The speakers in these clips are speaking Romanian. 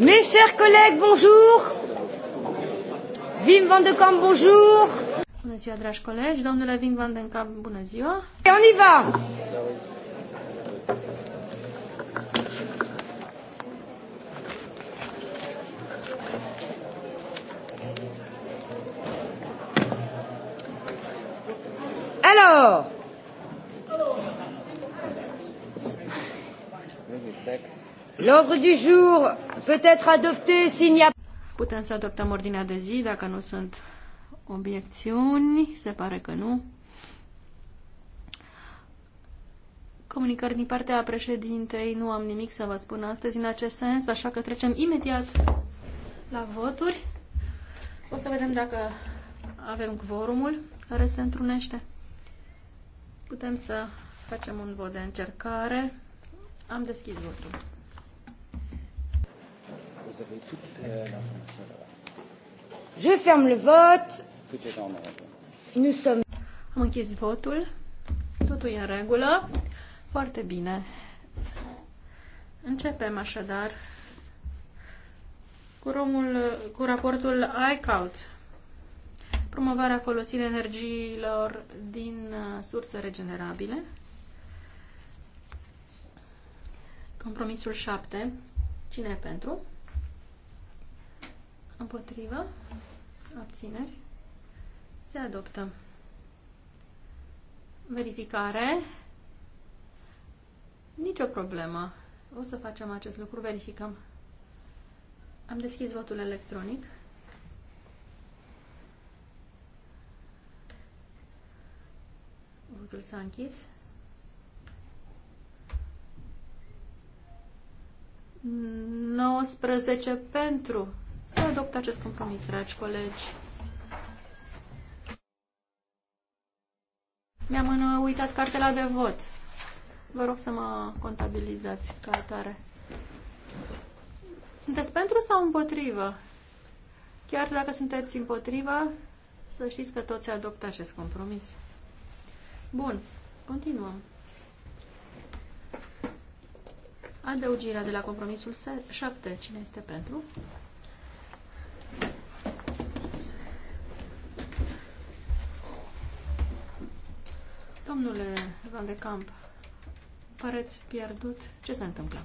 Mes chers collègues, bonjour. Vim van de Kamp, bonjour. Bună ziua, dragi colegi. Domnule Vim van de Kamp, bună ziua. Et on y va. Alors, L'ordre du jour peut être adopté s'il n'y a Putem să adoptăm ordinea de zi dacă nu sunt obiecțiuni. Se pare că nu. Comunicări din partea președintei, nu am nimic să vă spun astăzi în acest sens, așa că trecem imediat la voturi. O să vedem dacă avem quorumul care se întrunește. Putem să facem un vot de încercare. Am deschis votul vous avez toute euh, l'information là-bas. Je ferme le vote. Tout est en ordre. Nous sommes... Am închis votul. Totul e în regulă. Foarte bine. Începem așadar cu, romul, cu raportul ICAUT. Promovarea folosirii energiilor din uh, surse regenerabile. Compromisul 7. Cine e pentru? Împotrivă. Abțineri. Se adoptă. Verificare. Nicio problemă. O să facem acest lucru. Verificăm. Am deschis votul electronic. Votul s-a închis. Nouăsprezece pentru să adopte acest compromis, dragi colegi. Mi-am uitat cartela de vot. Vă rog să mă contabilizați ca atare. Sunteți pentru sau împotrivă? Chiar dacă sunteți împotrivă, să știți că toți adoptă acest compromis. Bun, continuăm. Adăugirea de la compromisul 7. Cine este pentru? Domnule Van de Camp, păreți pierdut. Ce se întâmplă?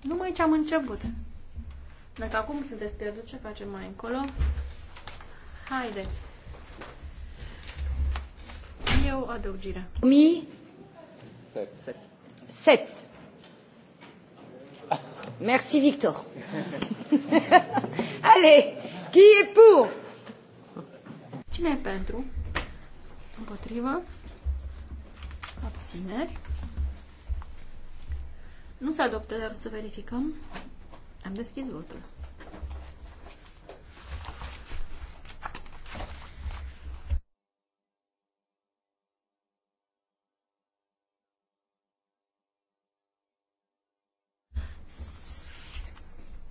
Numai ce am început. Dacă acum sunteți pierdut, ce facem mai încolo? Haideți. Eu o adăugire. Mi? Set. Set. Merci, Victor. Allez, qui est pour? Cine e pentru? Împotrivă? Abțineri. Nu se adoptă, dar o să verificăm. Am deschis votul.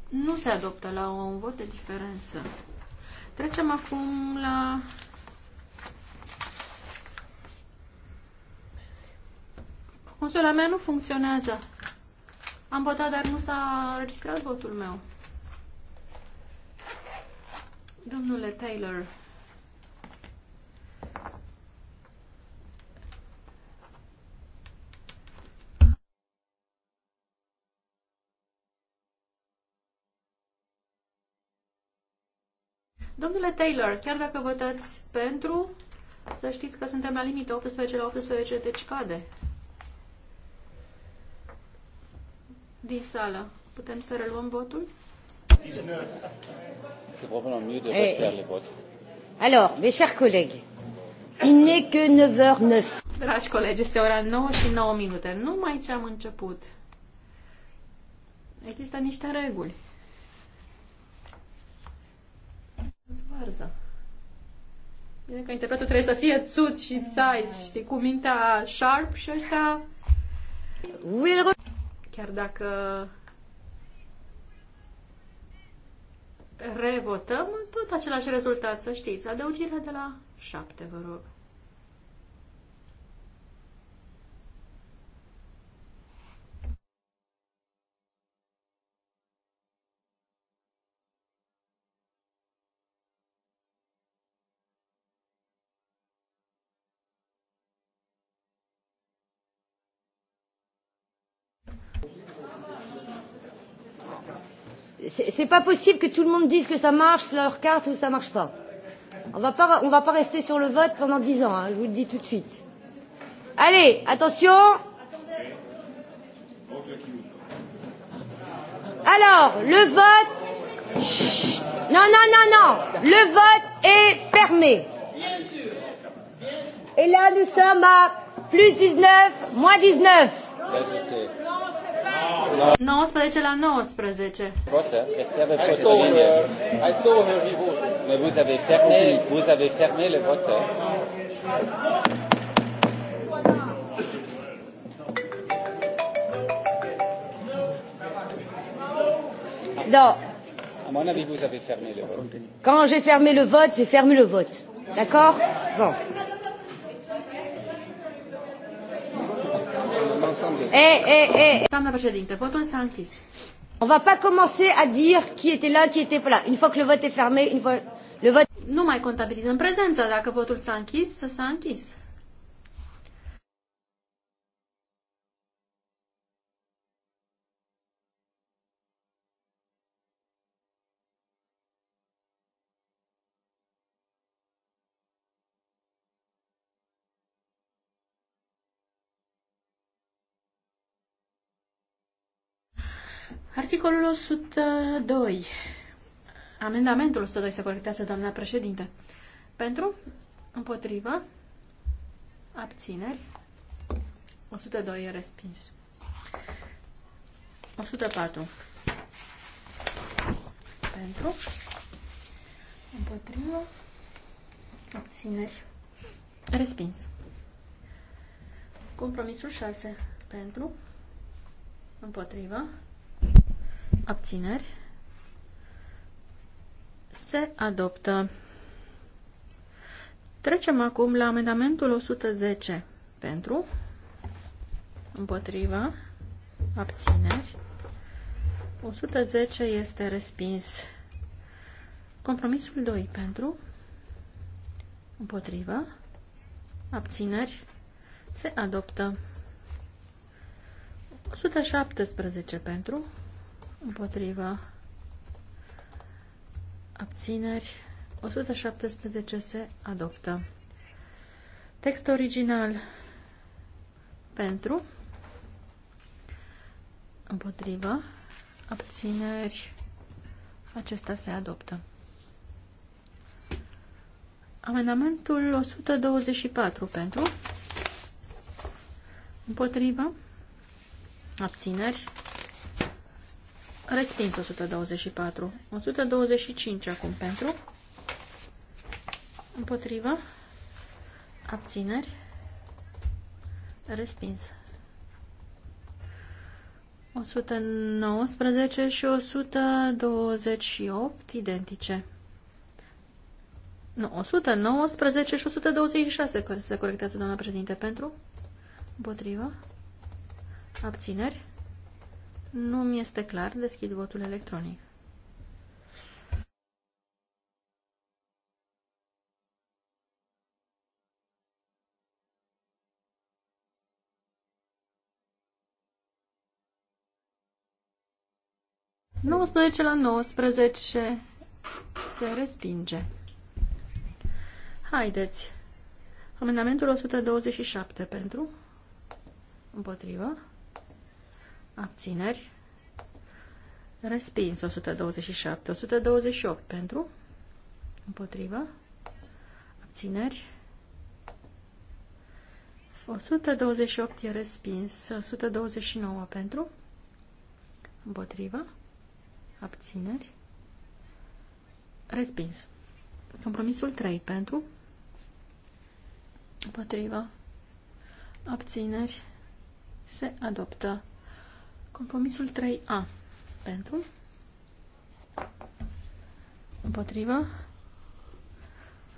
Nu se adoptă la un vot de diferență. Trecem acum la Consola mea nu funcționează. Am votat, dar nu s-a registrat votul meu. Domnule Taylor, Domnule Taylor, chiar dacă votați pentru, să știți că suntem la limită 18 la 18, deci cade. din sală. Putem să reluăm votul? de eh. Alors, mes chers collègues, il n'est que 9h09. Dragi colegi, este ora 9 și 9 minute. Numai ce am început. Există niște reguli. Zvarza. Bine că interpretul trebuie să fie țuț și țaiți, știi, cu mintea sharp și ăștia... Will... Chiar dacă revotăm, tot același rezultat, să știți. Adăugirea de la 7, vă rog. c'est pas possible que tout le monde dise que ça marche leur carte ou ça marche pas. On va pas, on va pas rester sur le vote pendant dix ans. Hein, je vous le dis tout de suite. Allez, attention. Alors, le vote. Chut. Non, non, non, non. Le vote est fermé. Et là, nous sommes à plus 19, moins 19. 19 la 19. Mais vous avez fermé, vous avez fermé le vote. Non. À mon avis, vous avez fermé le vote. Quand j'ai fermé le vote, j'ai fermé le vote. D'accord Bon. ensemble. Eh, eh, eh. votul s-a închis. On va pas commencer à dire qui était là, qui était pas là. Une fois que le vote est fermé, une fois le vote... Nu mai contabilizăm prezența. Dacă votul s-a închis, s-a închis. Articolul 102. Amendamentul 102 se corectează, doamna președinte. Pentru, împotrivă, abțineri, 102 e respins. 104. Pentru, împotrivă, abțineri, respins. Compromisul 6. Pentru, împotrivă, abțineri, se adoptă. Trecem acum la amendamentul 110. Pentru, împotriva, abțineri. 110 este respins. Compromisul 2 pentru, împotriva, abțineri, se adoptă. 117 pentru, împotriva abțineri 117 se adoptă. Text original pentru împotriva abțineri acesta se adoptă. Amendamentul 124 pentru împotriva abțineri Respins 124. 125 acum pentru. Împotrivă. Abțineri. Respins. 119 și 128 identice. Nu, 119 și 126 se corectează, doamna președinte, pentru. Împotrivă. Abțineri. Nu mi este clar. Deschid votul electronic. Nouăsprezece la 19 se respinge. Haideți. Amendamentul 127 pentru, împotrivă, abțineri, respins 127, 128 pentru, împotrivă, abțineri, 128 e respins, 129 pentru, împotrivă, abțineri, respins. Compromisul 3 pentru, împotrivă, abțineri, se adoptă Compromisul 3A. Pentru. Împotrivă.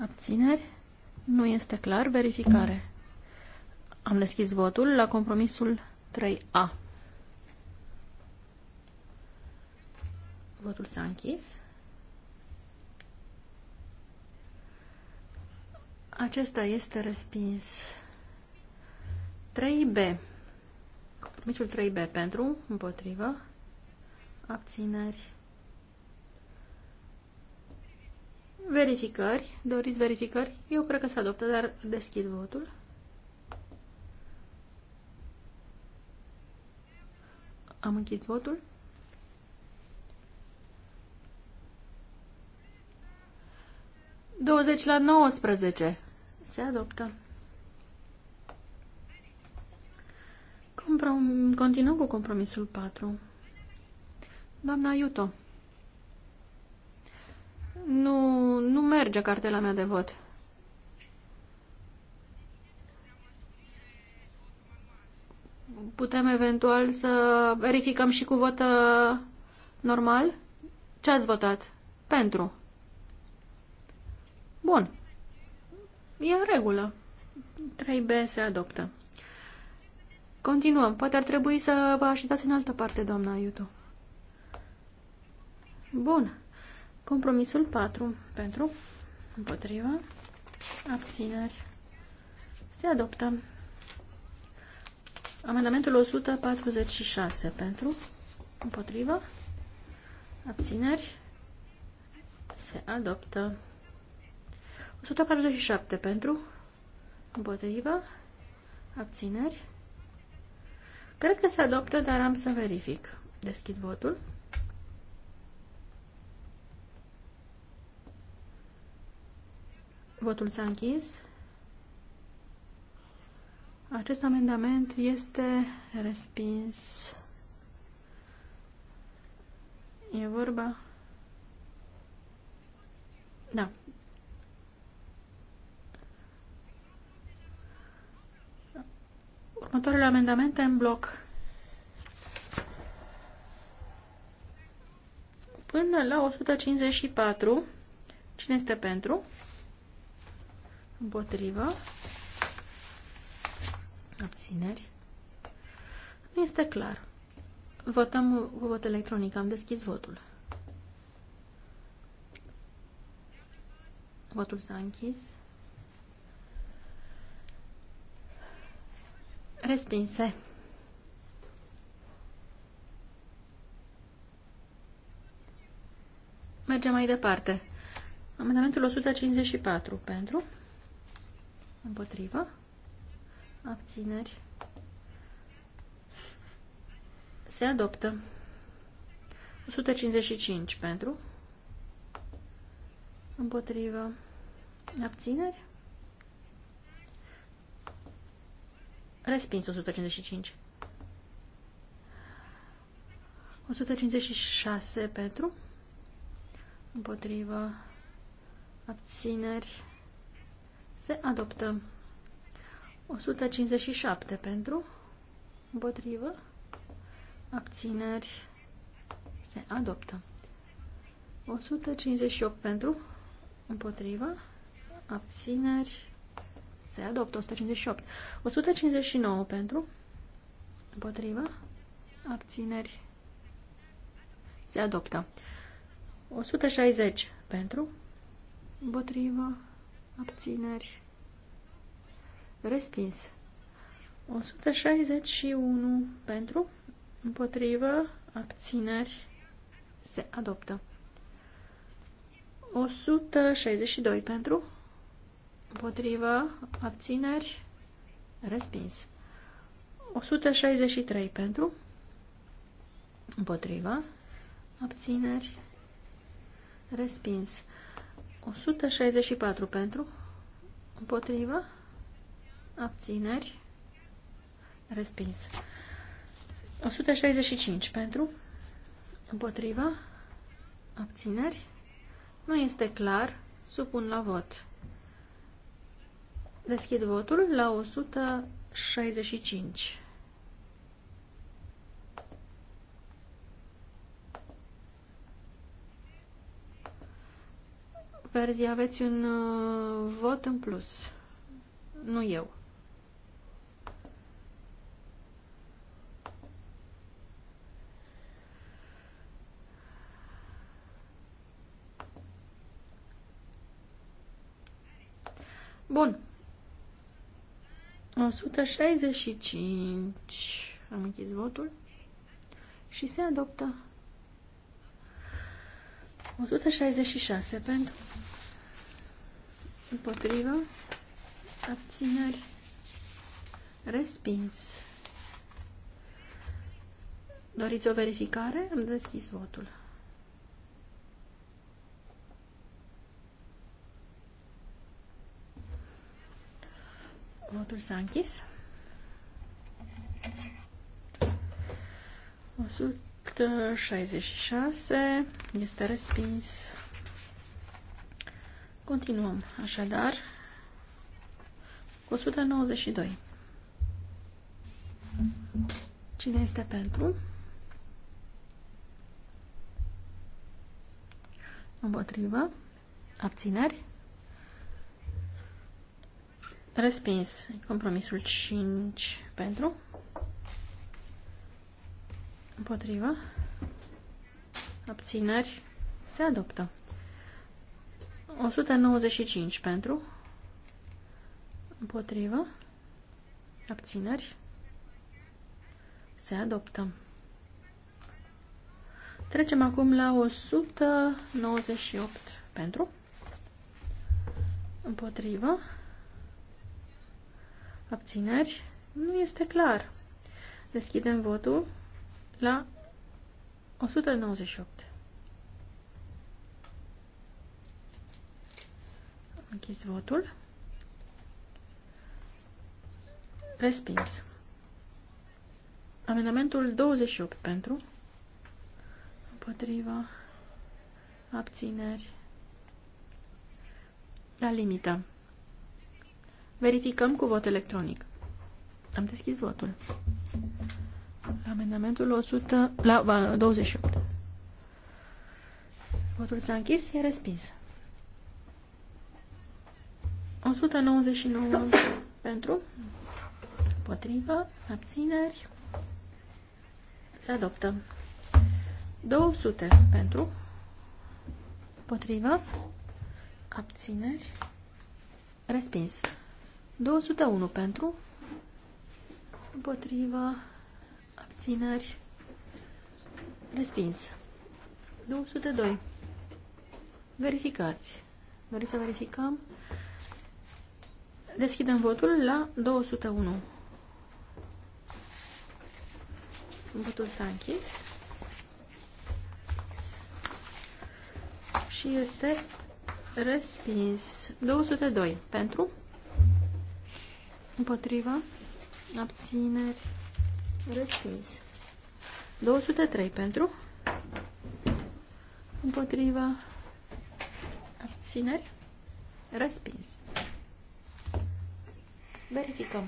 Abțineri. Nu este clar. Verificare. Am deschis votul la compromisul 3A. Votul s-a închis. Acesta este respins. 3B. Compromisul 3B pentru, împotrivă, abțineri. Verificări. Doriți verificări? Eu cred că se adoptă, dar deschid votul. Am închis votul. Douăzeci la nouăsprezece. Se adoptă. Comprom continuăm cu compromisul 4. Doamna Iuto. Nu, nu merge cartela mea de vot. Putem eventual să verificăm și cu vot uh, normal? Ce ați votat? Pentru. Bun. E în regulă. 3B se adoptă. Continuăm. Poate ar trebui să vă așezați în altă parte, doamna Iuto. Bun. Compromisul 4 pentru, împotriva, abțineri. Se adoptă. Amendamentul 146 pentru, împotriva, abțineri. Se adoptă. 147 pentru, împotriva, abțineri Cred că se adoptă, dar am să verific. Deschid votul. Votul s-a închis. Acest amendament este respins. E vorba... Da. Următoarele amendamente în bloc. Până la 154. Cine este pentru? Împotrivă. Abțineri. Nu este clar. Votăm cu vot electronic. Am deschis votul. Votul s-a închis. Respinse. Mergem mai departe. Amendamentul 154 pentru, împotrivă, abțineri, se adoptă. 155 pentru, împotrivă, abțineri, Respins 155. 156 pentru. Împotrivă. Abțineri. Se adoptă. 157 pentru. Împotrivă. Abțineri. Se adoptă. 158 pentru. Împotrivă. Abțineri se adoptă 158. 159 pentru. Împotrivă. Abțineri. Se adoptă. 160 pentru. Împotrivă. Abțineri. Respins. 161 pentru. Împotrivă. Abțineri. Se adoptă. 162 pentru Împotrivă. Abțineri. Respins. 163 pentru. Împotrivă. Abțineri. Respins. 164 pentru. Împotrivă. Abțineri. Respins. 165 pentru. Împotrivă. Abțineri. Nu este clar. Supun la vot. Deschid votul la 165. Verzi, aveți un uh, vot în plus. Nu eu. Bun. 165. Am închis votul. Și se adoptă. 166 pentru. Împotrivă. Abțineri. Respins. Doriți o verificare? Am deschis votul. Votul s-a închis. 166 este respins. Continuăm așadar cu 192. Cine este pentru? Împotrivă? Abțineri? Respins. Compromisul 5 pentru. împotriva Abțineri. Se adoptă. 195 pentru. împotriva Abțineri. Se adoptă. Trecem acum la 198 pentru. împotriva Abțineri? Nu este clar. Deschidem votul la 198. Am închis votul. Respins. Amendamentul 28 pentru. Împotriva. Abțineri. La limită. Verificăm cu vot electronic. Am deschis votul. La amendamentul 100, la 28. Votul s-a închis, e respins. 199 pentru, împotrivă, abțineri, se adoptă. 200 pentru, împotrivă, abțineri, respins. 201 pentru, împotrivă, abțineri, respins. 202. Verificați. Doriți să verificăm? Deschidem votul la 201. Votul s-a închis. Și este respins. 202 pentru, Împotriva. Abțineri. Respins. 203 pentru. Împotriva. Abțineri. Respins. Verificăm.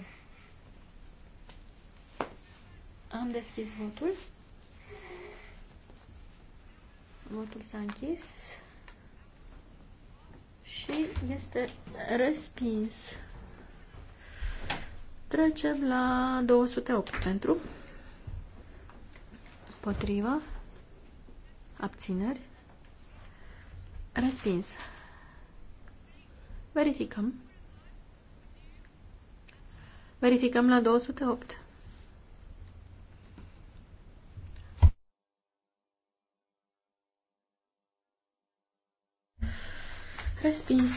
Am deschis votul. Votul s-a închis și este respins. Trecem la 208 pentru. Potrivă. Abțineri. Respins. Verificăm. Verificăm la 208. Respins.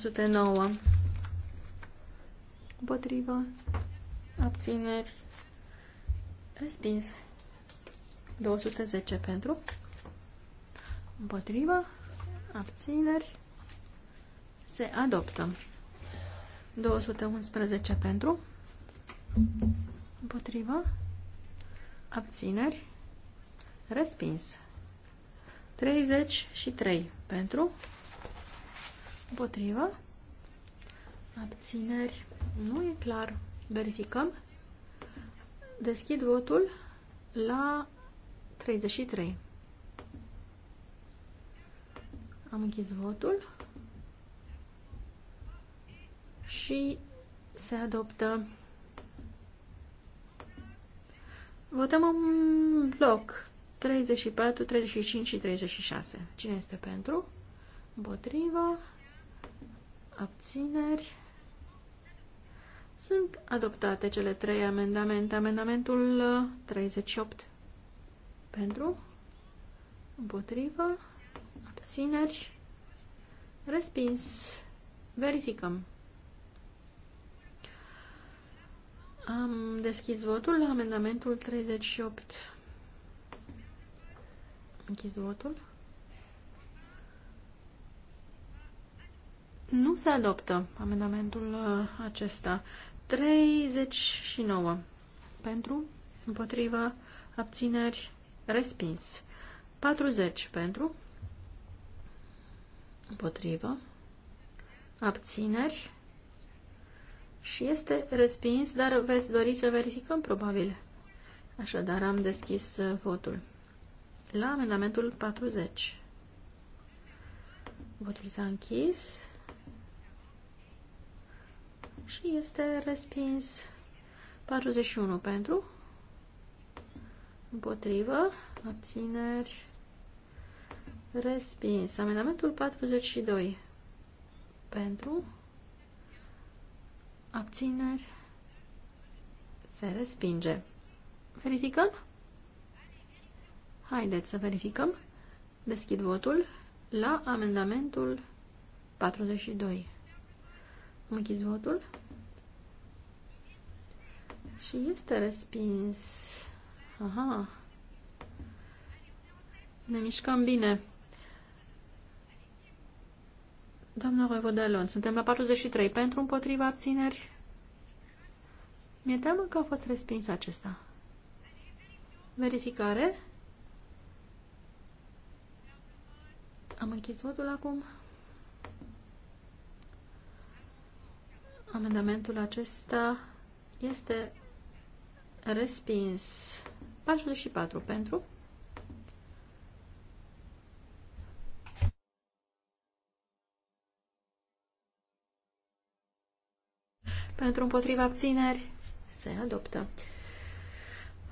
109. Împotrivă. Abțineri. Respins. 210 pentru. Împotrivă. Abțineri. Se adoptă. 211 pentru. Împotrivă. Abțineri. Respins. 33 pentru. Împotrivă. Abțineri. Nu e clar. Verificăm. Deschid votul la 33. Am închis votul și se adoptă. Votăm un bloc 34, 35 și 36. Cine este pentru? Împotrivă abțineri. Sunt adoptate cele trei amendamente. Amendamentul 38 uh, pentru, împotrivă, abțineri, respins. Verificăm. Am deschis votul la amendamentul 38. Închis votul. Nu se adoptă amendamentul uh, acesta. 39 pentru, împotriva, abțineri, respins. 40 pentru, împotrivă, abțineri și este respins, dar veți dori să verificăm probabil. Așadar am deschis uh, votul. La amendamentul 40. Votul s-a închis și este respins 41 pentru, împotrivă, abțineri, respins. Amendamentul 42 pentru, abțineri, se respinge. Verificăm? Haideți să verificăm. Deschid votul la amendamentul 42. Închis votul. Și este respins. Aha. Ne mișcăm bine. Doamna Voivodalon, suntem la 43. Pentru împotriva abțineri? Mi-e teamă că a fost respins acesta. Verificare. Am închis votul acum. Amendamentul acesta este Respins. 44 pentru. Pentru împotriva abțineri se adoptă.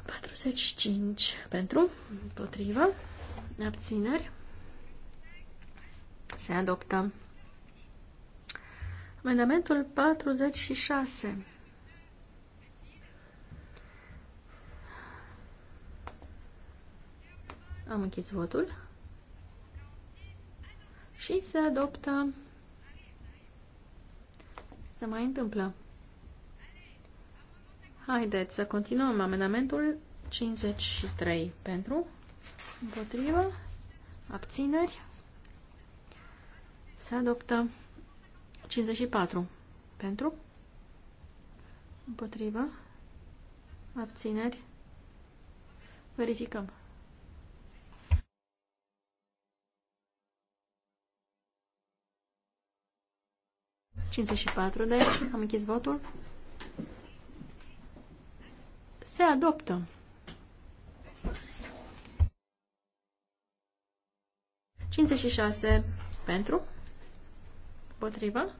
45 pentru împotriva abțineri se adoptă. Amendamentul 46 Am închis votul. Și se adoptă. Se mai întâmplă. Haideți să continuăm amendamentul 53 pentru, împotrivă, abțineri, se adoptă 54 pentru, împotrivă, abțineri, verificăm. 54, deci am închis votul. Se adoptă. pentru, potrivă,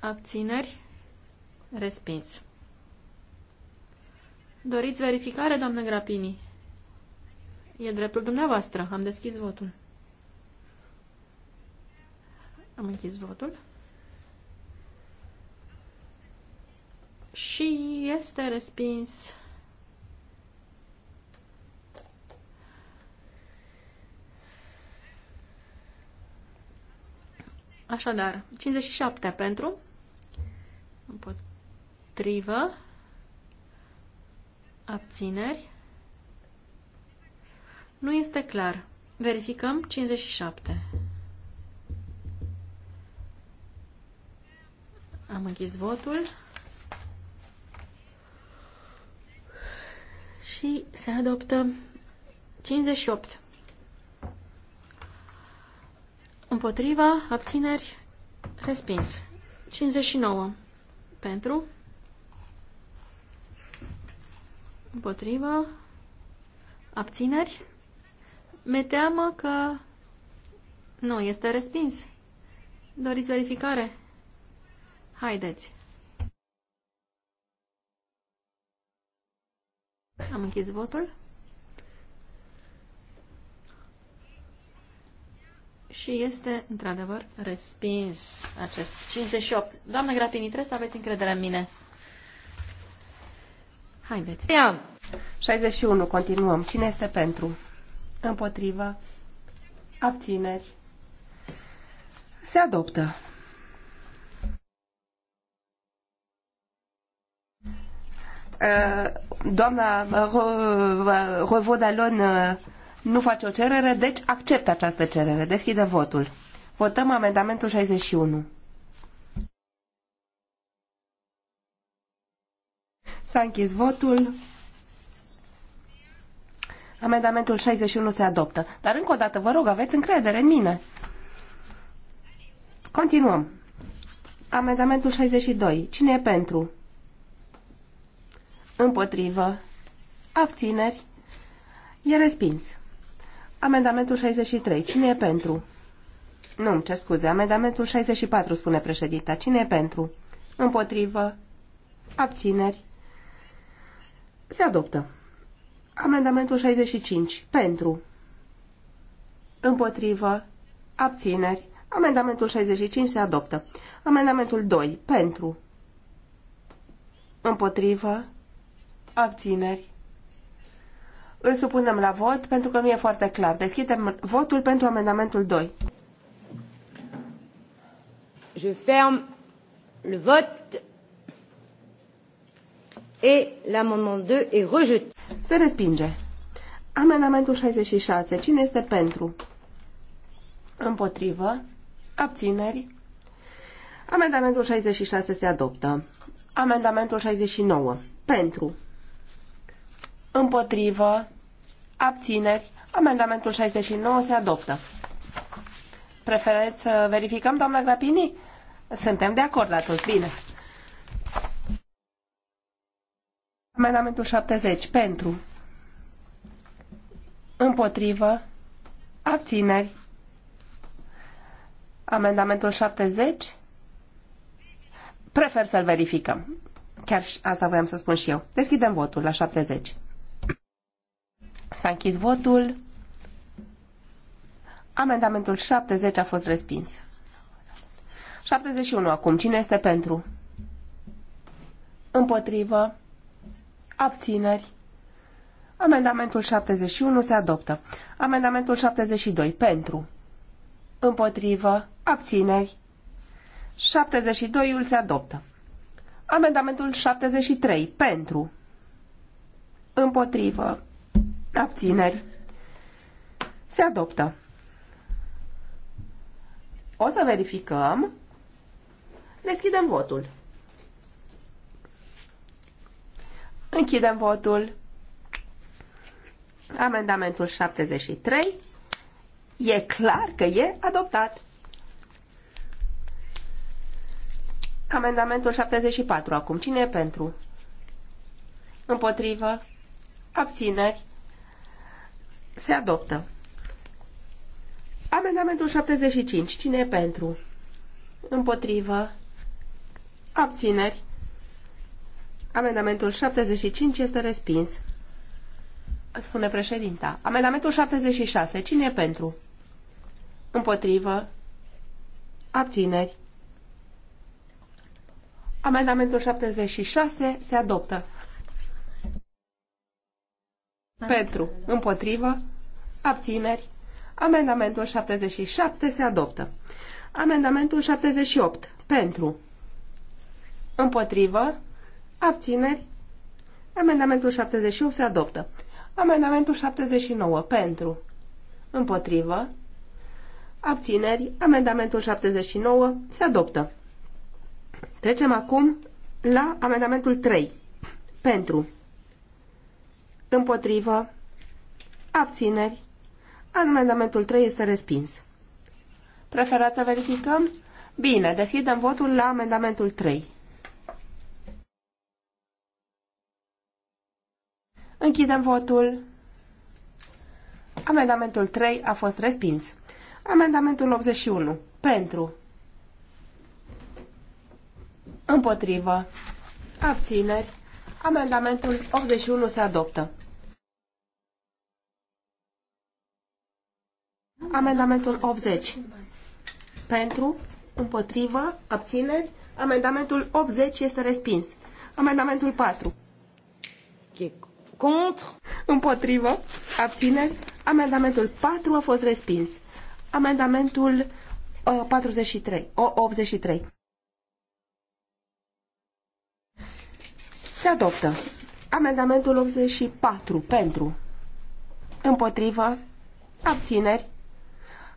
abțineri, respins. Doriți verificare, doamnă Grapini? E dreptul dumneavoastră. Am deschis votul. Am închis votul. și este respins. Așadar, 57 pentru, împotrivă, abțineri, nu este clar. Verificăm 57. Am închis votul. și se adoptă 58. Împotriva, abțineri, respins. 59. Pentru. Împotriva, abțineri. Mi teamă că nu, este respins. Doriți verificare? Haideți. Am închis votul. Și este, într-adevăr, respins acest 58. Doamne Grapini, trebuie să aveți încredere în mine. Haideți. Ia. 61. Continuăm. Cine este pentru? Împotrivă. Abțineri. Se adoptă. Uh, doamna uh, uh, Rovodalon nu face o cerere, deci acceptă această cerere. Deschide votul. Votăm amendamentul 61. S-a închis votul. Amendamentul 61 se adoptă. Dar încă o dată, vă rog, aveți încredere în mine. Continuăm. Amendamentul 62. Cine e pentru? Împotrivă. Abțineri. E respins. Amendamentul 63. Cine e pentru? Nu, ce scuze. Amendamentul 64, spune președinta. Cine e pentru? Împotrivă. Abțineri. Se adoptă. Amendamentul 65. Pentru. Împotrivă. Abțineri. Amendamentul 65 se adoptă. Amendamentul 2. Pentru. Împotrivă. Abțineri. Îl supunem la vot pentru că nu e foarte clar. Deschidem votul pentru amendamentul 2. Je ferme le vote et l'amendement 2 est rejeté. Se respinge. Amendamentul 66. Cine este pentru? Împotrivă. Abțineri. Amendamentul 66 se adoptă. Amendamentul 69. Pentru împotrivă, abțineri, amendamentul 69 se adoptă. Preferați să verificăm, doamna Grapini? Suntem de acord la tot. bine. Amendamentul 70, pentru, împotrivă, abțineri, amendamentul 70, prefer să-l verificăm. Chiar asta voiam să spun și eu. Deschidem votul la 70. S-a închis votul. Amendamentul 70 a fost respins. 71 acum. Cine este pentru? Împotrivă. Abțineri. Amendamentul 71 se adoptă. Amendamentul 72. Pentru. Împotrivă. Abțineri. 72-ul se adoptă. Amendamentul 73. Pentru. Împotrivă. Abțineri. Se adoptă. O să verificăm. Deschidem votul. Închidem votul. Amendamentul 73. E clar că e adoptat. Amendamentul 74. Acum cine e pentru? Împotrivă? Abțineri? Se adoptă. Amendamentul 75. Cine e pentru? Împotrivă. Abțineri. Amendamentul 75 este respins. Spune președinta. Amendamentul 76. Cine e pentru? Împotrivă. Abțineri. Amendamentul 76 se adoptă. Pentru. Împotrivă. Abțineri. Amendamentul 77 se adoptă. Amendamentul 78. Pentru. Împotrivă. Abțineri. Amendamentul 78 se adoptă. Amendamentul 79. Pentru. Împotrivă. Abțineri. Amendamentul 79 se adoptă. Trecem acum la amendamentul 3. Pentru. Împotrivă. Abțineri. Amendamentul 3 este respins. Preferați să verificăm? Bine, deschidem votul la amendamentul 3. Închidem votul. Amendamentul 3 a fost respins. Amendamentul 81. Pentru. Împotrivă. Abțineri. Amendamentul 81 se adoptă. Amendamentul 80. Pentru, împotrivă, abțineri. Amendamentul 80 este respins. Amendamentul 4. Contre. Împotrivă, abțineri. Amendamentul 4 a fost respins. Amendamentul 43, uh, o, 83. Se adoptă. Amendamentul 84 pentru. Împotrivă. Abțineri.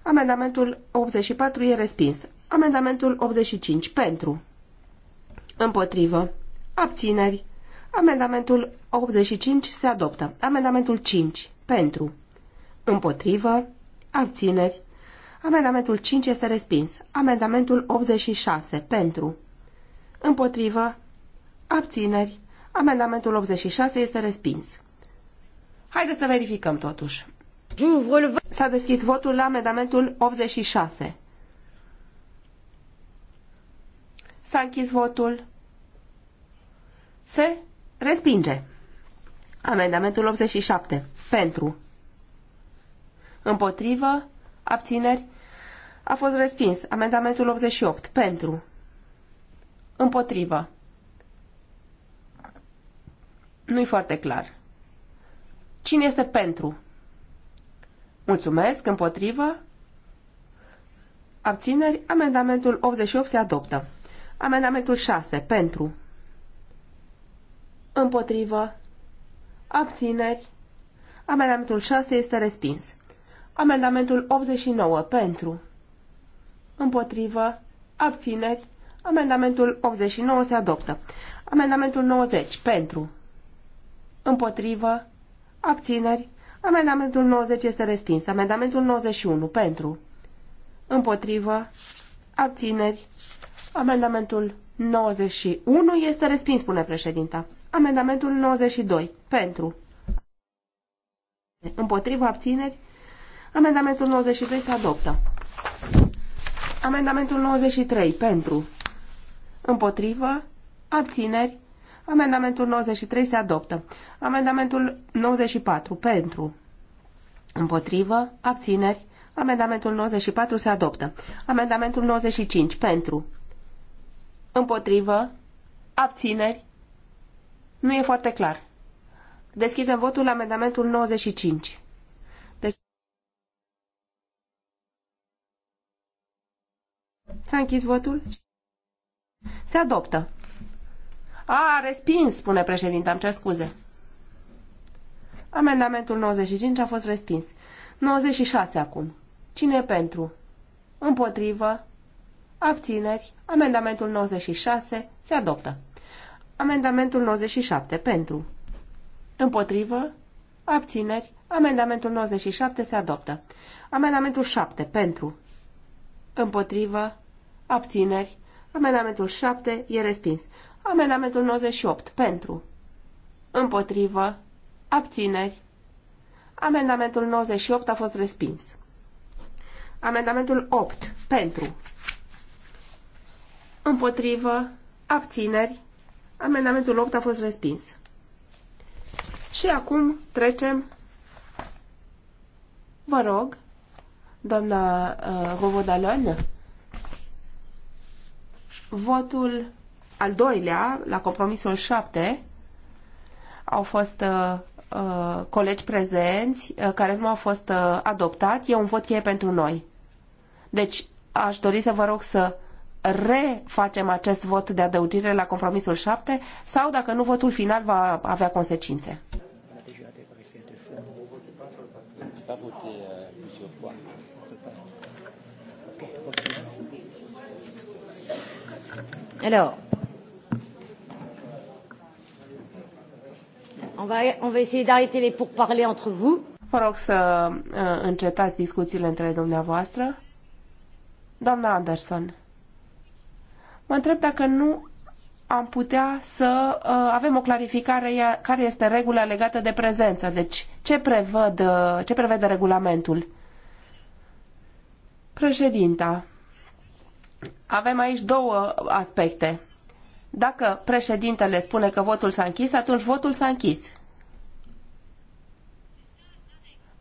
Amendamentul 84 e respins. Amendamentul 85 pentru. Împotrivă. Abțineri. Amendamentul 85 se adoptă. Amendamentul 5 pentru. Împotrivă. Abțineri. Amendamentul 5 este respins. Amendamentul 86 pentru. Împotrivă. Abțineri. Amendamentul 86 este respins. Haideți să verificăm totuși. S-a deschis votul la amendamentul 86. S-a închis votul. Se respinge. Amendamentul 87. Pentru. Împotrivă. Abțineri. A fost respins. Amendamentul 88. Pentru. Împotrivă. Nu-i foarte clar. Cine este pentru? Mulțumesc. Împotrivă? Abțineri. Amendamentul 88 se adoptă. Amendamentul 6. Pentru. Împotrivă. Abțineri. Amendamentul 6 este respins. Amendamentul 89. Pentru. Împotrivă. Abțineri. Amendamentul 89 se adoptă. Amendamentul 90. Pentru. Împotrivă. Abțineri. Amendamentul 90 este respins. Amendamentul 91 pentru. Împotrivă. Abțineri. Amendamentul 91 este respins, spune președinta. Amendamentul 92 pentru. Împotrivă abțineri. Amendamentul 92 se adoptă. Amendamentul 93 pentru. Împotrivă. Abțineri. Amendamentul 93 se adoptă. Amendamentul 94 pentru. Împotrivă. Abțineri. Amendamentul 94 se adoptă. Amendamentul 95 pentru. Împotrivă. Abțineri. Nu e foarte clar. Deschidem votul la amendamentul 95. Deci- S-a închis votul? Se adoptă. A, respins, spune președinte, am cer scuze. Amendamentul 95 a fost respins. 96 acum. Cine e pentru? Împotrivă? Abțineri? Amendamentul 96 se adoptă. Amendamentul 97 pentru. Împotrivă? Abțineri? Amendamentul 97 se adoptă. Amendamentul 7 pentru. Împotrivă? Abțineri? Amendamentul 7 e respins. Amendamentul 98. Pentru. Împotrivă. Abțineri. Amendamentul 98 a fost respins. Amendamentul 8. Pentru. Împotrivă. Abțineri. Amendamentul 8 a fost respins. Și acum trecem. Vă rog, doamna uh, Rovodalon, votul al doilea, la compromisul 7, au fost uh, uh, colegi prezenți uh, care nu au fost uh, adoptați. E un vot cheie pentru noi. Deci aș dori să vă rog să refacem acest vot de adăugire la compromisul 7 sau dacă nu, votul final va avea consecințe. Alors, On va, on va essayer d'arrêter les pourparlers entre vous. Vă rog să uh, încetați discuțiile între dumneavoastră. Doamna Anderson, mă întreb dacă nu am putea să uh, avem o clarificare care este regula legată de prezență. Deci, ce, prevăd, uh, ce prevede regulamentul? Președinta, avem aici două aspecte. Dacă președintele spune că votul s-a închis, atunci votul s-a închis.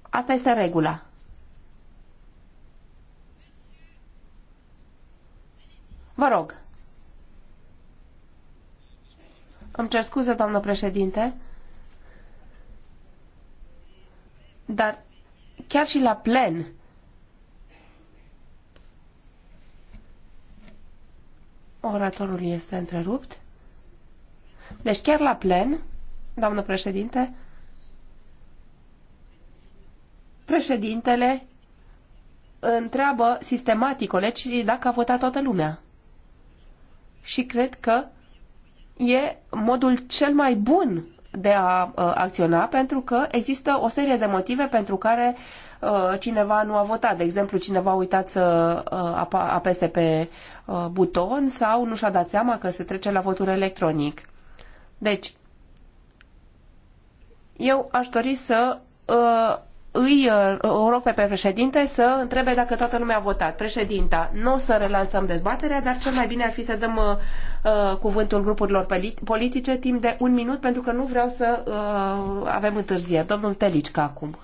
Asta este regula. Vă rog. Îmi cer scuze, doamnă președinte, dar chiar și la plen Oratorul este întrerupt. Deci chiar la plen, doamnă președinte, președintele întreabă sistematic colegii dacă a votat toată lumea. Și cred că e modul cel mai bun de a uh, acționa pentru că există o serie de motive pentru care uh, cineva nu a votat. De exemplu, cineva a uitat să uh, apese pe Uh, buton sau nu și-a dat seama că se trece la votul electronic. Deci, eu aș dori să uh, îi uh, rog pe președinte să întrebe dacă toată lumea a votat. Președinta, nu o să relansăm dezbaterea, dar cel mai bine ar fi să dăm uh, uh cuvântul grupurilor politice timp de un minut, pentru că nu vreau să uh, avem întârzieri. Domnul ca acum.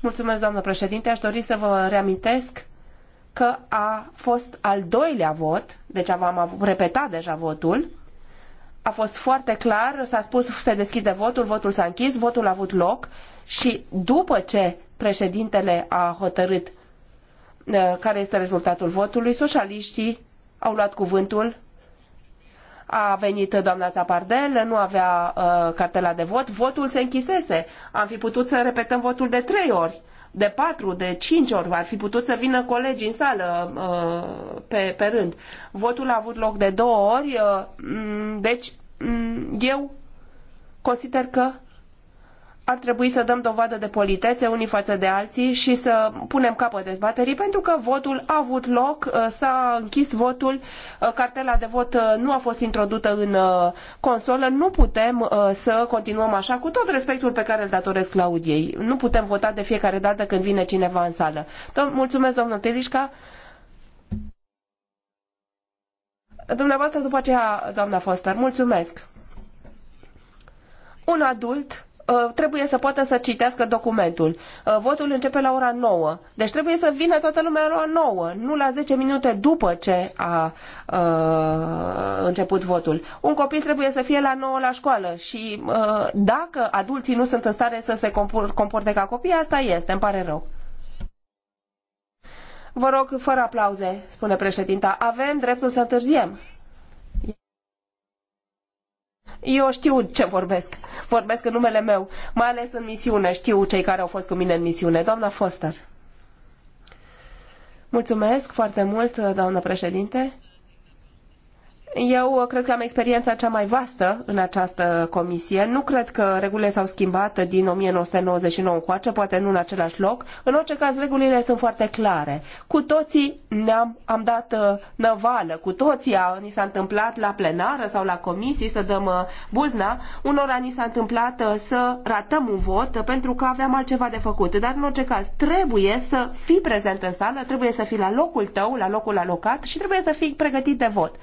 Mulțumesc, doamnă președinte. Aș dori să vă reamintesc că a fost al doilea vot, deci am repetat deja votul, a fost foarte clar, s-a spus se deschide votul, votul s-a închis, votul a avut loc și după ce președintele a hotărât uh, care este rezultatul votului, socialiștii au luat cuvântul a venit doamna Țapardel, nu avea uh, cartela de vot, votul se închisese. Am fi putut să repetăm votul de trei ori de patru, de cinci ori ar fi putut să vină colegi în sală uh, pe, pe rând. Votul a avut loc de două ori, uh, deci eu consider că ar trebui să dăm dovadă de politețe unii față de alții și să punem capăt dezbaterii, pentru că votul a avut loc, uh, s-a închis votul, uh, cartela de vot uh, nu a fost introdusă în consolă, nu putem să continuăm așa, cu tot respectul pe care îl datoresc Claudiei. Nu putem vota de fiecare dată când vine cineva în sală. mulțumesc, domnul Telișca. Dumneavoastră, după aceea, doamna Foster, mulțumesc. Un adult Uh, trebuie să poată să citească documentul. Uh, votul începe la ora 9. Deci trebuie să vină toată lumea la ora 9, nu la 10 minute după ce a uh, început votul. Un copil trebuie să fie la 9 la școală și dacă adulții nu sunt în stare să se comporte ca copii, asta este, îmi pare rău. Vă rog, fără aplauze, spune președinta, avem dreptul să întârziem eu știu ce vorbesc. Vorbesc în numele meu, mai ales în misiune. Știu cei care au fost cu mine în misiune. Doamna Foster. Mulțumesc foarte mult, doamnă președinte. Eu cred că am experiența cea mai vastă în această comisie. Nu cred că regulile s-au schimbat din 1999 încoace, poate nu în același loc. În orice caz, regulile sunt foarte clare. Cu toții ne-am am dat uh, năvală, cu toții a, ni s-a întâmplat la plenară sau la comisii să dăm uh, buzna, unora ni s-a întâmplat uh, să ratăm un vot pentru că aveam altceva de făcut. Dar în orice caz, trebuie să fii prezent în sală, trebuie să fii la locul tău, la locul alocat și trebuie să fii pregătit de vot.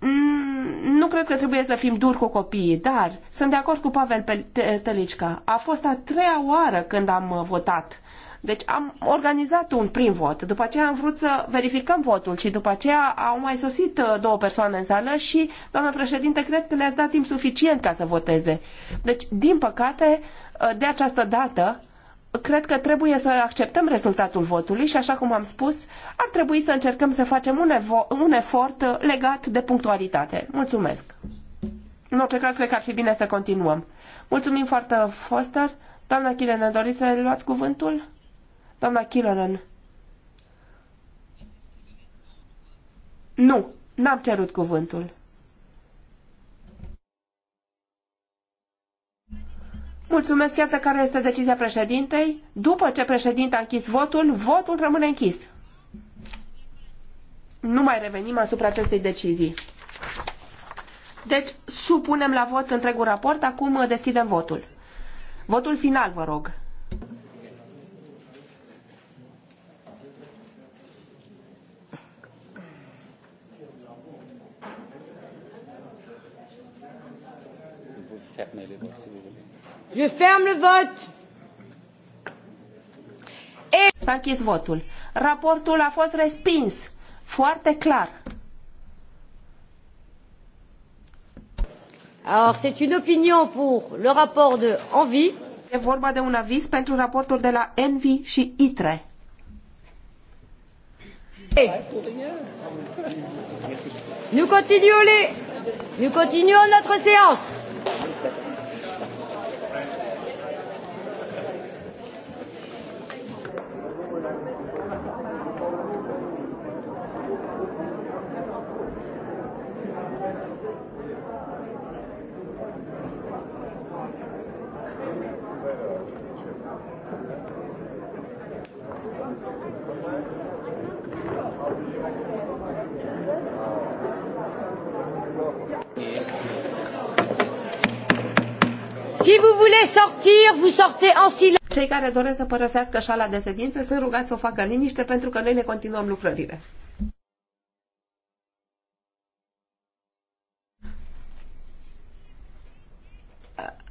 Mm, nu cred că trebuie să fim duri cu copiii, dar sunt de acord cu Pavel Telicica. A fost a treia oară când am uh, votat. Deci am organizat un prim vot, după aceea am vrut să verificăm votul și după aceea au mai sosit uh, două persoane în sală și, doamnă președinte, cred că le-ați dat timp suficient ca să voteze. Deci, din păcate, uh, de această dată cred că trebuie să acceptăm rezultatul votului și, așa cum am spus, ar trebui să încercăm să facem un, un efort uh, legat de punctualitate. Mulțumesc! În orice caz, cred că ar fi bine să continuăm. Mulțumim foarte, Foster. Doamna Kilenen, doriți să luați cuvântul? Doamna Kilenen. Nu, n-am cerut cuvântul. Mulțumesc, iată care este decizia președintei. După ce președinta a închis votul, votul rămâne închis. Nu mai revenim asupra acestei decizii. Deci, supunem la vot întregul raport. Acum deschidem votul. Votul final, vă rog. Fermez Je ferme le vote. S-a închis votul. Raportul a fost respins. Foarte clar. Alors, c'est une opinion pour le rapport de Envie. E vorba de un aviz pentru raportul de la Envy și ITRE. Nous continuons les... Nous continuons notre séance. vous sortez en silence. Cei care doresc să părăsească șala de sedință sunt rugați să o facă liniște pentru că noi ne continuăm lucrările.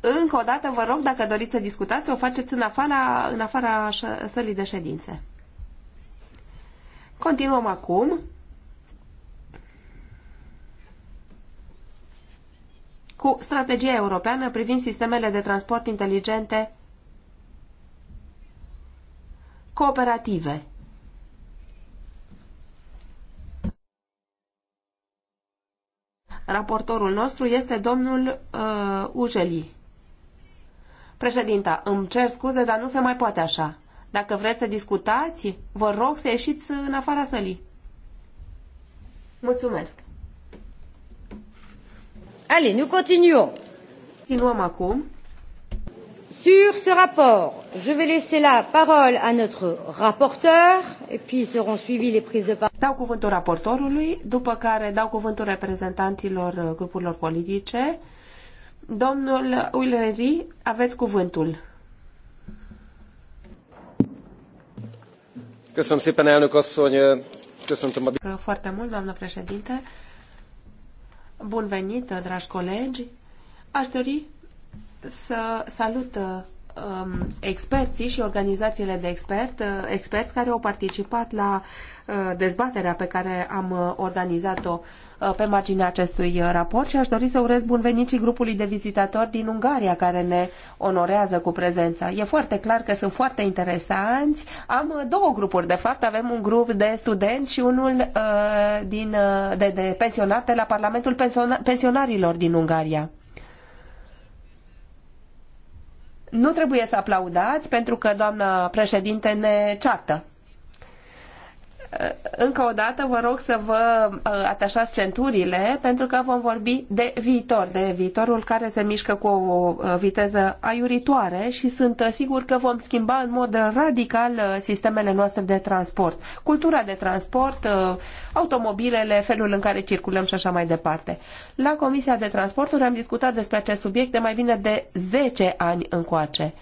Încă o dată vă rog, dacă doriți să discutați, o faceți în afara, în afara sălii de ședințe. Continuăm acum. cu strategia europeană privind sistemele de transport inteligente cooperative. Raportorul nostru este domnul uh, Ujeli. Președinta, îmi cer scuze, dar nu se mai poate așa. Dacă vreți să discutați, vă rog să ieșiți în afara sălii. Mulțumesc. Allez, nous continuons. Continuăm acum. Sur ce rapport, je vais laisser la parole à notre rapporteur et puis seront suivies les prises de parole. Dau cuvântul raportorului, după care dau cuvântul reprezentanților uh, grupurilor politice. Domnul Uileri, aveți cuvântul. Köszönöm szépen, elnök asszony. Köszöntöm a... Foarte mult, doamnă președinte. Bun venit, dragi colegi! Aș dori să salut um, experții și organizațiile de expert, experți care au participat la uh, dezbaterea pe care am uh, organizat-o uh, Uh, pe marginea acestui uh, raport și aș dori să urez bun venit și grupului de vizitatori din Ungaria care ne onorează cu prezența. E foarte clar că sunt foarte interesanți. Am uh, două grupuri, de fapt. Avem un grup de studenți și unul din, de, de pensionate la Parlamentul Pensionarilor din Ungaria. Nu trebuie să aplaudați pentru că doamna președinte ne ceartă. Eh, încă o dată vă rog să vă eh, atașați centurile pentru că vom vorbi de viitor, de viitorul care se mișcă cu o eh, viteză aiuritoare și sunt sigur că vom schimba în mod radical sistemele noastre de transport, cultura de transport, automobilele, felul în care circulăm și așa mai departe. La Comisia de Transporturi am discutat despre acest subiect de mai bine de 10 ani încoace.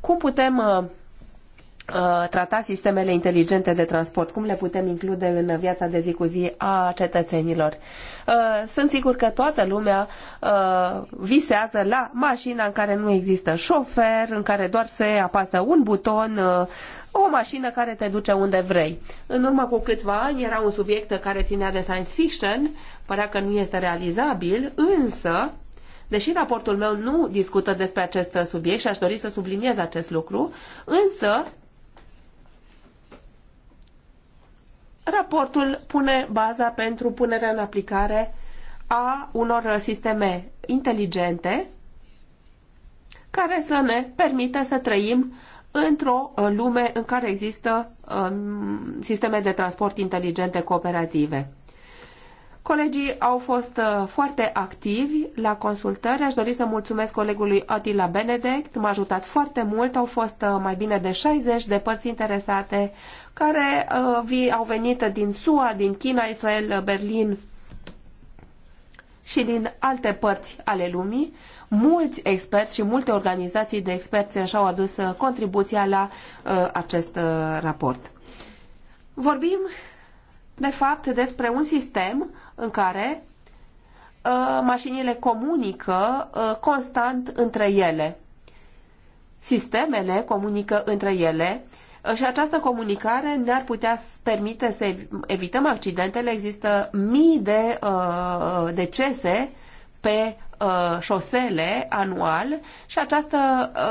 Cum putem Uh, trata sistemele inteligente de transport, cum le putem include în viața de zi cu zi a cetățenilor. Uh, sunt sigur că toată lumea uh, visează la mașina în care nu există șofer, în care doar se apasă un buton, o mașină care te duce unde vrei. În urmă cu câțiva ani era un subiect care ținea de science fiction, părea că nu este realizabil, însă Deși raportul meu nu discută despre acest subiect și aș dori să subliniez acest lucru, însă raportul pune baza pentru punerea în aplicare a unor sisteme inteligente care să ne permită să trăim într-o uh, lume în care există um, sisteme de transport inteligente cooperative. Colegii au fost uh, foarte activi la consultări. Aș dori să mulțumesc colegului Atila Benedict. M-a ajutat foarte mult. Au fost uh, mai bine de 60 de părți interesate care uh, au venit din SUA, din China, Israel, Berlin și din alte părți ale lumii. Mulți experți și multe organizații de experți și-au adus contribuția la acest raport. Vorbim de fapt despre un sistem în care uh, mașinile comunică uh, constant între ele. Sistemele comunică între ele uh, și această comunicare ne-ar putea permite să evităm accidentele. Există mii de decese pe Uh, șosele anual și această,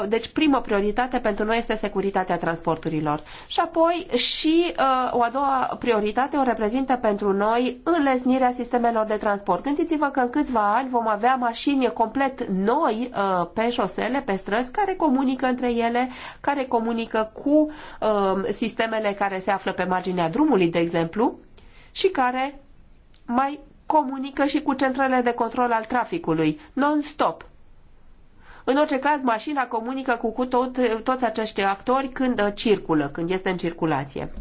uh, deci primă prioritate pentru noi este securitatea transporturilor. Și apoi și uh, o a doua prioritate o reprezintă pentru noi înlesnirea sistemelor de transport. Gândiți-vă că în câțiva ani vom avea mașini complet noi pe șosele, pe străzi, care comunică între ele, care comunică cu sistemele care se află pe marginea drumului, de exemplu, și care mai comunică și cu centrele de control al traficului, non-stop. În orice caz, mașina comunică cu, cu tot, toți acești actori când uh, circulă, când este în circulație.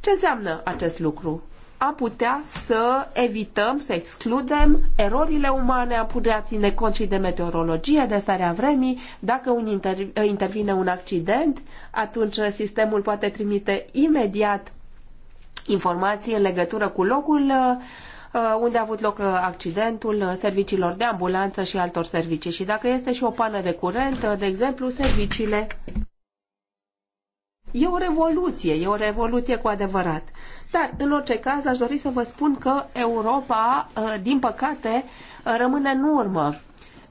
Ce înseamnă acest lucru? Am putea să evităm, să excludem erorile umane, am putea ține cont și de meteorologie, de starea vremii. Dacă un interv- uh, intervine un accident, atunci uh, sistemul poate trimite imediat informații în legătură cu locul uh, Uh, unde a avut loc uh, accidentul uh, serviciilor de ambulanță și altor servicii. Și dacă este și o pană de curent, de exemplu, serviciile E o revoluție, e o revoluție cu adevărat. Dar, în orice caz, aș dori să vă spun că Europa, din păcate, rămâne în urmă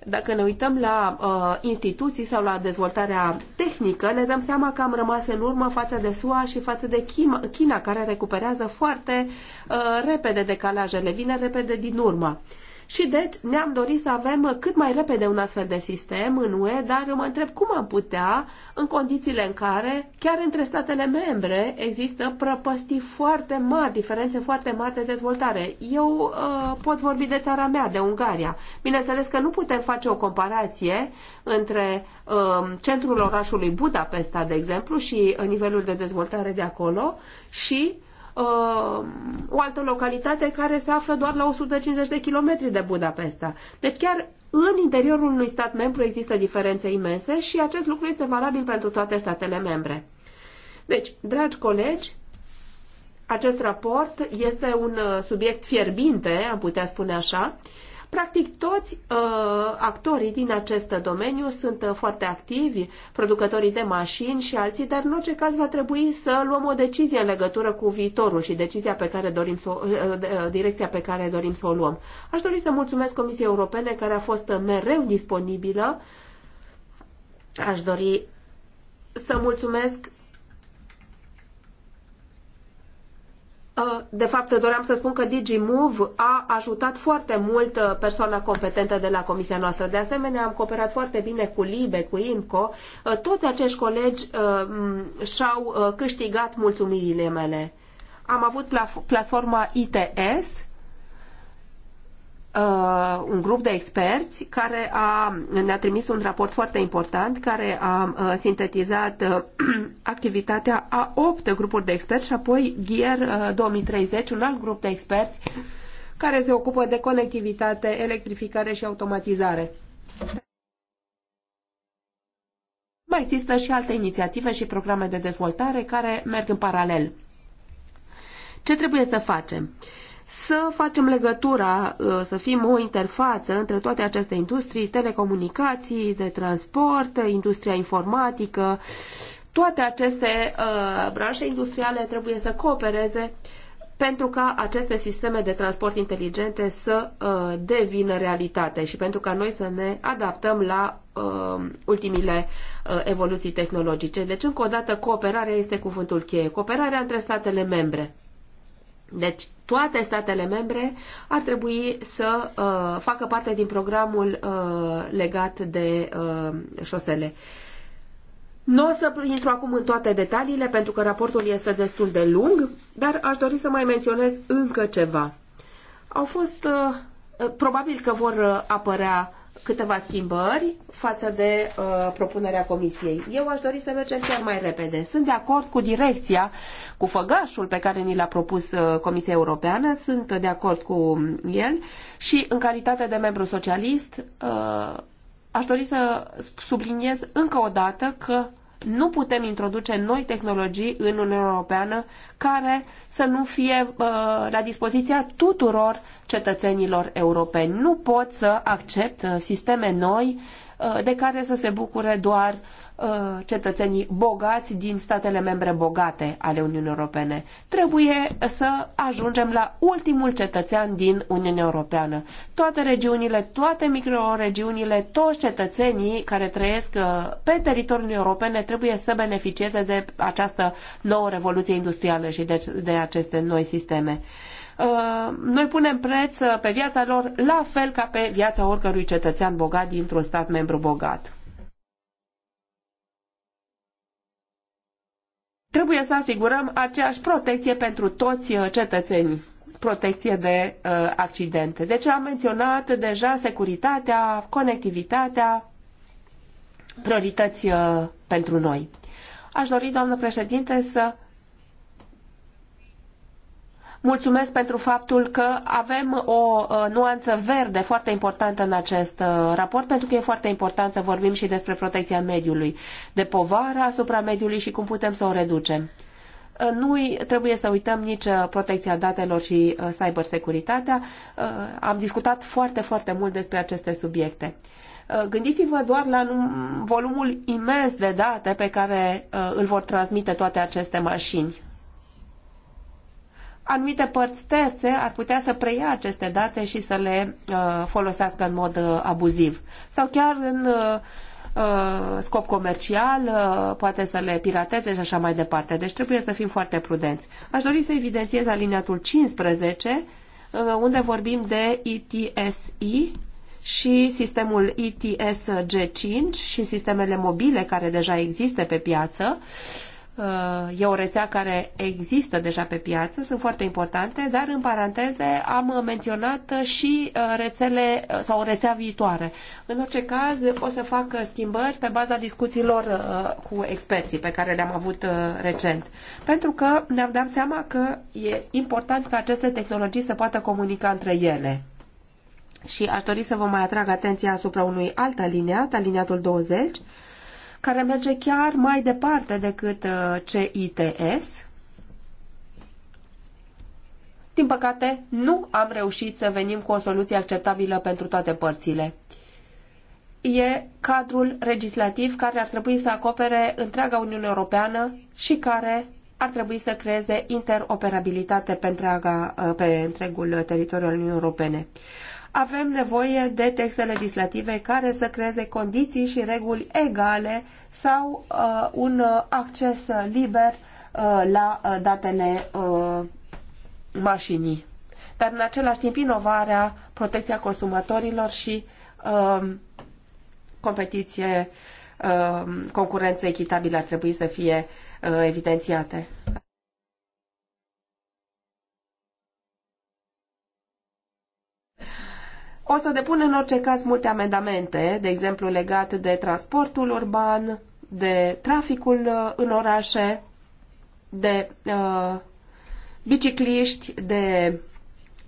dacă ne uităm la uh, instituții sau la dezvoltarea tehnică, ne dăm seama că am rămas în urmă față de SUA și față de China, care recuperează foarte uh, repede decalajele, vine repede din urmă. Uh, și deci ne-am dorit să avem cât mai repede un astfel de sistem în UE, dar mă întreb cum am putea, în condițiile în care, chiar între statele membre, există prăpăstii foarte mari, diferențe foarte mari de dezvoltare. Eu uh, pot vorbi de țara mea, de Ungaria. Bineînțeles că nu putem face o comparație între uh, centrul orașului Budapesta, de exemplu, și nivelul de dezvoltare de acolo și uh, Uh, o altă localitate care se află doar la 150 de kilometri de Budapesta. Deci chiar în interiorul unui stat membru există diferențe imense și acest lucru este valabil pentru toate statele membre. Deci, dragi colegi, acest raport este un uh, subiect fierbinte, am putea spune așa, Practic, toți uh, actorii din acest domeniu sunt uh, foarte activi, producătorii de mașini și alții, dar în orice caz va trebui să luăm o decizie în legătură cu viitorul și decizia pe care dorim să, o, uh, uh direcția pe care dorim să o luăm. Aș dori să mulțumesc Comisiei Europene care a fost uh, mereu disponibilă. Aș dori să mulțumesc Uh, de fapt, doream să spun că DigiMove a ajutat foarte mult uh, persoana competentă de la comisia noastră. De asemenea, am cooperat foarte bine cu LIBE, cu IMCO. Uh, toți acești colegi și-au câștigat mulțumirile mele. Am avut platforma ITS, uh, un grup de experți care a, ne-a trimis un raport foarte important care a uh, sintetizat uh, activitatea a opt grupuri de experți și apoi GIER uh, 2030, un alt grup de experți care se ocupă de conectivitate, electrificare și automatizare. Mai există și alte inițiative și programe de dezvoltare care merg în paralel. Ce trebuie să facem? Uh, să facem legătura, uh, să fim o interfață între toate aceste industrii, telecomunicații, de transport, industria informatică, toate aceste uh, branșe industriale trebuie să coopereze pentru ca aceste sisteme de transport inteligente să uh, devină realitate și pentru ca noi să ne adaptăm la uh, ultimile uh, evoluții tehnologice. Deci, încă o dată, cooperarea este cuvântul cheie. Cooperarea între statele membre deci toate statele membre ar trebui să uh, facă parte din programul uh, legat de uh, șosele. Nu o să intru acum în toate detaliile pentru că raportul este destul de lung, dar aș dori să mai menționez încă ceva. Au fost, uh, probabil că vor uh, apărea câteva schimbări față de uh, propunerea comisiei. Eu aș dori să mergem chiar mai repede. Sunt de acord cu direcția, cu făgașul pe care ni l-a propus uh, Comisia Europeană, sunt de acord cu el și în calitate de membru socialist uh, aș dori să subliniez încă o dată că nu putem introduce noi tehnologii în Uniunea Europeană care să nu fie uh, la dispoziția tuturor cetățenilor europeni. Nu pot să accept uh, sisteme noi uh, de care să se bucure doar uh, Uh, cetățenii bogați din statele membre bogate ale Uniunii Europene. Trebuie să ajungem la ultimul cetățean din Uniunea Europeană. Toate regiunile, toate microregiunile, toți cetățenii care trăiesc uh, pe teritoriul Uniunii Europene trebuie să beneficieze de această nouă revoluție industrială și de, de aceste noi sisteme uh, noi punem preț pe viața lor la fel ca pe viața oricărui cetățean bogat dintr-un stat membru bogat. Trebuie să asigurăm aceeași protecție pentru toți uh, cetățenii protecție de uh, accidente. Deci am menționat deja securitatea, conectivitatea, priorități uh, pentru noi. Aș dori, doamnă președinte, să mulțumesc pentru faptul că avem o uh, nuanță verde foarte importantă în acest uh, raport, pentru că e foarte important să vorbim și despre protecția mediului, de povara asupra mediului și cum putem să o reducem. Uh, nu trebuie să uităm nici protecția datelor și cybersecuritatea. Am discutat foarte, foarte mult despre aceste subiecte. Gândiți-vă doar la volumul imens de date pe care îl vor transmite toate aceste mașini anumite părți terțe ar putea să preia aceste date și să le uh, folosească în mod uh, abuziv sau chiar în uh, scop comercial, poate să le pirateze și așa mai departe. Deci trebuie să fim foarte prudenți. Aș dori să evidențiez aliniatul 15, unde vorbim de ETSI și sistemul ETS G5 și sistemele mobile care deja există pe piață. Uh, Uh, e o rețea care există deja pe piață, sunt foarte importante, dar în paranteze am menționat și uh, rețele uh, sau o rețea viitoare. În orice caz, o să fac schimbări pe baza discuțiilor cu experții pe care le-am avut recent. Pentru că ne-am dat seama că e important ca aceste tehnologii să poată comunica între ele. Și aș dori să vă mai atrag atenția asupra unui alt aliniat, aliniatul 20, care merge chiar mai departe decât uh, CITS. Din păcate, nu am reușit să venim cu o soluție acceptabilă pentru toate părțile. E cadrul legislativ care ar trebui să acopere întreaga Uniune Europeană și care ar trebui să creeze interoperabilitate pe, întreaga, uh, pe întregul teritoriul Uniunii Europene avem nevoie de texte legislative care să creeze condiții și reguli egale sau uh, un acces liber uh, la uh, datele uh, mașinii. Dar în același timp inovarea, protecția consumatorilor și uh, competiție, uh, concurență echitabilă ar trebui să fie uh, evidențiate. O să depun în orice caz multe amendamente, de exemplu legate de transportul urban, de traficul uh, în orașe, de uh, bicicliști, de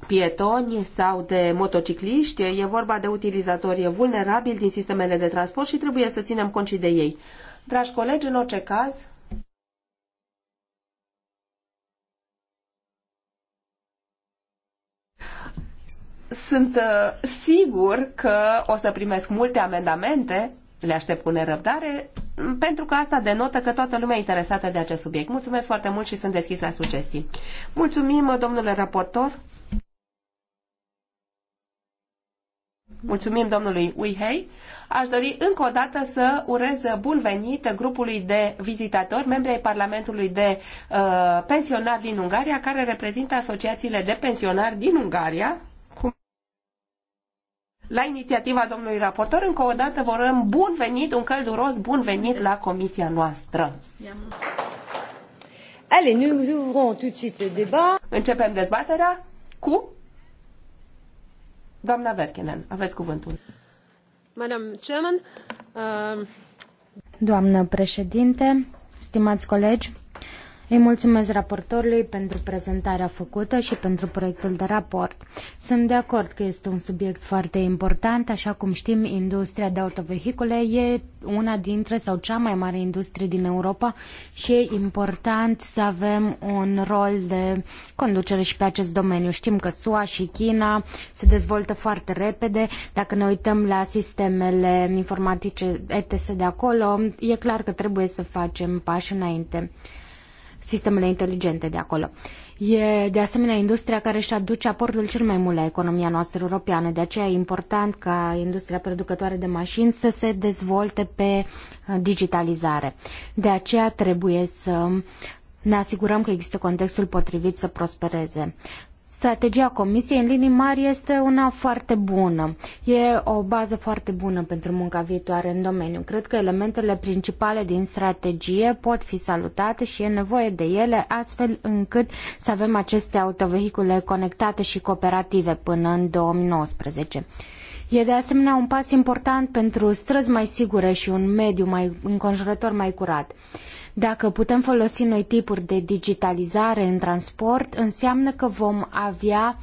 pietoni sau de motocicliști. E vorba de utilizatori vulnerabili din sistemele de transport și trebuie să ținem cont și de ei. Dragi colegi, în orice caz, sunt uh, sigur că o să primesc multe amendamente, le aștept cu nerăbdare, pentru că asta denotă că toată lumea e interesată de acest subiect. Mulțumesc foarte mult și sunt deschis la sugestii. Mulțumim, domnule raportor. Mulțumim domnului Uihei. Aș dori încă o dată să urez bun venit grupului de vizitatori, membri ai Parlamentului de uh, Pensionari din Ungaria, care reprezintă asociațiile de pensionari din Ungaria, la inițiativa domnului raportor, încă o dată vă urăm bun venit, un călduros bun venit la comisia noastră. Allez, nous ouvrons tout de suite le débat. Începem dezbaterea cu doamna Verkenen. Aveți cuvântul. Madam Chairman, uh... Doamnă președinte, stimați colegi, îi mulțumesc raportorului pentru prezentarea făcută și pentru proiectul de raport. Sunt de acord că este un subiect foarte important. Așa cum știm, industria de autovehicule e una dintre sau cea mai mare industrie din Europa și e important să avem un rol de conducere și pe acest domeniu. Știm că SUA și China se dezvoltă foarte repede. Dacă ne uităm la sistemele informatice ETS de acolo, e clar că trebuie să facem pași înainte sistemele inteligente de acolo. E de asemenea industria care își aduce aportul cel mai mult la economia noastră europeană, de aceea e important ca industria producătoare de mașini să se dezvolte pe uh, digitalizare. De aceea trebuie să ne asigurăm că există contextul potrivit să prospereze. Strategia Comisiei, în linii mari, este una foarte bună. E o bază foarte bună pentru munca viitoare în domeniu. Cred că elementele principale din strategie pot fi salutate și e nevoie de ele astfel încât să avem aceste autovehicule conectate și cooperative până în 2019. E de asemenea un pas important pentru străzi mai sigure și un mediu mai înconjurător mai curat. Dacă putem folosi noi tipuri de digitalizare în transport, înseamnă că vom avea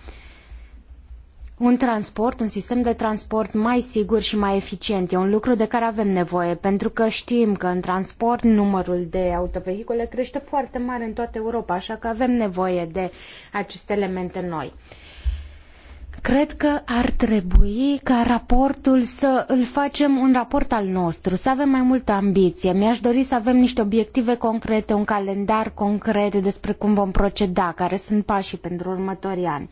un transport, un sistem de transport mai sigur și mai eficient. E un lucru de care avem nevoie, pentru că știm că în transport numărul de autovehicule crește foarte mare în toată Europa, așa că avem nevoie de aceste elemente noi. Cred că ar trebui ca raportul să îl facem un raport al nostru, să avem mai multă ambiție. Mi-aș dori să avem niște obiective concrete, un calendar concret despre cum vom proceda, care sunt pașii pentru următorii ani.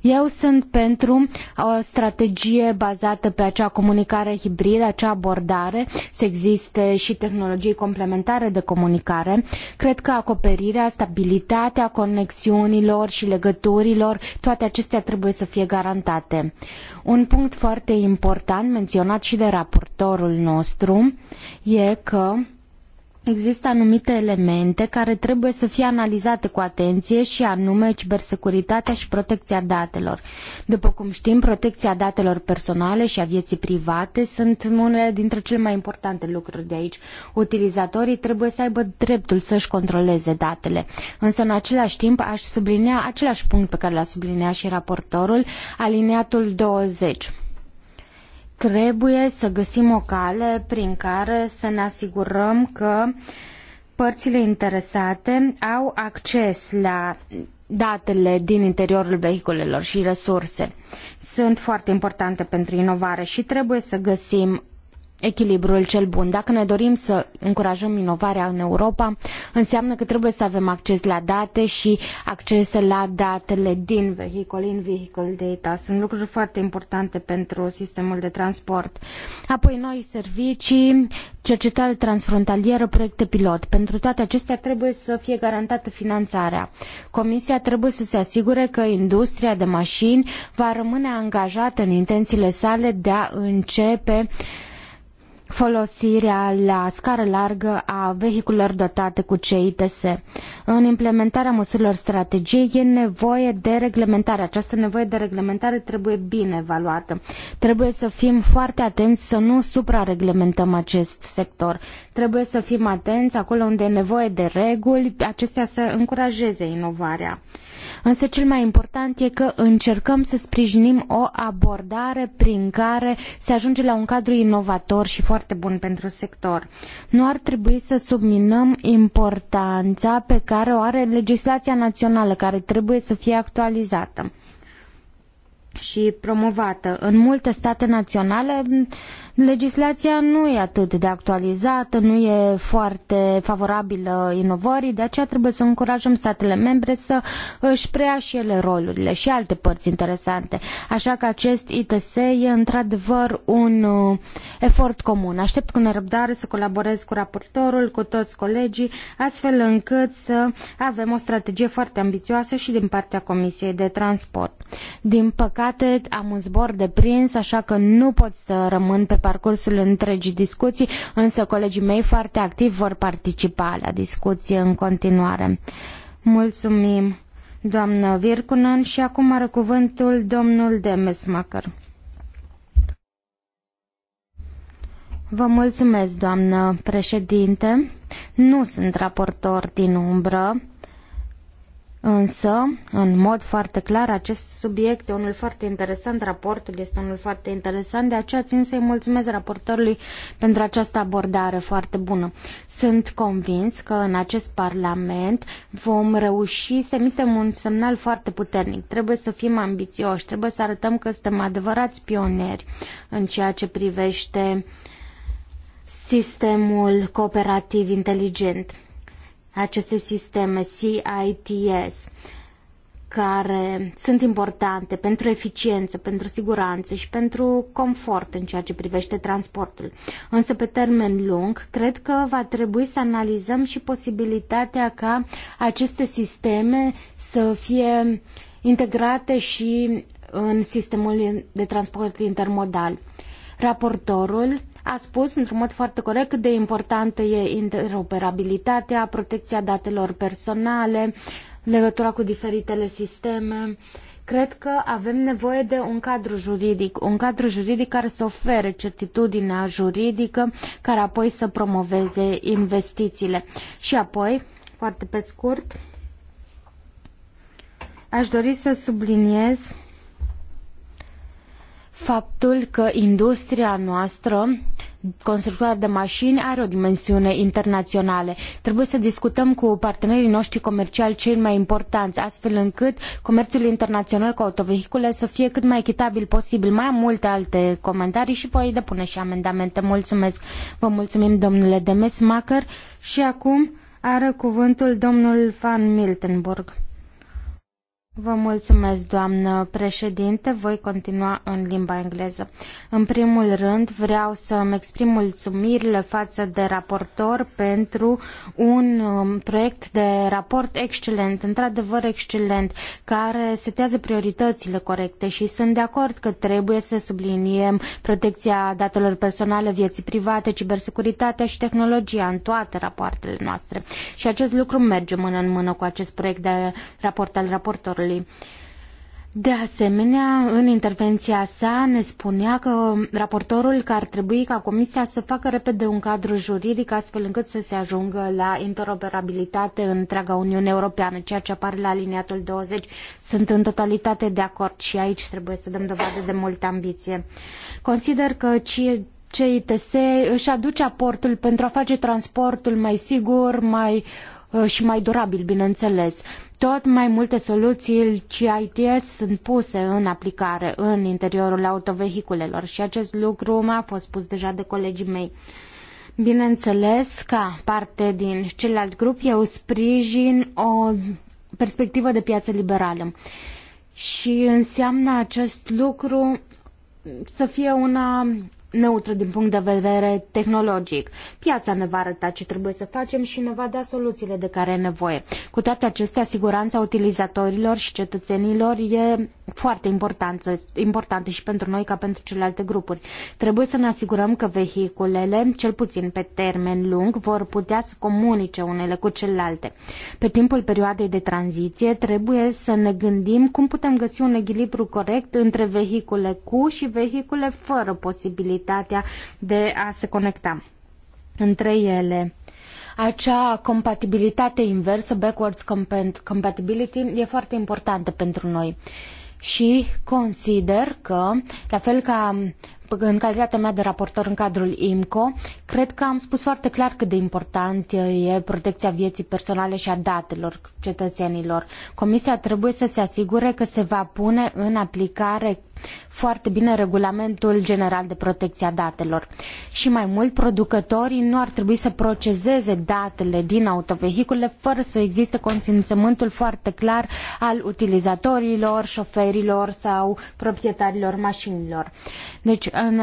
Eu sunt pentru o strategie bazată pe acea comunicare hibridă, acea abordare, să existe și tehnologii complementare de comunicare. Cred că acoperirea, stabilitatea conexiunilor și legăturilor, toate acestea trebuie să fie garantate. Un punct foarte important menționat și de raportorul nostru e că Există anumite elemente care trebuie să fie analizate cu atenție și anume cibersecuritatea și protecția datelor. După cum știm, protecția datelor personale și a vieții private sunt unele dintre cele mai importante lucruri de aici. Utilizatorii trebuie să aibă dreptul să-și controleze datele. Însă, în același timp, aș sublinia același punct pe care l-a subliniat și raportorul, aliniatul 20 Trebuie să găsim o cale prin care să ne asigurăm că părțile interesate au acces la datele din interiorul vehiculelor și resurse sunt foarte importante pentru inovare și trebuie să găsim echilibrul cel bun. Dacă ne dorim să încurajăm inovarea în Europa, înseamnă că trebuie să avem acces la date și acces la datele din vehicul, in vehicle data. Sunt lucruri foarte importante pentru sistemul de transport. Apoi noi servicii, cercetare transfrontalieră, proiecte pilot. Pentru toate acestea trebuie să fie garantată finanțarea. Comisia trebuie să se asigure că industria de mașini va rămâne angajată în intențiile sale de a începe folosirea la scară largă a vehiculelor dotate cu CITS. În implementarea măsurilor strategiei e nevoie de reglementare. Această nevoie de reglementare trebuie bine evaluată. Trebuie să fim foarte atenți să nu suprareglementăm acest sector. Trebuie să fim atenți acolo unde e nevoie de reguli, acestea să încurajeze inovarea. Însă cel mai important e că încercăm să sprijinim o abordare prin care se ajunge la un cadru inovator și foarte bun pentru sector. Nu ar trebui să subminăm importanța pe care o are legislația națională, care trebuie să fie actualizată și promovată. În multe state naționale Legislația nu e atât de actualizată, nu e foarte favorabilă inovării, de aceea trebuie să încurajăm statele membre să își preia și ele rolurile și alte părți interesante. Așa că acest ITS e într-adevăr un uh, efort comun. Aștept cu nerăbdare să colaborez cu raportorul, cu toți colegii, astfel încât să avem o strategie foarte ambițioasă și din partea Comisiei de Transport. Din păcate, am un zbor de prins, așa că nu pot să rămân pe parcursul întregii discuții, însă colegii mei foarte activ vor participa la discuție în continuare. Mulțumim, doamnă Virkunan și acum are cuvântul domnul Demesmacher. Vă mulțumesc, doamnă președinte. Nu sunt raportor din umbră Însă, în mod foarte clar, acest subiect e unul foarte interesant, raportul este unul foarte interesant, de aceea țin să-i mulțumesc raportorului pentru această abordare foarte bună. Sunt convins că în acest Parlament vom reuși să emitem un semnal foarte puternic. Trebuie să fim ambițioși, trebuie să arătăm că suntem adevărați pionieri în ceea ce privește sistemul cooperativ inteligent aceste sisteme CITS care sunt importante pentru eficiență, pentru siguranță și pentru confort în ceea ce privește transportul. Însă, pe termen lung, cred că va trebui să analizăm și posibilitatea ca aceste sisteme să fie integrate și în sistemul de transport intermodal. Raportorul a spus într-un mod foarte corect cât de importantă e interoperabilitatea, protecția datelor personale, legătura cu diferitele sisteme. Cred că avem nevoie de un cadru juridic, un cadru juridic care să ofere certitudinea juridică, care apoi să promoveze investițiile. Și apoi, foarte pe scurt, aș dori să subliniez faptul că industria noastră constructoare de mașini are o dimensiune internațională. Trebuie să discutăm cu partenerii noștri comerciali cei mai importanți, astfel încât comerțul internațional cu autovehicule să fie cât mai echitabil posibil. Mai am multe alte comentarii și voi depune și amendamente. Mulțumesc! Vă mulțumim, domnule Demesmacher. Și acum are cuvântul domnul Van Miltenburg. Vă mulțumesc, doamnă președinte. Voi continua în limba engleză. În primul rând, vreau să-mi exprim mulțumirile față de raportor pentru un um, proiect de raport excelent, într-adevăr excelent, care setează prioritățile corecte și sunt de acord că trebuie să subliniem protecția datelor personale, vieții private, cibersecuritatea și tehnologia în toate rapoartele noastre. Și acest lucru merge mână în mână cu acest proiect de raport al raportorului controlului. De asemenea, în intervenția sa ne spunea că raportorul că ar trebui ca Comisia să facă repede un cadru juridic astfel încât să se ajungă la interoperabilitate în întreaga Uniune Europeană, ceea ce apare la aliniatul 20. Sunt în totalitate de acord și aici trebuie să dăm dovadă de multă ambiție. Consider că CITS își aduce aportul pentru a face transportul mai sigur, mai uh, Uh, și mai durabil, bineînțeles. Tot mai multe soluții CITS sunt puse în aplicare în interiorul autovehiculelor și acest lucru m-a fost spus deja de colegii mei. Bineînțeles, ca parte din celălalt grup, eu sprijin o perspectivă de piață liberală. Și înseamnă acest lucru să fie una neutră din punct de vedere tehnologic. Piața ne va arăta ce trebuie să facem și ne va da soluțiile de care e nevoie. Cu toate acestea, siguranța utilizatorilor și cetățenilor e foarte importantă, importantă și pentru noi ca pentru celelalte grupuri. Trebuie să ne asigurăm că vehiculele, cel puțin pe termen lung, vor putea să comunice unele cu celelalte. Pe timpul perioadei de tranziție trebuie să ne gândim cum putem găsi un echilibru corect între vehicule cu și vehicule fără posibilitate posibilitatea de a se conecta între ele. Acea compatibilitate inversă, backwards compatibility, e foarte importantă pentru noi. Și consider că, la fel ca în calitatea mea de raportor în cadrul IMCO, cred că am spus foarte clar cât de important e protecția vieții personale și a datelor cetățenilor. Comisia trebuie să se asigure că se va pune în aplicare foarte bine regulamentul general de protecție a datelor. Și mai mult, producătorii nu ar trebui să proceseze datele din autovehicule fără să existe consimțământul foarte clar al utilizatorilor, șoferilor sau proprietarilor mașinilor. Deci, în,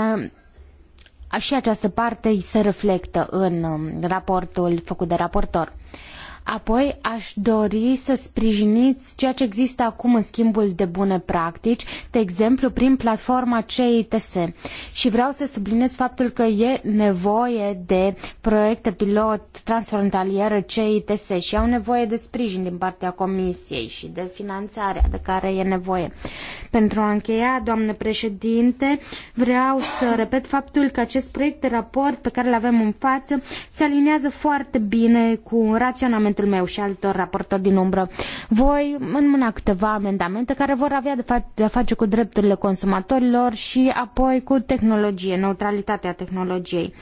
și această parte se reflectă în um, raportul făcut de raportor. Apoi aș dori să sprijiniți ceea ce există acum în schimbul de bune practici, de exemplu prin platforma CITS. Și vreau să subliniez faptul că e nevoie de proiecte pilot transfrontaliere CITS și au nevoie de sprijin din partea Comisiei și de finanțarea de care e nevoie. Pentru a încheia, doamnă președinte, vreau să repet faptul că acest proiect de raport pe care îl avem în față se aliniază foarte bine cu raționamentul meu și altor raportori din umbră. Voi înmâna câteva amendamente care vor avea de, fa- de face cu drepturile consumatorilor și apoi cu tehnologie, neutralitatea tehnologiei.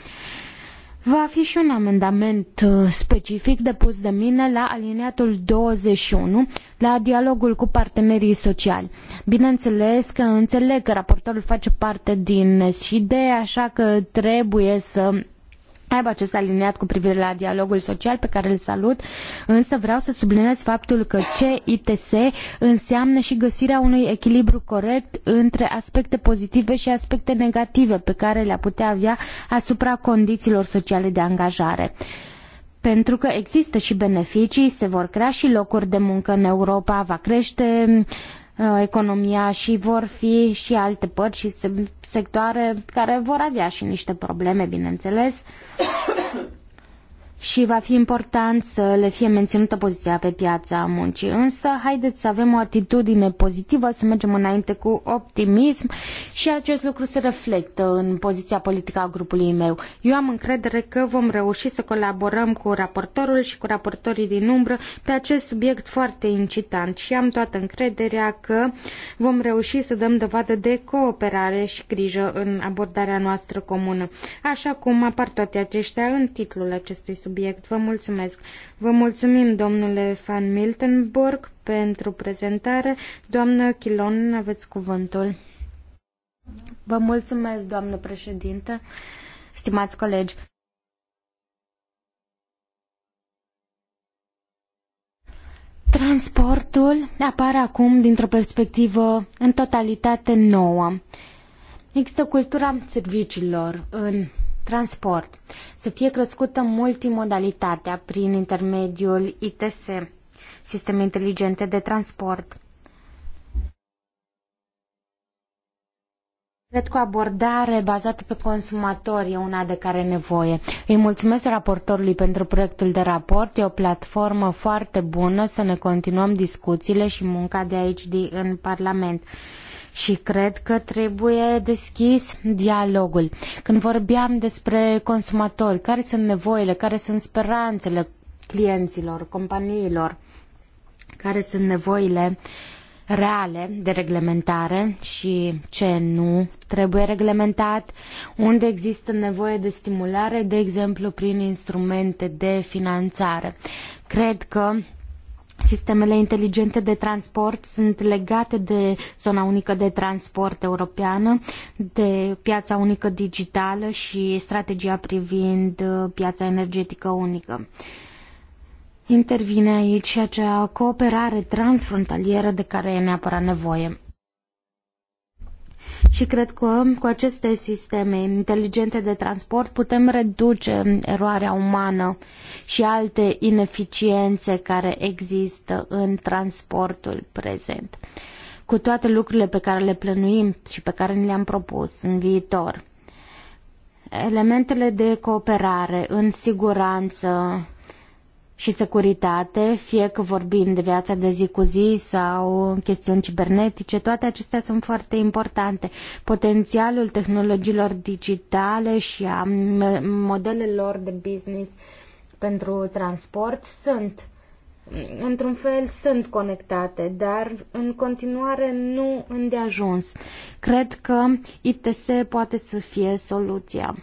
Va fi și un amendament uh, specific depus de mine la aliniatul 21, la dialogul cu partenerii sociali. Bineînțeles că înțeleg că raportorul face parte din SID, așa că trebuie să aibă acest aliniat cu privire la dialogul social pe care îl salut, însă vreau să subliniez faptul că CITS înseamnă și găsirea unui echilibru corect între aspecte pozitive și aspecte negative pe care le-a putea avea asupra condițiilor sociale de angajare pentru că există și beneficii, se vor crea și locuri de muncă în Europa, va crește Uh, economia și vor fi și alte părți și sectoare care vor avea și niște probleme, bineînțeles și va fi important să le fie menținută poziția pe piața muncii. Însă, haideți să avem o atitudine pozitivă, să mergem înainte cu optimism și acest lucru se reflectă în poziția politică a grupului meu. Eu am încredere că vom reuși să colaborăm cu raportorul și cu raportorii din umbră pe acest subiect foarte incitant și am toată încrederea că vom reuși să dăm dovadă de cooperare și grijă în abordarea noastră comună, așa cum apar toate aceștia în titlul acestui subiect subiect. Vă mulțumesc. Vă mulțumim, domnule Van Miltenburg, pentru prezentare. Doamnă Chilon, aveți cuvântul. Vă mulțumesc, doamnă președinte, stimați colegi. Transportul apare acum dintr-o perspectivă în totalitate nouă. Există cultura serviciilor în transport, să fie crescută multimodalitatea prin intermediul ITS, sisteme inteligente de transport. Cred că o abordare bazată pe consumator e una de care nevoie. Îi mulțumesc raportorului pentru proiectul de raport. E o platformă foarte bună să ne continuăm discuțiile și munca de aici din, Parlament și cred că trebuie deschis dialogul. Când vorbeam despre consumatori, care sunt nevoile, care sunt speranțele clienților, companiilor, care sunt nevoile reale de reglementare și ce nu trebuie reglementat, unde există nevoie de stimulare, de exemplu, prin instrumente de finanțare. Cred că Sistemele inteligente de transport sunt legate de zona unică de transport europeană, de piața unică digitală și strategia privind uh, piața energetică unică. Intervine aici acea cooperare transfrontalieră de care e neapărat nevoie. Și cred că cu aceste sisteme inteligente de transport putem reduce eroarea umană și alte ineficiențe care există în transportul prezent. Cu toate lucrurile pe care le plănuim și pe care ni le-am propus în viitor. Elementele de cooperare în siguranță, și securitate, fie că vorbim de viața de zi cu zi sau chestiuni cibernetice, toate acestea sunt foarte importante. Potențialul tehnologiilor digitale și a modelelor de business pentru transport sunt într-un fel sunt conectate, dar în continuare nu îndeajuns. Cred că ITS poate să fie soluția.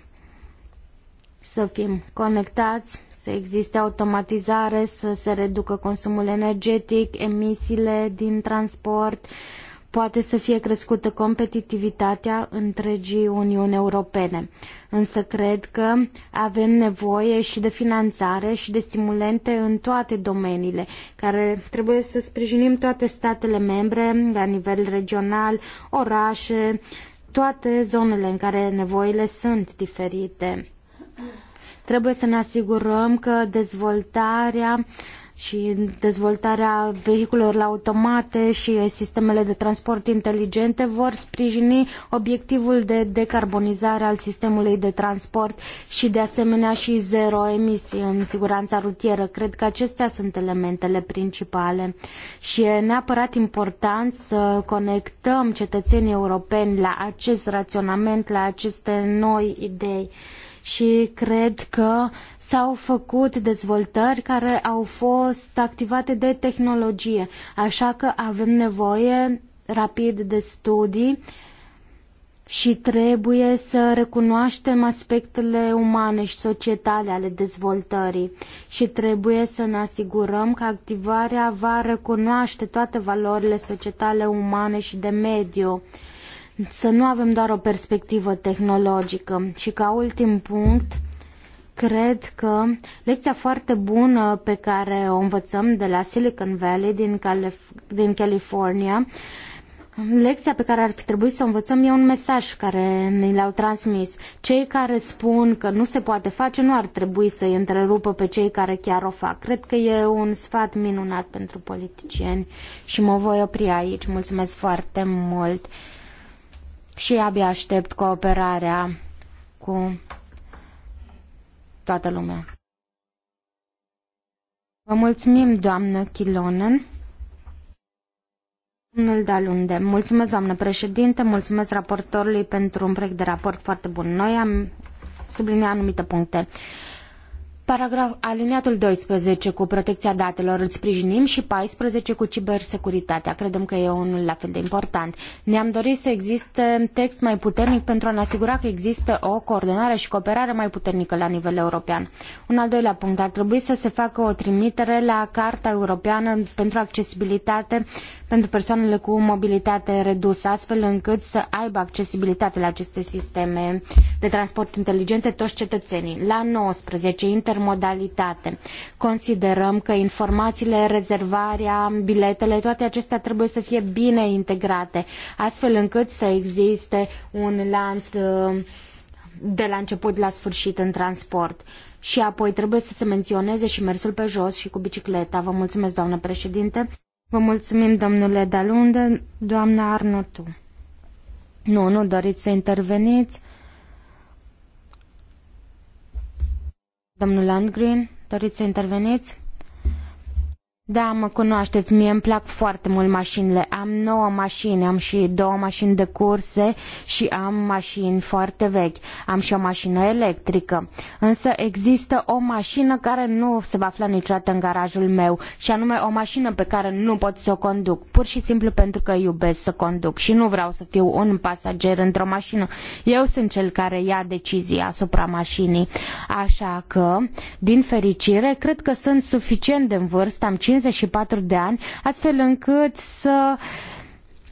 Să fim conectați să existe automatizare, să se reducă consumul energetic, emisiile din transport, poate să fie crescută competitivitatea întregii Uniuni Europene. Însă cred că avem nevoie și de finanțare și de stimulente în toate domeniile, care trebuie să sprijinim toate statele membre la nivel regional, orașe, toate zonele în care nevoile sunt diferite. Trebuie să ne asigurăm că dezvoltarea și dezvoltarea vehiculelor automate și sistemele de transport inteligente vor sprijini obiectivul de decarbonizare al sistemului de transport și de asemenea și zero emisii în siguranța rutieră. Cred că acestea sunt elementele principale și e neapărat important să conectăm cetățenii europeni la acest raționament, la aceste noi idei și cred că s-au făcut dezvoltări care au fost activate de tehnologie, așa că avem nevoie rapid de studii și trebuie să recunoaștem aspectele umane și societale ale dezvoltării și trebuie să ne asigurăm că activarea va recunoaște toate valorile societale, umane și de mediu să nu avem doar o perspectivă tehnologică. Și ca ultim punct, cred că lecția foarte bună pe care o învățăm de la Silicon Valley din, Calif- din California Lecția pe care ar trebui să o învățăm e un mesaj care ne l-au transmis. Cei care spun că nu se poate face nu ar trebui să-i întrerupă pe cei care chiar o fac. Cred că e un sfat minunat pentru politicieni și mă voi opri aici. Mulțumesc foarte mult! și abia aștept cooperarea cu toată lumea. Vă mulțumim, doamnă Chilonen. Domnul Dalunde, mulțumesc, doamnă președinte, mulțumesc raportorului pentru un proiect de raport foarte bun. Noi am subliniat anumite puncte. Paragraf aliniatul 12 cu protecția datelor îl sprijinim și 14 cu cibersecuritatea. Credem că e unul la fel de important. Ne-am dorit să existe text mai puternic pentru a ne asigura că există o coordonare și cooperare mai puternică la nivel european. Un al doilea punct ar trebui să se facă o trimitere la Carta Europeană pentru Accesibilitate pentru persoanele cu mobilitate redusă, astfel încât să aibă accesibilitate la aceste sisteme de transport inteligente toți cetățenii. La 19, intermodalitate. Considerăm că informațiile, rezervarea, biletele, toate acestea trebuie să fie bine integrate, astfel încât să existe un lanț uh, de la început la sfârșit în transport. Și apoi trebuie să se menționeze și mersul pe jos și cu bicicleta. Vă mulțumesc, doamnă președinte. Vă mulțumim, domnule Dalunde. Doamna Arnotu. Nu, nu doriți să interveniți. Domnul Landgren, doriți să interveniți? Da, mă cunoașteți, mie îmi plac foarte mult mașinile. Am nouă mașini, am și două mașini de curse și am mașini foarte vechi. Am și o mașină electrică. Însă există o mașină care nu se va afla niciodată în garajul meu și anume o mașină pe care nu pot să o conduc, pur și simplu pentru că iubesc să conduc și nu vreau să fiu un pasager într-o mașină. Eu sunt cel care ia decizia asupra mașinii. Așa că, din fericire, cred că sunt suficient de în vârstă, am 5 54 de ani, astfel încât să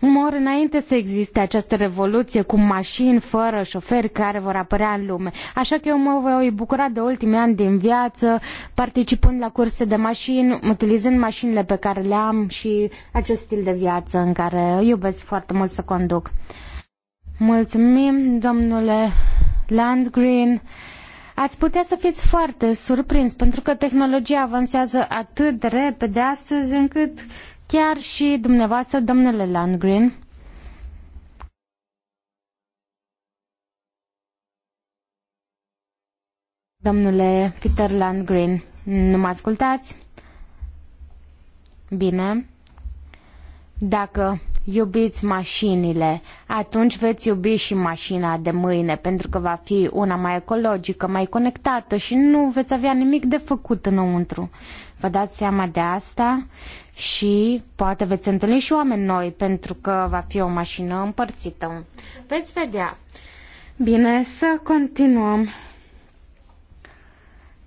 mor înainte să existe această revoluție cu mașini fără șoferi care vor apărea în lume. Așa că eu mă voi bucura de ultimii ani din viață, participând la curse de mașini, utilizând mașinile pe care le am și acest stil de viață în care iubesc foarte mult să conduc. Mulțumim, domnule Landgreen. Ați putea să fiți foarte surprins, pentru că tehnologia avansează atât de repede astăzi, încât chiar și dumneavoastră, domnule Landgren, Domnule Peter Landgren, nu mă ascultați? Bine. Dacă iubiți mașinile, atunci veți iubi și mașina de mâine, pentru că va fi una mai ecologică, mai conectată și nu veți avea nimic de făcut înăuntru. Vă dați seama de asta și poate veți întâlni și oameni noi, pentru că va fi o mașină împărțită. Veți vedea. Bine, să continuăm.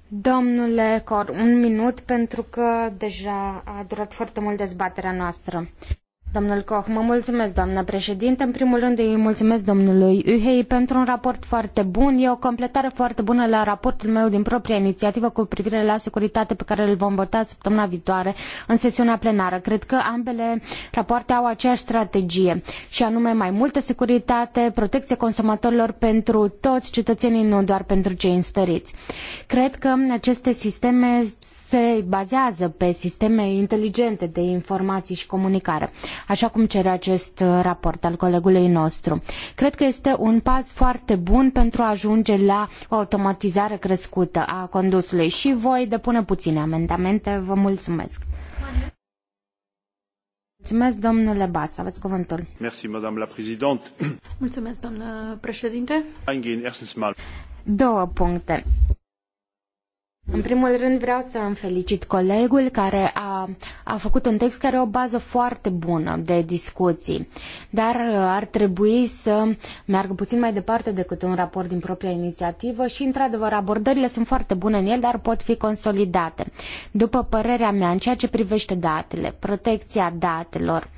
Domnule Cor, un minut pentru că deja a durat foarte mult dezbaterea noastră. Domnul Koch, mă mulțumesc, doamnă președinte. În primul rând îi mulțumesc domnului Uhei pentru un raport foarte bun. E o completare foarte bună la raportul meu din propria inițiativă cu privire la securitate pe care îl vom vota săptămâna viitoare în sesiunea plenară. Cred că ambele rapoarte au aceeași strategie și anume mai multă securitate, protecție consumatorilor pentru toți cetățenii, nu doar pentru cei înstăriți. Cred că aceste sisteme se bazează pe sisteme inteligente de informații și comunicare așa cum cere acest uh, raport al colegului nostru. Cred că este un pas foarte bun pentru a ajunge la o automatizare crescută a condusului și voi depune puține amendamente. Vă mulțumesc. Mulțumesc, domnule Bas. Aveți cuvântul. Merci, madame la présidente. Mulțumesc, doamnă președinte. Două puncte. În primul rând vreau să îmi felicit colegul care a, a făcut un text care are o bază foarte bună de discuții, dar uh, ar trebui să meargă puțin mai departe decât un raport din propria inițiativă și, într-adevăr, abordările sunt foarte bune în el, dar pot fi consolidate. După părerea mea, în ceea ce privește datele, protecția datelor, uh,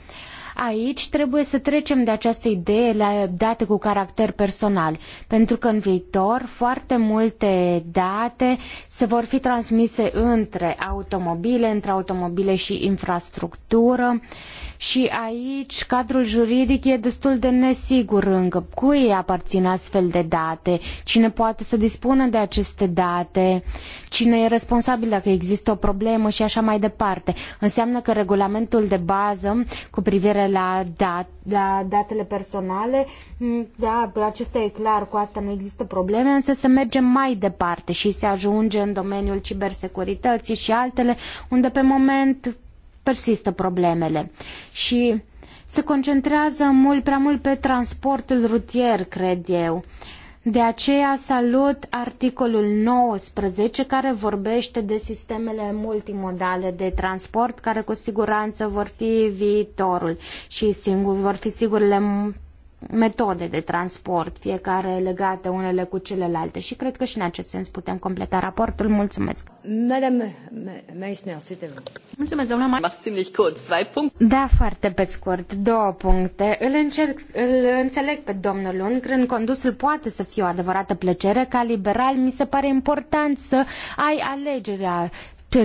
Aici trebuie să trecem de această idee la date cu caracter personal, pentru că în viitor foarte multe date se vor fi transmise între automobile, între automobile și infrastructură, uh, și aici cadrul juridic e destul de nesigur încă. Cui aparțin astfel de date? Cine poate să dispună de aceste date? Cine e responsabil dacă există o problemă și așa mai departe? Înseamnă că regulamentul de bază cu privire la, dat, la datele personale, da, acesta e clar, cu asta nu există probleme, însă să mergem mai departe și se ajunge în domeniul cibersecurității și altele, unde pe moment persistă problemele și se concentrează mult prea mult pe transportul rutier, cred eu. De aceea salut articolul 19 care vorbește de sistemele multimodale de transport care cu siguranță vor fi viitorul și singur, vor fi sigurile metode de transport, fiecare legate unele cu celelalte și cred că și în acest sens putem completa raportul. Mulțumesc. Mulțumesc, doamna Meissner. Da, foarte pe scurt, două puncte. Îl, încerc, îl înțeleg pe domnul Lundgren, condusul poate să fie o adevărată plăcere. Ca liberal mi se pare important să ai alegerea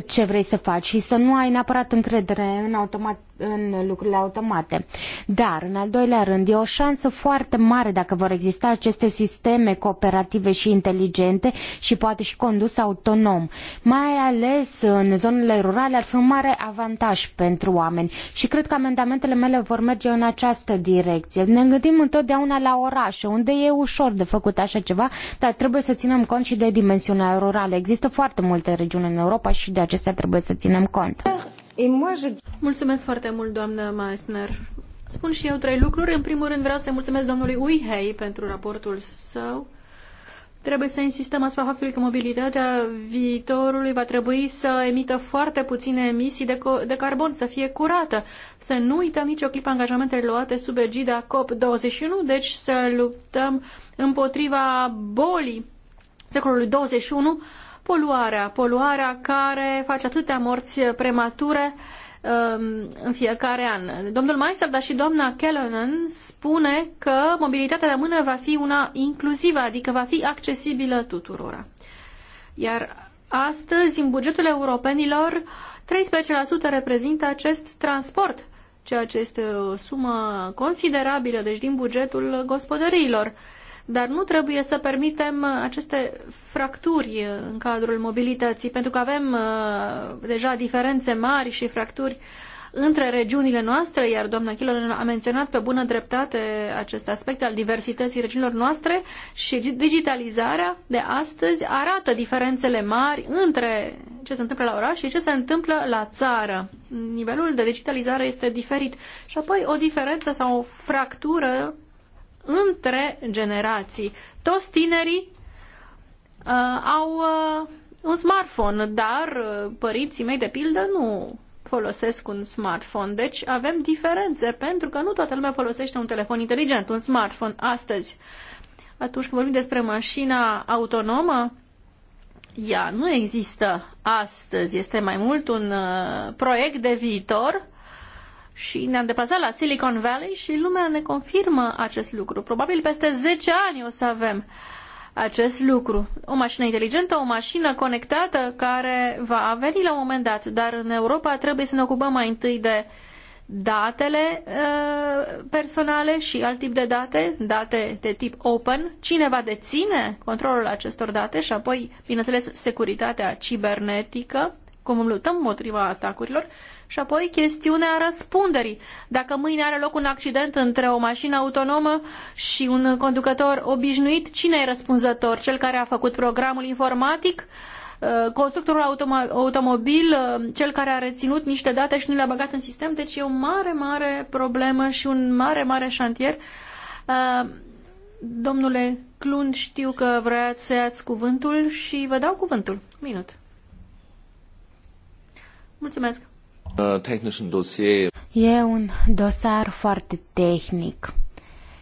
ce vrei să faci și să nu ai neapărat încredere în automat în lucrurile automate. Dar, în al doilea rând, e o șansă foarte mare dacă vor exista aceste sisteme cooperative și inteligente și poate și condus autonom. Mai ales în zonele rurale ar fi un mare avantaj pentru oameni și cred că amendamentele mele vor merge în această direcție. Ne gândim întotdeauna la orașe, unde e ușor de făcut așa ceva, dar trebuie să ținem cont și de dimensiunea rurală. Există foarte multe regiuni în Europa și de acestea trebuie să ținem cont. Mulțumesc foarte mult, doamnă Meissner. Spun și eu trei lucruri. În primul rând vreau să mulțumesc domnului Uihei pentru raportul său. Trebuie să insistăm asupra faptului că mobilitatea viitorului va trebui să emită foarte puține emisii de, de carbon, să fie curată, să nu uităm nicio clipă angajamentele luate sub egida COP21, deci să luptăm împotriva bolii secolului 21 poluarea, poluarea care face atâtea morți premature um, în fiecare an. Domnul Meister, dar și doamna Kellonen spune că mobilitatea de mână va fi una inclusivă, adică va fi accesibilă tuturora. Iar astăzi, în bugetul europenilor, 13% reprezintă acest transport, ceea ce este o sumă considerabilă, deci din bugetul gospodăriilor dar nu trebuie să permitem uh, aceste fracturi uh, în cadrul mobilității, pentru că avem uh, deja diferențe mari și fracturi între regiunile noastre, iar doamna Chilor a menționat pe bună dreptate acest aspect al diversității regiunilor noastre și digitalizarea de astăzi arată diferențele mari între ce se întâmplă la oraș și ce se întâmplă la țară. Nivelul de digitalizare este diferit. Și apoi o diferență sau o fractură între generații. Toți tinerii uh, au uh, un smartphone, dar uh, părinții mei, de pildă, nu folosesc un smartphone. Deci avem diferențe, pentru că nu toată lumea folosește un telefon inteligent, un smartphone astăzi. Atunci când vorbim despre mașina autonomă, ea nu există astăzi, este mai mult un uh, proiect de viitor și ne-am deplasat la Silicon Valley și lumea ne confirmă acest lucru. Probabil peste 10 ani o să avem acest lucru. O mașină inteligentă, o mașină conectată care va veni la un moment dat, dar în Europa trebuie să ne ocupăm mai întâi de datele uh, personale și alt tip de date, date de tip open, cine va deține controlul acestor date și apoi, bineînțeles, securitatea cibernetică, cum luptăm împotriva atacurilor și apoi chestiunea răspunderii. Dacă mâine are loc un accident între o mașină autonomă și un conducător obișnuit, cine e răspunzător? Cel care a făcut programul informatic? Uh, constructorul automo automobil, uh, cel care a reținut niște date și nu le-a băgat în sistem, deci e o mare, mare problemă și un mare, mare șantier. Uh, domnule Clun, știu că vreați să iați cuvântul și vă dau cuvântul. Minut. Mulțumesc. Uh, e un dosar foarte tehnic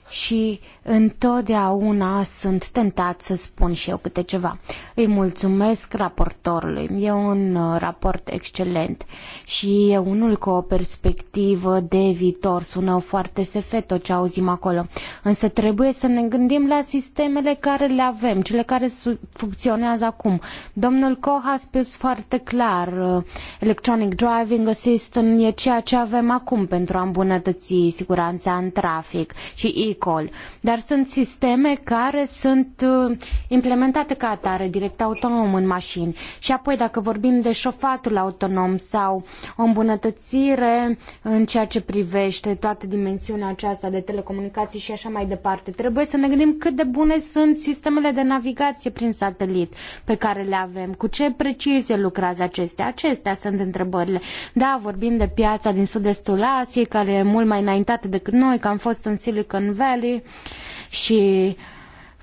și întotdeauna sunt tentat să spun și eu câte ceva. Îi mulțumesc raportorului. E un uh, raport excelent și e unul cu o perspectivă de viitor. Sună foarte sefet tot ce auzim acolo. Însă trebuie să ne gândim la sistemele care le avem, cele care funcționează acum. Domnul Koch a spus foarte clar, uh, Electronic Driving Assistant e ceea ce avem acum pentru a îmbunătăți siguranța în trafic și agricol, dar sunt sisteme care sunt uh, implementate ca atare, direct autonom în mașini. Și apoi, dacă vorbim de șofatul autonom sau o îmbunătățire în ceea ce privește toată dimensiunea aceasta de telecomunicații și așa mai departe, trebuie să ne gândim cât de bune sunt sistemele de navigație prin satelit pe care le avem, cu ce precizie lucrează acestea. Acestea sunt întrebările. Da, vorbim de piața din sud-estul Asiei, care e mult mai înaintată decât noi, că am fost în Silicon Valley și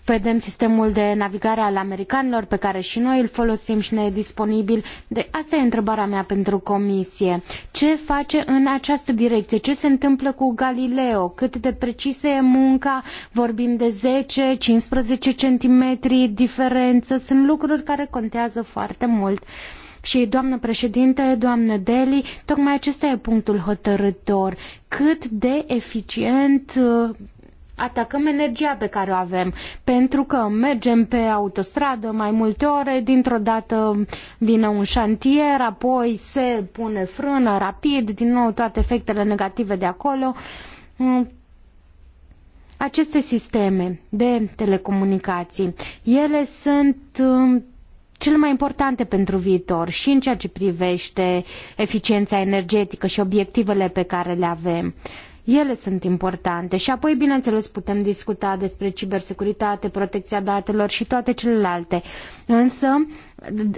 vedem sistemul de navigare al americanilor pe care și noi îl folosim și ne e disponibil. De asta e întrebarea mea pentru comisie. Ce face în această direcție? Ce se întâmplă cu Galileo? Cât de precisă e munca? Vorbim de 10, 15 centimetri diferență. Sunt lucruri care contează foarte mult. Și, doamnă președinte, doamnă Deli, tocmai acesta e punctul hotărător. Cât de eficient atacăm energia pe care o avem, pentru că mergem pe autostradă mai multe ore, dintr-o dată vine un șantier, apoi se pune frână rapid, din nou toate efectele negative de acolo. Aceste sisteme de telecomunicații, ele sunt uh, cele mai importante pentru viitor și în ceea ce privește eficiența energetică și obiectivele pe care le avem. Ele sunt importante și apoi, bineînțeles, putem discuta despre cibersecuritate, protecția datelor și toate celelalte. Însă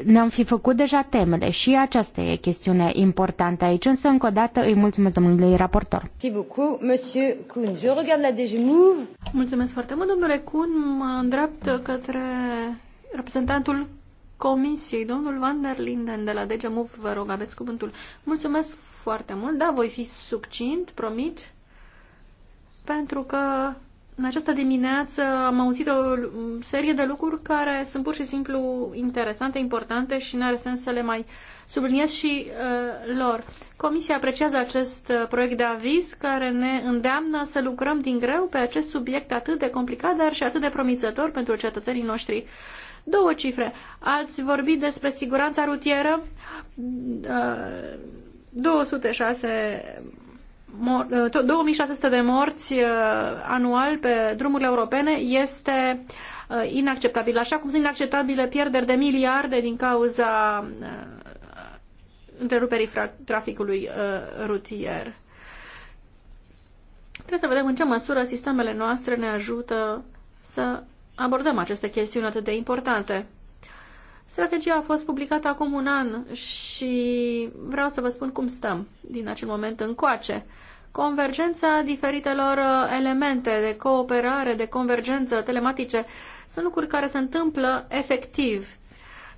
ne-am fi făcut deja temele și aceasta e chestiune importantă aici. Însă, încă o dată, îi mulțumesc domnului raportor. Mulțumesc foarte mult, domnule Kuhn. Mă îndrept către reprezentantul Comisiei, domnul Van der Linden de la DGMUV, vă rog, aveți cuvântul. Mulțumesc foarte mult, da, voi fi succint, promit pentru că în această dimineață am auzit o serie de lucruri care sunt pur și simplu interesante, importante și nu are sens să le mai subliniez și uh, lor. Comisia apreciază acest uh, proiect de aviz care ne îndeamnă să lucrăm din greu pe acest subiect atât de complicat, dar și atât de promițător pentru cetățenii noștri. Două cifre. Ați vorbit despre siguranța rutieră. Uh, 206 2600 uh, de morți uh, anual pe drumurile europene este uh, inacceptabil, așa cum sunt inacceptabile pierderi de miliarde din cauza întreruperii traficului rutier. Trebuie să vedem în ce măsură sistemele noastre ne ajută să abordăm aceste chestiuni atât de importante. Strategia a fost publicată acum un an și vreau să vă spun cum stăm din acel moment încoace. Convergența diferitelor uh, elemente de cooperare, de convergență telematice sunt lucruri care se întâmplă efectiv.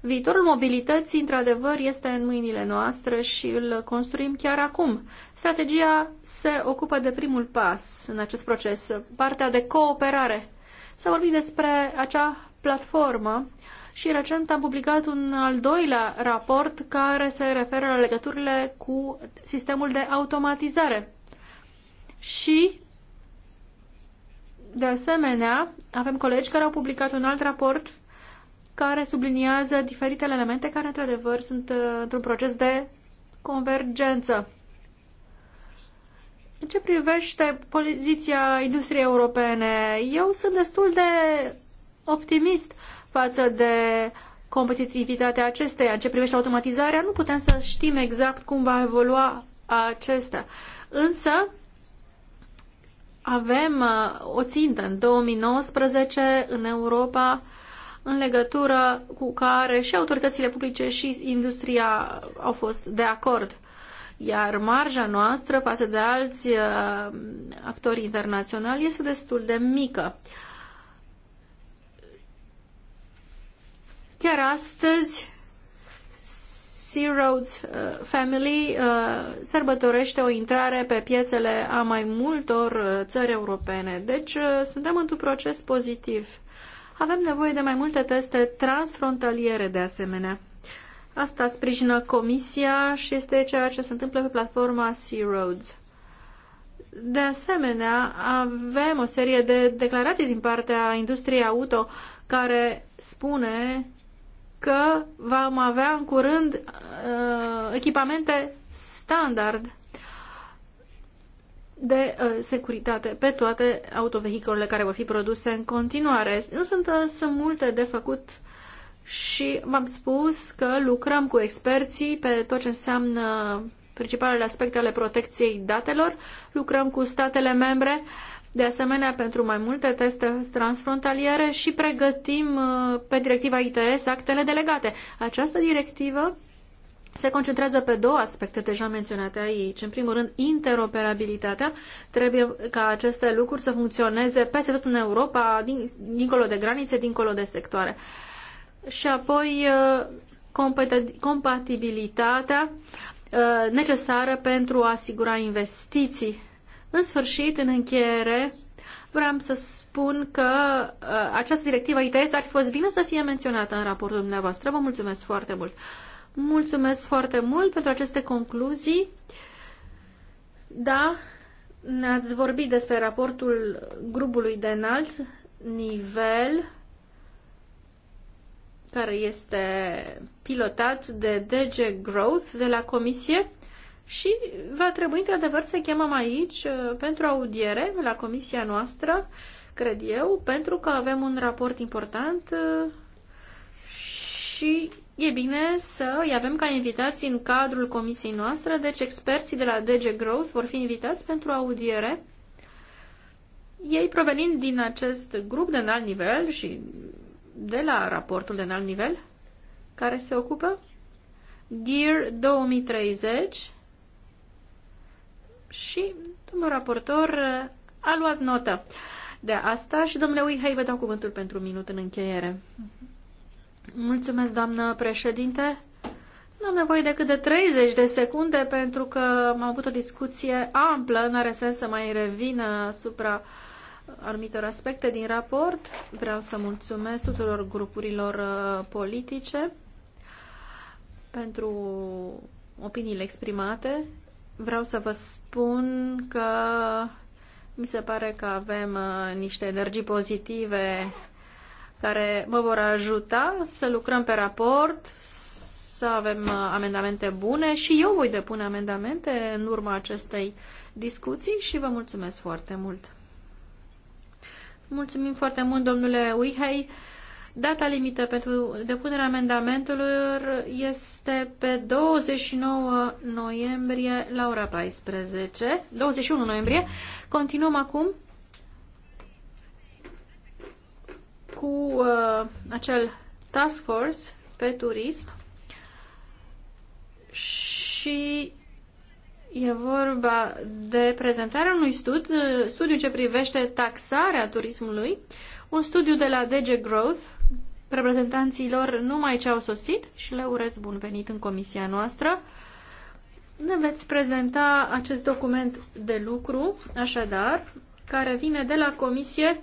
Viitorul mobilității, într-adevăr, este în mâinile noastre și îl construim chiar acum. Strategia se ocupă de primul pas în acest proces, partea de cooperare. Să vorbim despre acea platformă uh, și recent am publicat un al doilea raport care se referă la legăturile cu sistemul de automatizare. Și, de asemenea, avem colegi care au publicat un alt raport care subliniază diferitele elemente care, într-adevăr, sunt uh, într-un proces de convergență. În ce privește poziția industriei europene, eu sunt destul de optimist față de competitivitatea acesteia. În ce privește automatizarea, nu putem să știm exact cum va evolua acesta. Însă, avem uh, o țintă în 2019 în Europa în legătură cu care și autoritățile publice și industria au fost de acord. Iar marja noastră față de alți uh, actori internaționali este destul de mică. Uh, Chiar astăzi, Sea Roads uh, Family uh, sărbătorește o intrare pe piețele a mai multor uh, țări europene. Deci suntem într-un proces pozitiv. Avem nevoie de mai multe teste transfrontaliere de asemenea. Asta sprijină Comisia și este ceea ce se întâmplă pe platforma Sea Roads. De asemenea, avem o serie de declarații din partea industriei auto care spune că vom avea în curând uh, echipamente standard de uh, securitate pe toate autovehiculele care vor fi produse în continuare. Însă sunt multe de făcut și v-am spus că lucrăm cu experții pe tot ce înseamnă principalele aspecte ale protecției datelor, lucrăm cu statele membre uh, de asemenea pentru mai multe teste transfrontaliere și pregătim uh, pe directiva ITS actele delegate. Această directivă se concentrează pe două aspecte deja menționate aici. În primul rând, interoperabilitatea. Trebuie ca aceste lucruri să funcționeze peste tot în Europa, din, dincolo de granițe, dincolo de sectoare. Și apoi, uh, compatibilitatea uh, necesară pentru a asigura investiții în sfârșit, în încheiere, vreau să spun că uh, această directivă ITS ar fi fost bine să fie menționată în raportul dumneavoastră. Vă mulțumesc foarte mult! Mulțumesc foarte mult pentru aceste concluzii. Da, ne-ați vorbit despre raportul grupului de înalt nivel care este pilotat de DG Growth de la Comisie și va trebui într-adevăr să chemăm aici uh, pentru audiere la comisia noastră, cred eu, pentru că avem un raport important uh, și e bine să îi avem ca invitați în cadrul comisiei noastre, deci experții de la DG Growth vor fi invitați pentru audiere. Ei provenind din acest grup de înalt nivel și de la raportul de înalt nivel care se ocupă Gear 2030 și domnul raportor eh, a luat notă de asta și domnule hai vă dau cuvântul pentru un minut în încheiere. Mulțumesc, doamnă președinte. Nu am nevoie decât de 30 de secunde pentru că am avut o discuție amplă, nu are sens să mai revin asupra anumitor aspecte din raport. Vreau să mulțumesc tuturor grupurilor eh, politice pentru opiniile exprimate vreau să vă spun că mi se pare că avem uh, niște energii pozitive care mă vor ajuta să lucrăm pe raport, să avem uh, amendamente bune și eu voi depune amendamente în urma acestei discuții și vă mulțumesc foarte mult. Mulțumim foarte mult, domnule Uihei. Data limită pentru depunerea amendamentelor este pe 29 noiembrie la ora 14. 21 noiembrie. Continuăm acum cu uh, acel task force pe turism și e vorba de prezentarea unui studiu, studiu ce privește taxarea turismului, un studiu de la DG Growth reprezentanților numai ce au sosit și le urez bun venit în comisia noastră. Ne veți prezenta acest document de lucru, așadar, care vine de la comisie.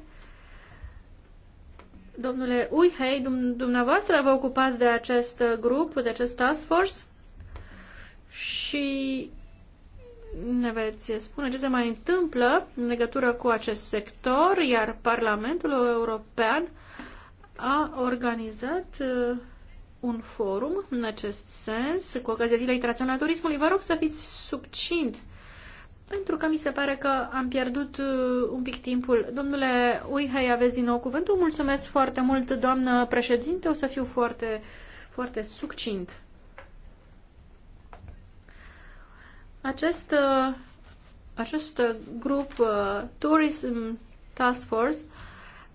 Domnule Uihei, dumneavoastră vă ocupați de acest grup, de acest task force și ne veți spune ce se mai întâmplă în legătură cu acest sector, iar Parlamentul European a organizat uh, un forum în acest sens, cu ocazia Zilei Internaționale a Turismului. Vă rog să fiți subcint, pentru că mi se pare că am pierdut uh, un pic timpul. Domnule Uihai, aveți din nou cuvântul. Mulțumesc foarte mult, doamnă președinte. O să fiu foarte, foarte succint. Acest, uh, acest grup Tourism Task Force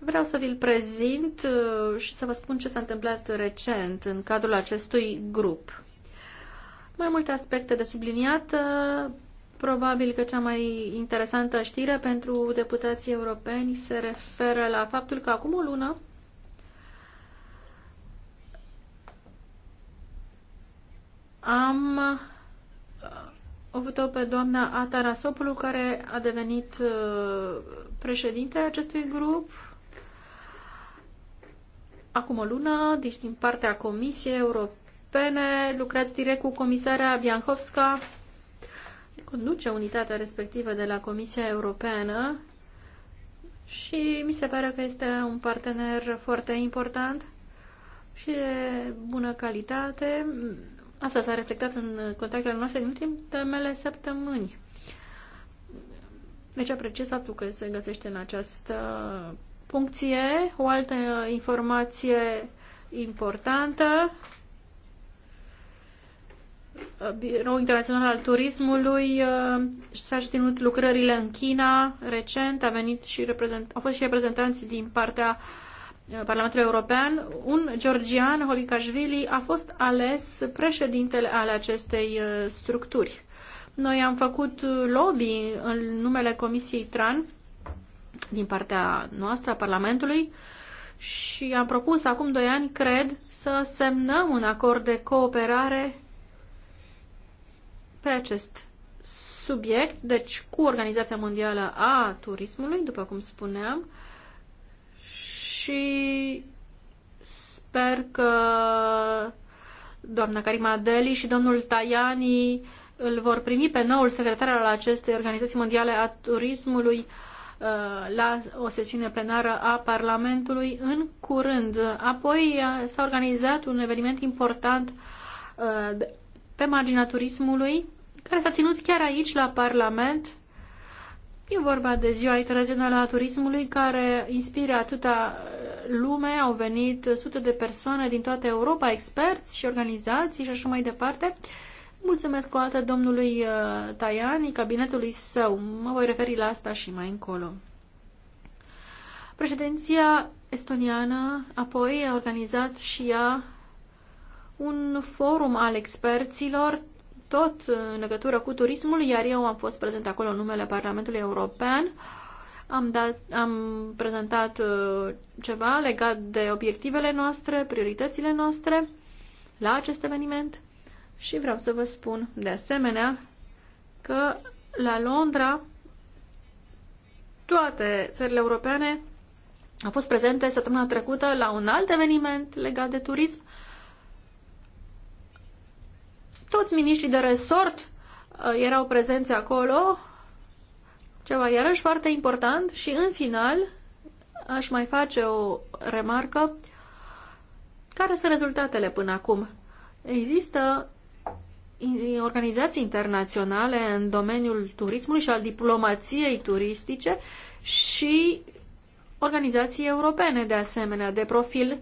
Vreau să vi-l prezint uh, și să vă spun ce s-a întâmplat recent în cadrul acestui grup. Mai multe aspecte de subliniat. Uh, probabil că cea mai interesantă știre pentru deputații europeni se referă la faptul că acum o lună am uh, avut-o pe doamna Atarasopulu, care a devenit președinte acestui grup acum o lună, deci din partea Comisiei Europene, lucrați direct cu comisarea Bianhovska, conduce unitatea respectivă de la Comisia Europeană și mi se pare că este un partener foarte important și de bună calitate. Asta s-a reflectat în contactele noastre din ultimele săptămâni. Deci apreciez faptul că se găsește în această puncție, o altă uh, informație importantă. Uh, Biroul Internațional al Turismului uh, s-a ținut lucrările în China recent, a venit și reprezent, au fost și reprezentanți din partea Parlamentului European. Un georgian, Holikashvili, a fost ales președintele ale acestei structuri. Noi am făcut lobby în numele Comisiei TRAN din partea noastră a Parlamentului și am propus acum doi ani, cred, să semnăm un acord de cooperare pe acest subiect, deci cu Organizația Mondială a Turismului, după cum spuneam, și sper că doamna Karima Deli și domnul Tajani îl vor primi pe noul secretar al acestei Organizații Mondiale a Turismului Uh, la o sesiune plenară a Parlamentului în curând. Apoi uh, s-a organizat un eveniment important uh, pe marginea turismului, care s-a ținut chiar aici la Parlament. E vorba de Ziua Internațională a Turismului, care inspiră atâta lume. Au venit sute de persoane din toată Europa, experți și organizații și așa mai departe. Uh, Mulțumesc o dată domnului uh, Taiani, cabinetului său. Mă voi referi la asta și mai încolo. Președinția estoniană apoi a organizat și ea un forum al experților, tot în legătură cu turismul, iar eu am fost prezent acolo în numele Parlamentului European. Am, dat, am prezentat uh, ceva legat de obiectivele noastre, prioritățile noastre la acest eveniment și vreau să vă spun de asemenea că la Londra toate țările europene au fost prezente săptămâna trecută la un alt eveniment legat de turism. Toți miniștrii de resort uh, erau prezenți acolo, ceva iarăși foarte important și în final aș mai face o remarcă. Care sunt rezultatele până acum? Există organizații internaționale în domeniul turismului și al diplomației turistice și organizații europene de asemenea de profil.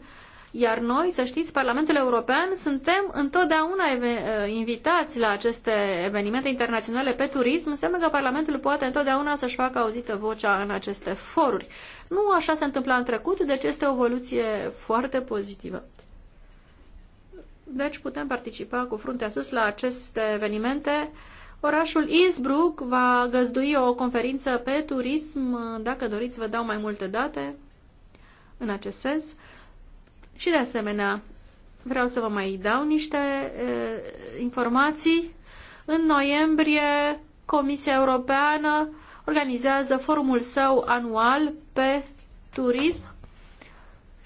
Iar noi, să știți, Parlamentul European, suntem întotdeauna ă, invitați la aceste evenimente internaționale pe turism. Înseamnă că Parlamentul poate întotdeauna să-și facă auzită vocea în aceste foruri. Nu așa se întâmpla în trecut, deci este o evoluție foarte pozitivă. Deci putem participa cu fruntea sus la aceste evenimente. Orașul Innsbruck va găzdui o conferință pe turism. Dacă doriți, vă dau mai multe date în acest sens. Și de asemenea, vreau să vă mai dau niște e, informații. În noiembrie, Comisia Europeană organizează forumul său anual pe turism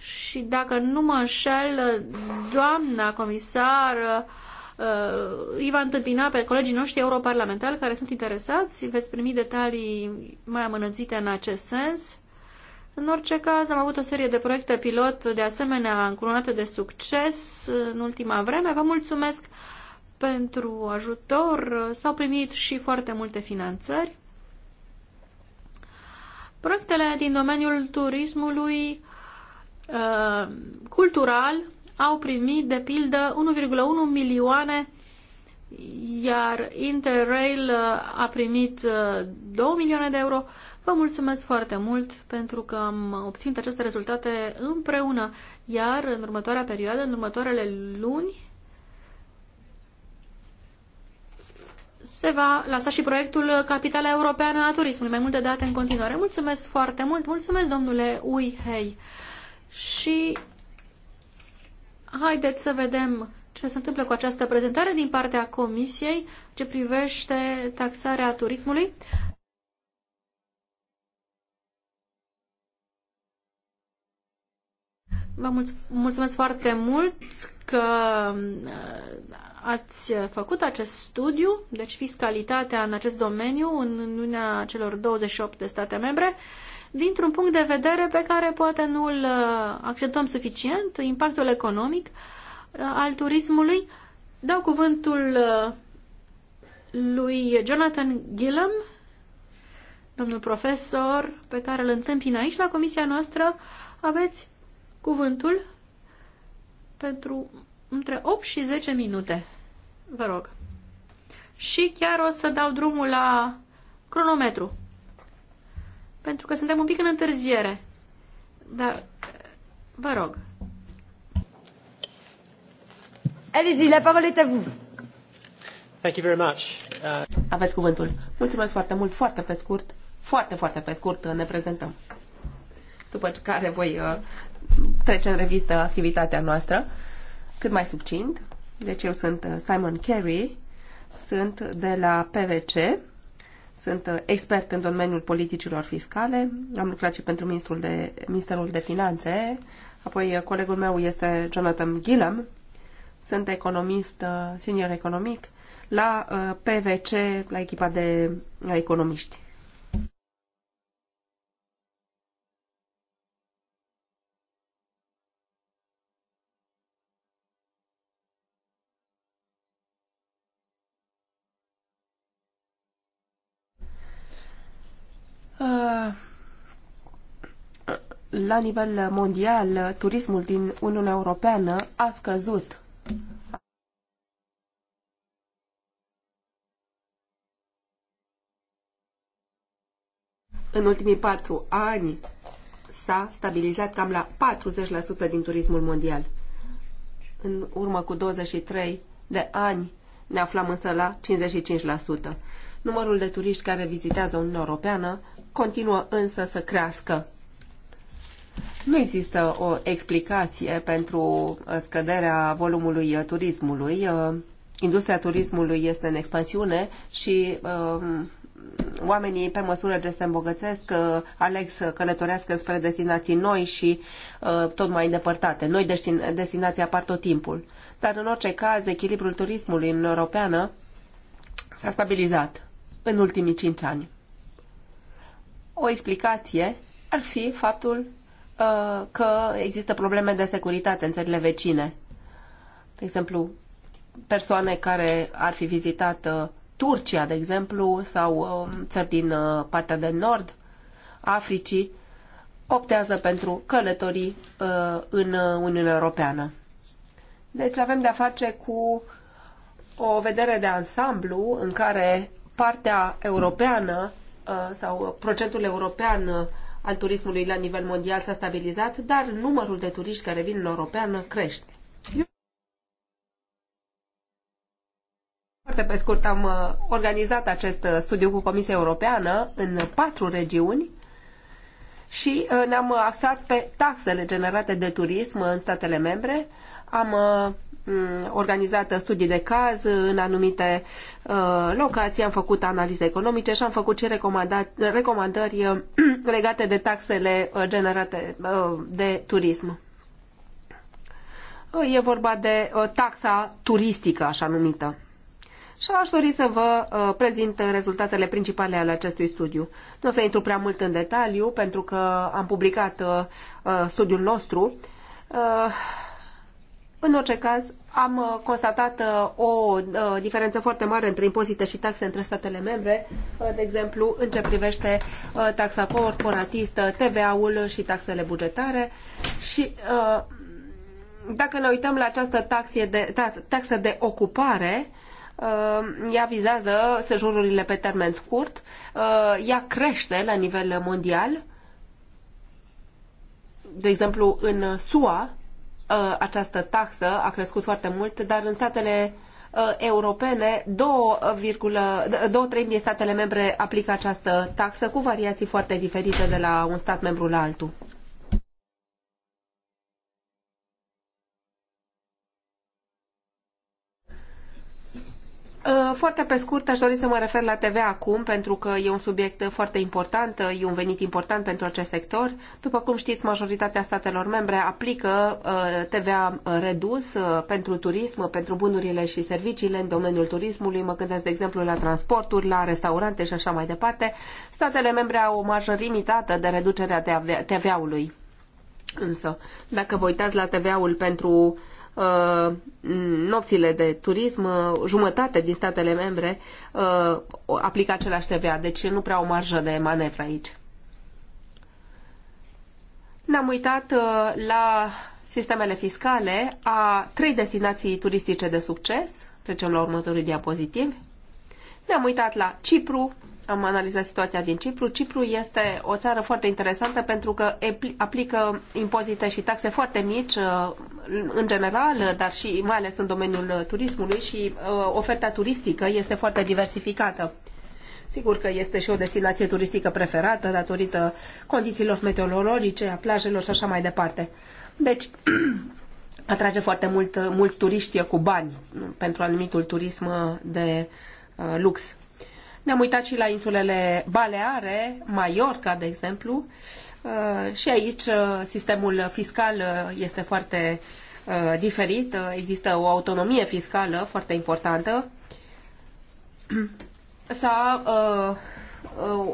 și dacă nu mă înșel, doamna comisar uh, îi va întâmpina pe colegii noștri europarlamentari care sunt interesați. Veți primi detalii mai amănânțite în acest sens. În orice caz, am avut o serie de proiecte pilot, de asemenea, încurunate de succes în ultima vreme. Vă mulțumesc pentru ajutor. S-au primit și foarte multe finanțări. Proiectele din domeniul turismului Uh, cultural au primit, de pildă, 1,1 milioane, iar Interrail uh, a primit 2 uh, milioane de euro. Vă mulțumesc foarte mult pentru că am obținut aceste rezultate împreună, iar în următoarea perioadă, în următoarele luni, se va lansa și proiectul Capitala Europeană a Turismului. Mai multe date în continuare. Mulțumesc foarte mult, mulțumesc domnule Uihei și haideți să vedem ce se întâmplă cu această prezentare din partea Comisiei ce privește taxarea turismului. Vă mulțumesc foarte mult că uh, ați făcut acest studiu, deci fiscalitatea în acest domeniu în Uniunea celor 28 de state membre dintr-un punct de vedere pe care poate nu îl uh, acceptăm suficient, impactul economic uh, al turismului. Dau cuvântul uh, lui Jonathan Gillam, domnul profesor pe care îl întâmpin aici la comisia noastră. Aveți cuvântul pentru între 8 și 10 minute. Vă rog. Și chiar o să dau drumul la cronometru pentru că suntem un pic în întârziere. Dar, vă rog. Allez-y, la parole est à vous. Thank you very much. Uh... Aveți cuvântul. Mulțumesc foarte mult, foarte pe scurt, foarte, foarte pe scurt ne prezentăm. După care voi uh, trece în revistă activitatea noastră, cât mai succint. Deci eu sunt uh, Simon Carey, sunt de la PVC, sunt uh, expert în domeniul politicilor fiscale, am lucrat și pentru Ministrul de, Ministerul de Finanțe, apoi uh, colegul meu este Jonathan Gillam, sunt economist, uh, senior economic, la PVC, la echipa de economiști. Uh, la nivel mondial, turismul din Uniunea Europeană a scăzut. În ultimii patru ani s-a stabilizat cam la 40% din turismul mondial. În urmă cu 23 de ani ne aflam însă la 55%. Numărul de turiști care vizitează Uniunea Europeană continuă însă să crească. Nu există o explicație pentru uh, scăderea volumului uh, turismului. Uh, industria turismului este în expansiune și oamenii, pe măsură ce se îmbogățesc, aleg să călătorească spre destinații noi și tot mai îndepărtate. Noi destinații apar tot timpul. Dar, în orice caz, echilibrul turismului în Europeană s-a stabilizat în ultimii cinci ani. O explicație ar fi faptul uh, că există probleme de securitate în țările vecine. De exemplu, persoane care ar fi vizitat uh, Turcia, de exemplu, sau uh, țări din uh, partea de nord Africii, optează pentru călătorii uh, în uh, Uniunea Europeană. Deci avem de-a face cu o vedere de ansamblu în care partea europeană uh, sau procentul european uh, al turismului la nivel mondial s-a stabilizat, dar numărul de turiști care vin în Europeană crește. Foarte pe scurt am uh, organizat acest studiu cu Comisia Europeană în patru regiuni și ne-am axat pe taxele generate de turism în statele membre. Am Mm, organizat studii de caz în anumite uh, locații, am făcut analize economice și am făcut și recomandări uh, legate de taxele uh, generate de turism. E vorba de taxa turistică, așa numită. Și aș dori să vă prezint rezultatele principale ale acestui studiu. Nu o să intru prea mult în detaliu, pentru că am publicat studiul nostru. În orice caz, am uh, constatat uh, o uh, diferență foarte mare între impozite și taxe între statele membre, de exemplu, în ce privește taxa corporatistă, TVA-ul și taxele bugetare și dacă ne uităm la această taxă de, taxă de ocupare, ea vizează sejururile pe termen scurt, ea crește la nivel mondial. De exemplu, în SUA, Uh, această taxă a crescut foarte mult, dar în statele uh, europene, 2,3 din statele membre aplică această taxă cu variații foarte diferite de la un stat membru la altul. Uh, foarte pe scurt, aș dori să mă refer la TV acum, pentru că e un subiect foarte important, uh, e un venit important pentru acest sector. După cum știți, majoritatea statelor membre aplică uh, TVA redus pentru turism, pentru bunurile și serviciile în domeniul turismului. Mă gândesc, de exemplu, la transporturi, la restaurante și așa mai departe. Statele membre au o marjă limitată de reducere a TVA-ului. Însă, dacă vă uitați la TVA-ul pentru Uh, nopțile de turism, uh, jumătate din statele membre uh, aplică același TVA, deci nu prea o marjă de manevră aici. Ne-am uitat la sistemele fiscale a trei destinații turistice de succes. Trecem la următorul diapozitiv. Ne-am uitat la Cipru, am analizat situația din Cipru. Cipru este o țară foarte interesantă pentru că aplică impozite și taxe foarte mici uh, în general, dar și mai ales în domeniul turismului și uh, oferta turistică este foarte diversificată. Sigur că este și o destinație turistică preferată datorită condițiilor meteorologice, a plajelor și așa mai departe. Deci, atrage foarte mult, mulți turiști cu bani pentru anumitul turism de uh, lux. Ne-am uitat și la insulele Baleare, Mallorca, de exemplu, uh, și aici uh, sistemul fiscal uh, este foarte diferit, există o autonomie fiscală foarte importantă. S-a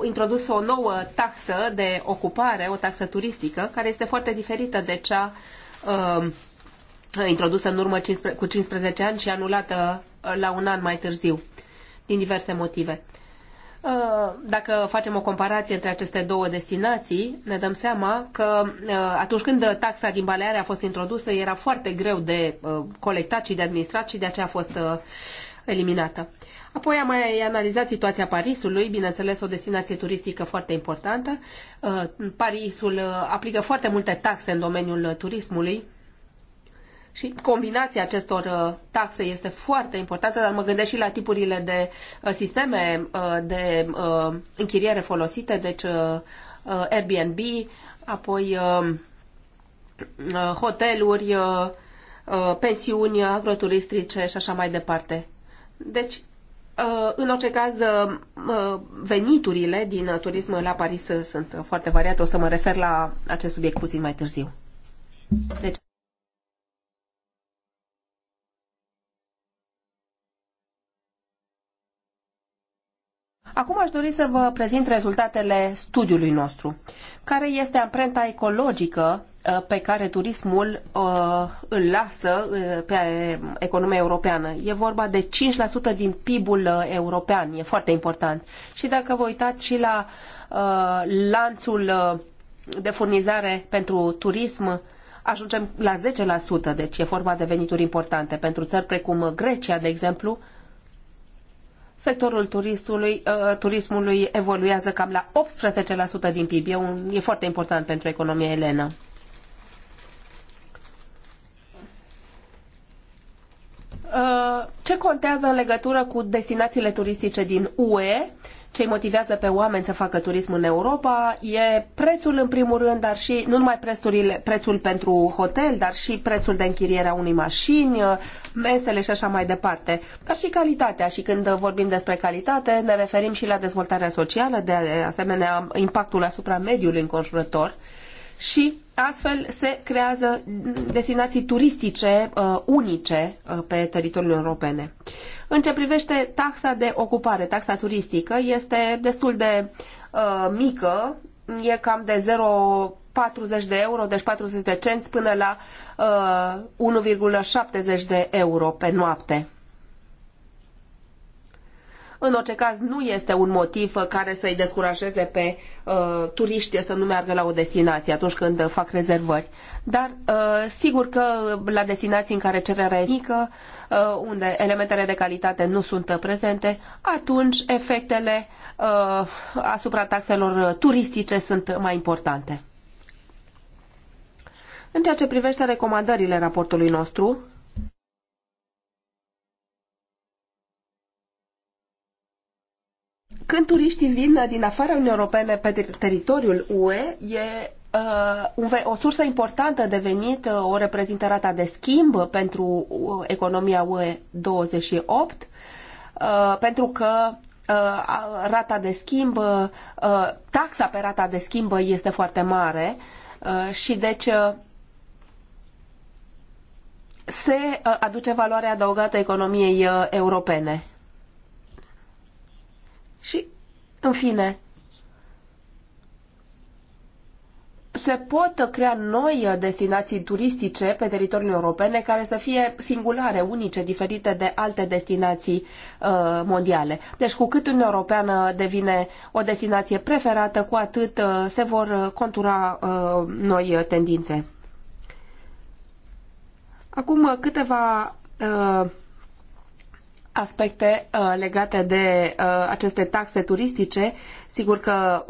introdus o nouă taxă de ocupare, o taxă turistică, care este foarte diferită de cea introdusă în urmă cu 15 ani și anulată la un an mai târziu din diverse motive. Uh, dacă facem o comparație între aceste două destinații, ne dăm seama că uh, atunci când taxa din Baleare a fost introdusă, era foarte greu de uh, colectat și de administrat și de aceea a fost eliminată. Apoi am mai analizat situația Parisului, bineînțeles o destinație turistică foarte importantă. Parisul aplică foarte multe taxe în domeniul turismului, și combinația acestor uh, taxe este foarte importantă, dar mă gândesc și la tipurile de uh, sisteme uh, de închiriere folosite, deci Airbnb, apoi hoteluri, pensiuni agroturistice și așa mai departe. Deci, în orice caz, veniturile din turism la Paris sunt foarte variate. O să mă refer la acest subiect puțin mai târziu. Deci, Acum aș dori să vă prezint rezultatele studiului nostru. Care este amprenta ecologică uh, pe care turismul uh, îl lasă uh, pe economia europeană. E vorba de 5% din PIB-ul european, e foarte important. Și dacă vă uitați și la lanțul de furnizare pentru turism, ajungem la 10%, deci e vorba de venituri importante pentru țări precum Grecia, de exemplu, sectorul turismului, uh, turismului evoluează cam la 18% din PIB. E, un, e foarte important pentru economia elenă. Uh, ce contează în legătură cu destinațiile turistice din UE? ce îi motivează pe oameni să facă turism în Europa e prețul în primul rând, dar și nu numai prețurile, prețul pentru hotel, dar și prețul de închiriere a unei mașini, mesele și așa mai departe, dar și calitatea. Și când vorbim despre calitate, ne referim și la dezvoltarea socială, de asemenea impactul asupra mediului înconjurător și astfel se creează destinații turistice uh, unice uh, pe teritoriul europene. În ce privește taxa de ocupare, taxa turistică, este destul de uh, mică, e cam de 0,40 de euro, deci 40 de cenți până la uh, 1,70 de euro pe noapte. În orice caz, nu este un motiv care să-i descurajeze pe uh, turiști să nu meargă la o destinație atunci când fac rezervări. Dar uh, sigur că la destinații în care cererea e mică, uh, unde elementele de calitate nu sunt prezente, atunci efectele uh, asupra taxelor turistice sunt mai importante. În ceea ce privește recomandările raportului nostru, Când turiștii vin din afara Uniunii Europene pe teritoriul UE, e uh, o sursă importantă de venit uh, o reprezintă rata de schimb pentru uh, economia UE 28, pentru că rata de schimb, taxa pe rata de schimb este foarte mare și deci se aduce valoare adăugată economiei europene. Și, în fine, se pot crea noi destinații turistice pe teritoriul europene care să fie singulare, unice, diferite de alte destinații uh, mondiale. Deci cu cât Uniunea Europeană devine o destinație preferată, cu atât uh, se vor contura uh, noi tendințe. Acum câteva uh, aspecte uh, legate de uh, aceste taxe turistice. Sigur că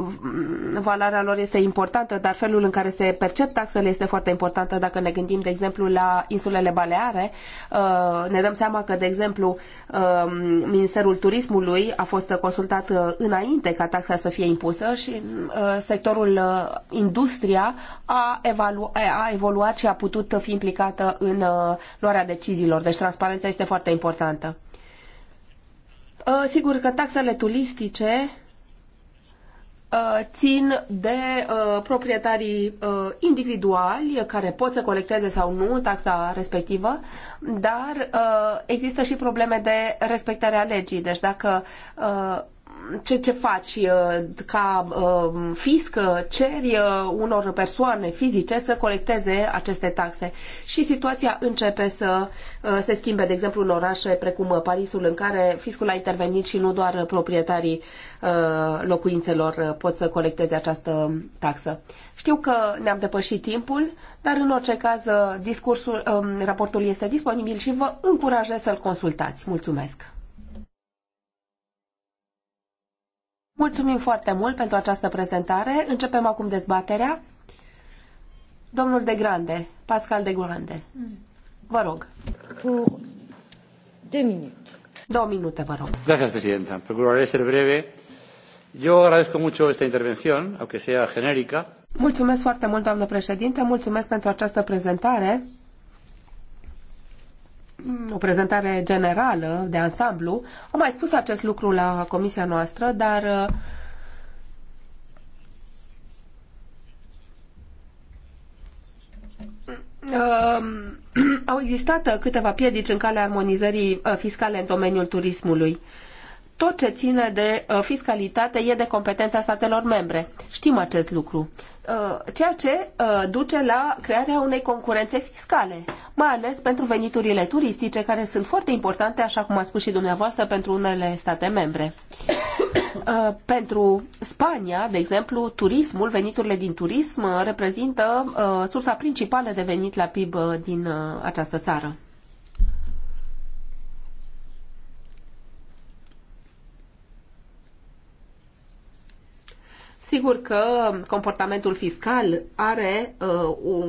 valoarea lor este importantă, dar felul în care se percep taxele este foarte importantă. Dacă ne gândim, de exemplu, la insulele Baleare, uh, ne dăm seama că, de exemplu, um, Ministerul Turismului a fost consultat uh, înainte ca taxa să fie impusă și uh, sectorul industria a, a, evoluat și a putut fi implicată în luarea deciziilor. Deci transparența este foarte importantă. Uh, sigur că taxele turistice uh, țin de uh, proprietarii individuali care pot să colecteze sau nu taxa respectivă, dar există și probleme de respectare a legii. Deci dacă ce, ce faci uh, ca um, fisc, ceri uh, unor persoane fizice să colecteze aceste taxe. Și situația începe să uh, se schimbe, de exemplu, în orașe precum Parisul, în care fiscul a intervenit și nu doar proprietarii locuințelor pot să colecteze această taxă. Știu că ne-am depășit timpul, dar în orice caz discursul, um, raportul este disponibil și vă încurajez să-l consultați. Mulțumesc! Mulțumim foarte mult pentru această prezentare. Începem acum dezbaterea. Domnul de Grande, Pascal de Grande, mm. vă rog. Pour deux minutes. Două minute, vă rog. Gracias, Presidenta. Procuraré ser breve. Eu agradezco mucho esta intervención, aunque sea genérica. Mulțumesc foarte mult, doamnă președinte. Mulțumesc pentru această prezentare Mm, o prezentare generală de ansamblu. Am mai spus acest lucru la comisia noastră, dar uh, au existat câteva piedici în calea armonizării uh, fiscale în domeniul turismului. Tot ce ține de uh, fiscalitate e de competența statelor membre. Știm acest lucru. Uh, ceea ce uh, duce la crearea unei concurențe fiscale, mai ales pentru veniturile turistice, care sunt foarte importante, așa cum a spus și dumneavoastră, pentru unele state membre. Uh, pentru Spania, de exemplu, turismul, veniturile din turism reprezintă sursa principală de venit la PIB din această țară. Sigur că comportamentul fiscal are uh, o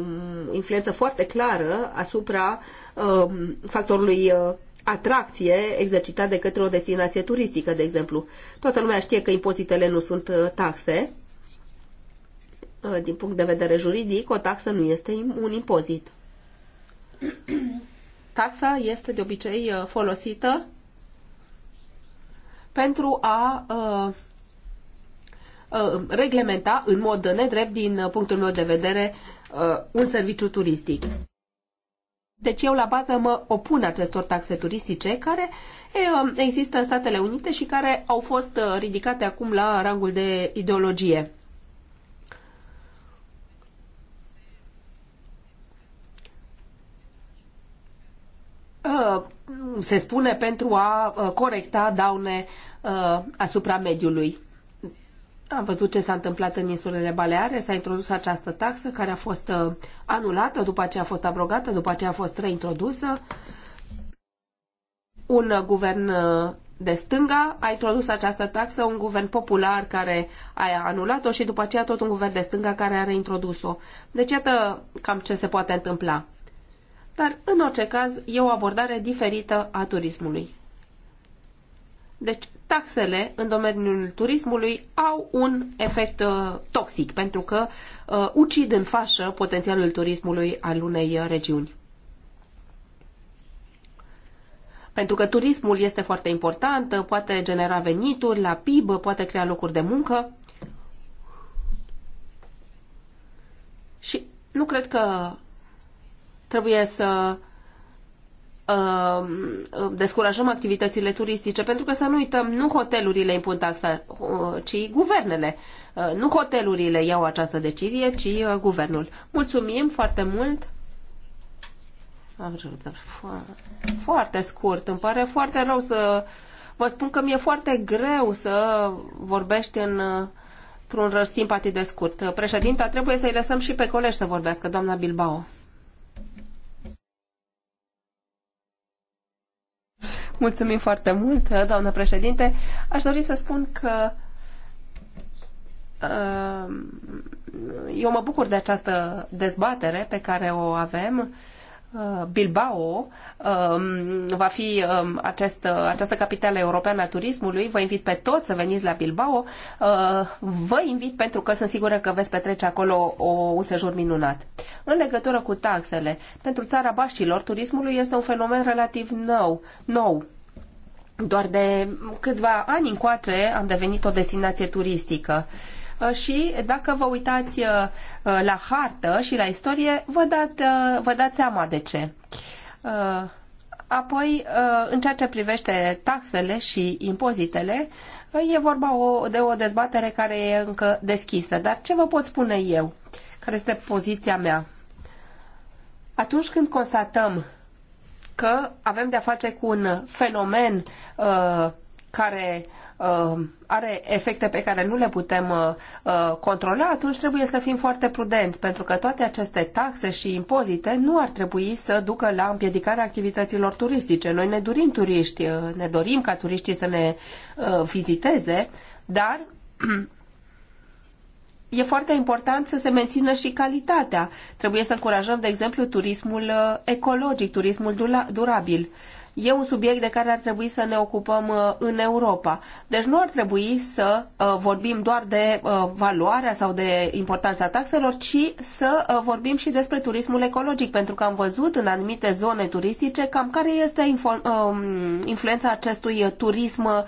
influență foarte clară asupra uh, factorului uh, atracție exercitat de către o destinație turistică, de exemplu. Toată lumea știe că impozitele nu sunt uh, taxe. Uh, din punct de vedere juridic, o taxă nu este un impozit. Taxa este de obicei uh, folosită pentru a Uh, reglementa în mod nedrept, din uh, punctul meu de vedere, uh, un serviciu turistic. Deci eu la bază mă opun acestor taxe turistice care um, există în Statele Unite și care au fost ridicate acum la rangul de ideologie. Se spune pentru a corecta daune asupra mediului. Am văzut ce s-a întâmplat în insulele Baleare, s-a introdus această taxă care a fost uh, anulată, după aceea a fost abrogată, după aceea a fost reintrodusă. Un guvern uh, de stânga a introdus această taxă, un guvern popular care a anulat-o și după aceea tot un guvern de stânga care a reintrodus-o. Deci iată cam ce se poate întâmpla. Dar, în orice caz, e o abordare diferită a turismului. Deci, taxele în domeniul turismului au un efect uh, toxic, pentru că uh, ucid în fașă potențialul turismului al unei uh, regiuni. Pentru că turismul este foarte important, poate genera venituri la PIB, poate crea locuri de muncă. Și nu cred că trebuie să Um, descurajăm activitățile turistice, pentru că să nu uităm, nu hotelurile impun taxa, uh, ci guvernele. Uh, nu hotelurile iau această decizie, ci uh, guvernul. Mulțumim foarte mult! Foarte scurt, îmi pare foarte rău să vă spun că mi-e foarte greu să vorbești în într-un răstimp atât de scurt. Președinta, trebuie să-i lăsăm și pe colegi să vorbească, doamna Bilbao. Mulțumim foarte mult, doamnă președinte. Aș dori să spun că uh, eu mă bucur de această dezbatere pe care o avem Uh, Bilbao um, va fi um, acest, uh, această capitală europeană a turismului. Vă invit pe toți să veniți la Bilbao. Uh, vă invit pentru că sunt sigură că veți petrece acolo o, un sejur minunat. În legătură cu taxele, pentru țara Baștilor, turismului este un fenomen relativ nou. nou. Doar de câțiva ani încoace am devenit o destinație turistică. Uh, Uh, și dacă vă uitați uh, uh, la hartă și la istorie, vă, dat, vă dați seama de ce. Apoi, în ceea ce privește taxele și impozitele, e vorba de o dezbatere care e încă deschisă. Dar ce vă pot spune eu? Care este poziția mea? Atunci când constatăm că avem de-a face cu un fenomen uh, care uh, Um, are efecte pe care nu le putem uh, uh, controla, atunci trebuie să fim foarte prudenți, pentru că toate aceste taxe și impozite nu ar trebui să ducă la împiedicarea activităților turistice. Noi ne dorim turiști, uh, ne dorim ca turiștii să ne viziteze, dar e foarte important să se mențină și calitatea. Trebuie să încurajăm, de exemplu, turismul ecologic, turismul durabil e un subiect de care ar trebui să ne ocupăm uh, în Europa. Deci nu ar trebui să uh, vorbim doar de uh, valoarea sau de importanța taxelor, ci să vorbim și despre turismul ecologic, pentru că am văzut în anumite zone turistice cam care este um, influența acestui turism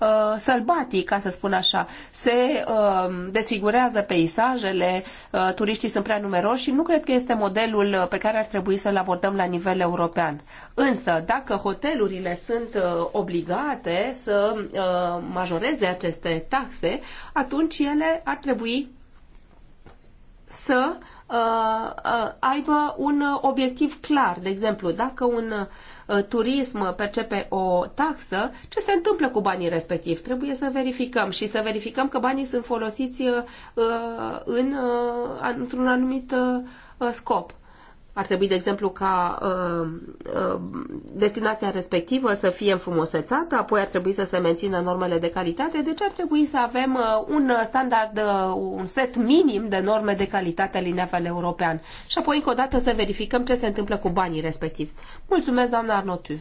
Uh, sălbatic, ca să spun așa. Se uh, desfigurează peisajele, uh, turiștii sunt prea numeroși și nu cred că este modelul pe care ar trebui să-l abordăm la nivel european. Însă, dacă hotelurile sunt uh, obligate să uh, majoreze aceste taxe, atunci ele ar trebui să uh, uh aibă un obiectiv clar. De exemplu, dacă un Uh, turism percepe o taxă, ce se întâmplă cu banii respectiv? Trebuie să verificăm și să verificăm că banii sunt folosiți uh, în, uh, într-un anumit scop. Ar trebui, de exemplu, ca uh, uh, destinația respectivă să fie înfrumusețată, apoi ar trebui să se mențină normele de calitate, deci ar trebui să avem uh, un standard, un set minim de norme de calitate la nivel european. Și apoi, încă o dată, să verificăm ce se întâmplă cu banii respectivi. Mulțumesc, doamna Arnotu.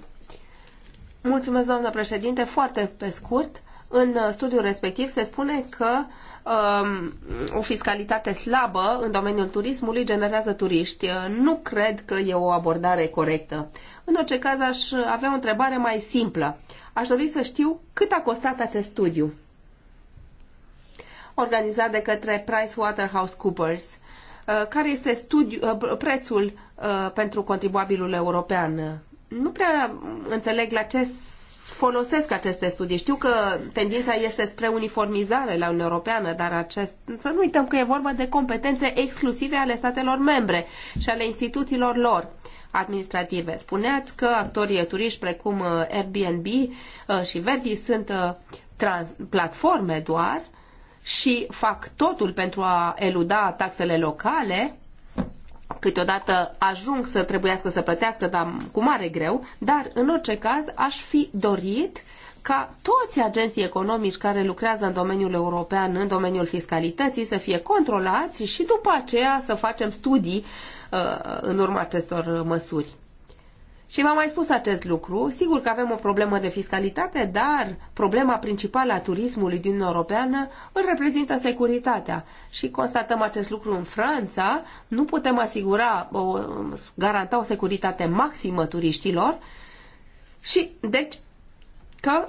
Mulțumesc, doamna președinte. Foarte pe scurt, în studiul respectiv se spune că um, o fiscalitate slabă în domeniul turismului generează turiști. Nu cred că e o abordare corectă. În orice caz, aș avea o întrebare mai simplă. Aș dori să știu cât a costat acest studiu organizat de către PricewaterhouseCoopers. Uh, care este studiu, uh, prețul uh, pentru contribuabilul european? Nu prea înțeleg la ce folosesc aceste studii. Știu că tendința este spre uniformizare la Uniunea Europeană, dar acest, să nu uităm că e vorba de competențe exclusive ale statelor membre și ale instituțiilor lor administrative. Spuneați că actorii turiști precum uh, Airbnb uh, și Verdi sunt uh, trans- platforme doar și fac totul pentru a eluda taxele locale, câteodată ajung să trebuiască să plătească, dar cu mare greu, dar în orice caz aș fi dorit ca toți agenții economici care lucrează în domeniul european, în domeniul fiscalității, să fie controlați și după aceea să facem studii uh, în urma acestor uh, măsuri. Și v-am mai spus acest lucru. Sigur că avem o problemă de fiscalitate, dar problema principală a turismului din Europeană îl reprezintă securitatea. Și constatăm acest lucru în Franța. Nu putem asigura, o, garanta o securitate maximă turiștilor. Și, deci, că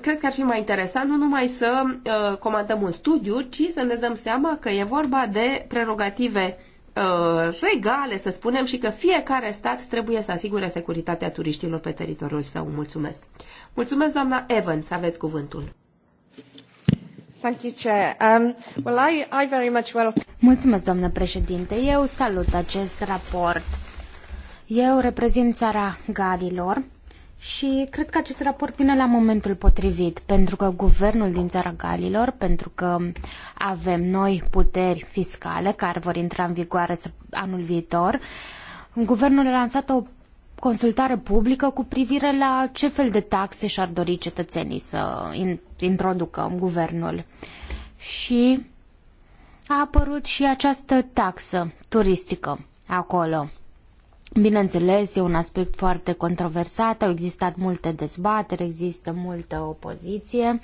cred că ar fi mai interesant nu numai să uh, comandăm un studiu, ci să ne dăm seama că e vorba de prerogative uh, Uh, regale, să spunem, și că fiecare stat trebuie să asigure securitatea turiștilor pe teritoriul său. Mulțumesc. Mulțumesc, doamna Evans, aveți cuvântul. Thank you, Chair. Um, well, I, I very much welcome... Mulțumesc, doamnă președinte. Eu salut acest raport. Eu reprezint țara Galilor, și cred că acest raport vine la momentul potrivit, pentru că guvernul din țara Galilor, pentru că avem noi puteri fiscale care vor intra în vigoare anul viitor, guvernul a lansat o consultare publică cu privire la ce fel de taxe și-ar dori cetățenii să introducă în guvernul. Și a apărut și această taxă turistică acolo. Bineînțeles, e un aspect foarte controversat, au existat multe dezbateri, există multă opoziție,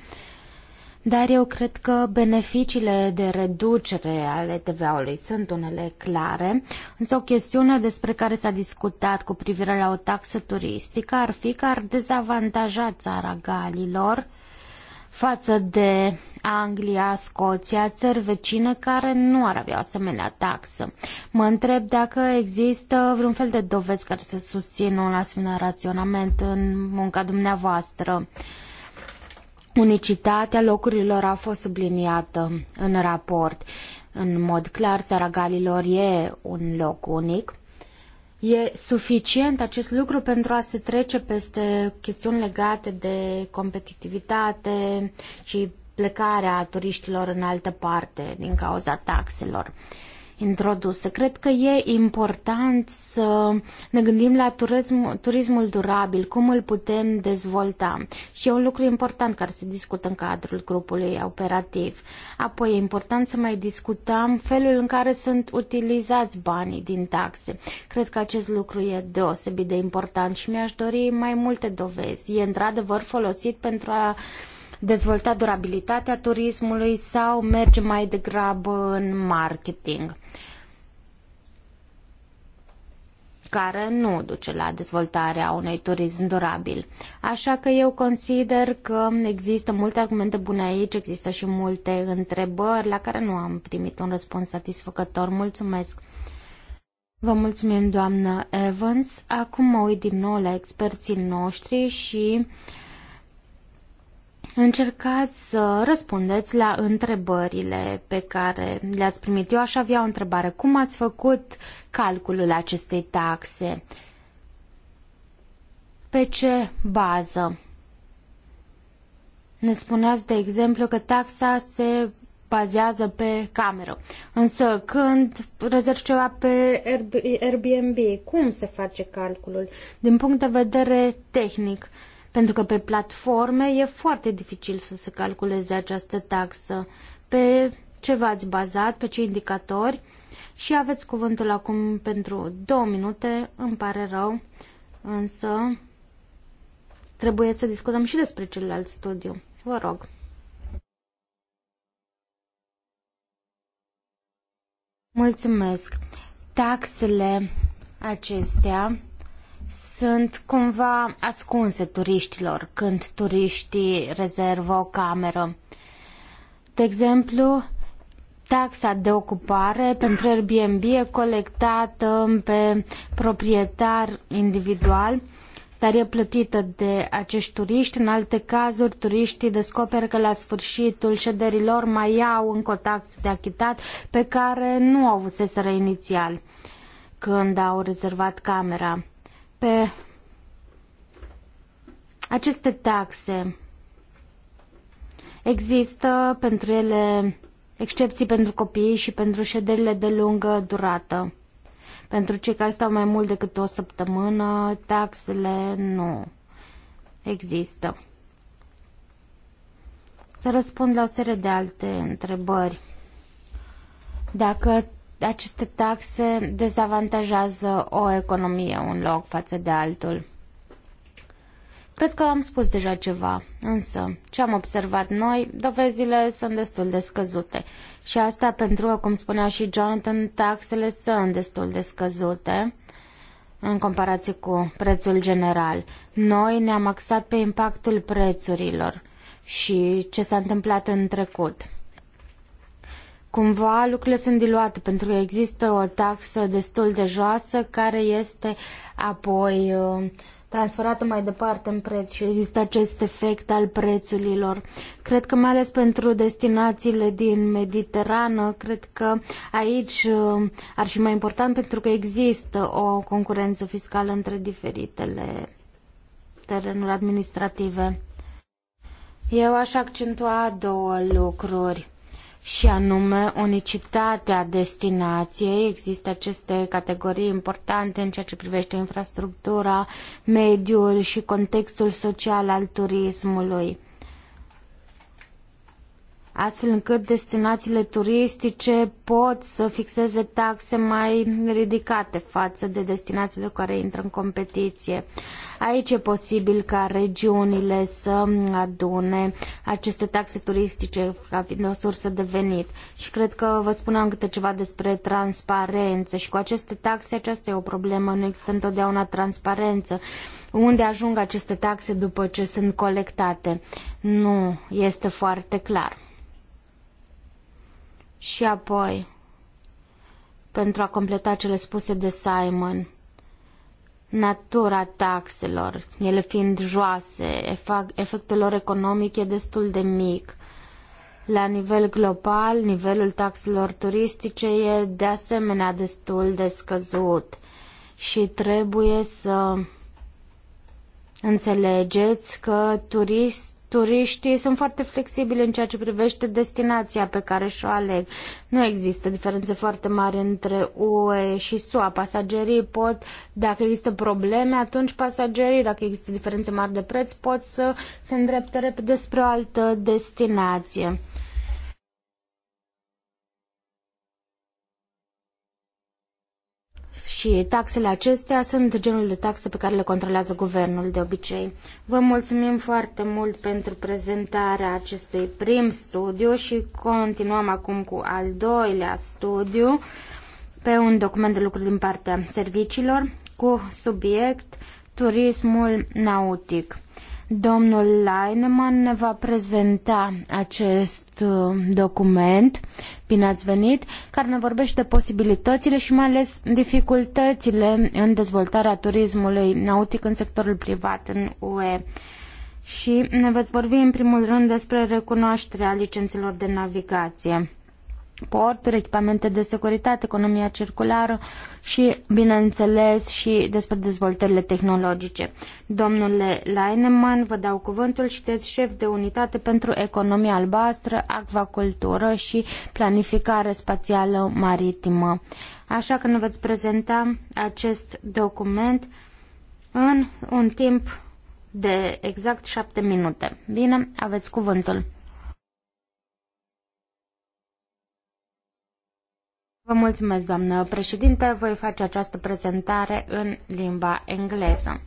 dar eu cred că beneficiile de reducere ale TVA-ului sunt unele clare, însă o chestiune despre care s-a discutat cu privire la o taxă turistică ar fi că ar dezavantaja țara Galilor, uh, față de Anglia, Scoția, țări vecine care nu ar avea o asemenea taxă. Mă întreb dacă există vreun fel de dovezi care să susțină un asemenea raționament în munca dumneavoastră. Unicitatea locurilor a fost subliniată în raport. În mod clar, țara Galilor e un loc unic E suficient acest lucru pentru a se trece peste chestiuni legate de competitivitate și plecarea turiștilor în altă parte din cauza taxelor. Uh, introdusă. Cred că e important să ne gândim la turism, turismul durabil, cum îl putem dezvolta. Și e un lucru important care se discută în cadrul grupului operativ. Apoi e important să mai discutăm felul în care sunt utilizați banii din taxe. Cred că acest lucru e deosebit de important și mi-aș dori mai multe dovezi. E într-adevăr folosit pentru a uh, dezvolta durabilitatea turismului sau merge mai degrabă în marketing, care nu duce la dezvoltarea unui turism durabil. Așa că eu consider că există multe argumente bune aici, există și multe întrebări la care nu am primit un răspuns satisfăcător. Mulțumesc! Vă mulțumim, doamnă Evans. Acum mă uit din nou la experții noștri și uh, Încercați să răspundeți la întrebările pe care le-ați primit. Eu aș avea o întrebare. Cum ați făcut calculul acestei taxe? Pe ce bază? Ne spuneați, de exemplu, că taxa se bazează pe cameră. Însă când rezervi ceva pe Airbnb, cum se face calculul? Din punct de vedere tehnic, pentru că pe platforme e foarte dificil să se calculeze această taxă. Pe ce v-ați bazat, pe ce indicatori? Și aveți cuvântul acum pentru două minute, îmi pare rău, însă trebuie să discutăm și despre celălalt studiu. Vă rog. Mulțumesc. Taxele acestea sunt cumva ascunse turiștilor când turiștii rezervă o cameră. De exemplu, taxa de ocupare pentru Airbnb e colectată pe proprietar individual, dar e plătită de acești turiști. În alte cazuri, turiștii descoperă că la sfârșitul șederilor mai au încă o taxă de achitat pe care nu o avuseseră inițial când au rezervat camera pe aceste taxe. Există pentru ele excepții pentru copii și pentru șederile de lungă durată. Pentru cei care stau mai mult decât o săptămână, taxele nu există. Să răspund la o serie de alte întrebări. Dacă aceste taxe dezavantajează o economie un loc față de altul. Cred că am spus deja ceva, însă ce am observat noi, dovezile sunt destul de scăzute. Și asta pentru că, cum spunea și Jonathan, taxele sunt destul de scăzute în comparație cu prețul general. Noi ne-am axat pe impactul prețurilor și ce s-a întâmplat în trecut. Cumva lucrurile sunt diluate pentru că există o taxă destul de joasă care este apoi uh, transferată mai departe în preț și există acest efect al prețurilor. Cred că mai ales pentru destinațiile din Mediterană, cred că aici uh, ar fi mai important pentru că există o concurență fiscală între diferitele terenuri administrative. Eu aș accentua două lucruri și anume unicitatea destinației. Există aceste categorii importante în ceea ce privește infrastructura, mediul și contextul social al turismului astfel încât destinațiile turistice pot să fixeze taxe mai ridicate față de destinațiile care intră în competiție. Aici e posibil ca regiunile să adune aceste taxe turistice ca fiind o sursă de venit. Și cred că vă spuneam câte ceva despre transparență și cu aceste taxe aceasta e o problemă, nu există întotdeauna transparență. Unde ajung aceste taxe după ce sunt colectate? Nu este foarte clar. Și apoi, pentru a completa cele spuse de Simon, natura taxelor, ele fiind joase, efectul lor economic e destul de mic. La nivel global, nivelul taxelor turistice e de asemenea destul de scăzut și trebuie să înțelegeți că turist, turiștii sunt foarte flexibili în ceea ce privește destinația pe care și-o aleg. Nu există diferențe foarte mari între UE și SUA. Pasagerii pot, dacă există probleme, atunci pasagerii, dacă există diferențe mari de preț, pot să se îndrepte repede spre o altă destinație. Și taxele acestea sunt genul de taxe pe care le controlează guvernul de obicei. Vă mulțumim foarte mult pentru prezentarea acestui prim studiu și continuăm acum cu al doilea studiu pe un document de lucru din partea serviciilor cu subiect turismul nautic. Domnul Leinemann ne va prezenta acest uh, document, bine ați venit, care ne vorbește posibilitățile și mai ales dificultățile în dezvoltarea turismului nautic în sectorul privat în UE. Și ne veți vorbi în primul rând despre recunoașterea licențelor de navigație porturi, echipamente de securitate, economia circulară și, bineînțeles, și despre dezvoltările tehnologice. Domnule Leinemann, vă dau cuvântul, știți șef de unitate pentru economia albastră, acvacultură și planificare spațială maritimă. Așa că ne veți prezenta acest document în un timp de exact șapte minute. Bine, aveți cuvântul. Vă mulțumesc, doamnă președinte. Voi face această prezentare în limba engleză.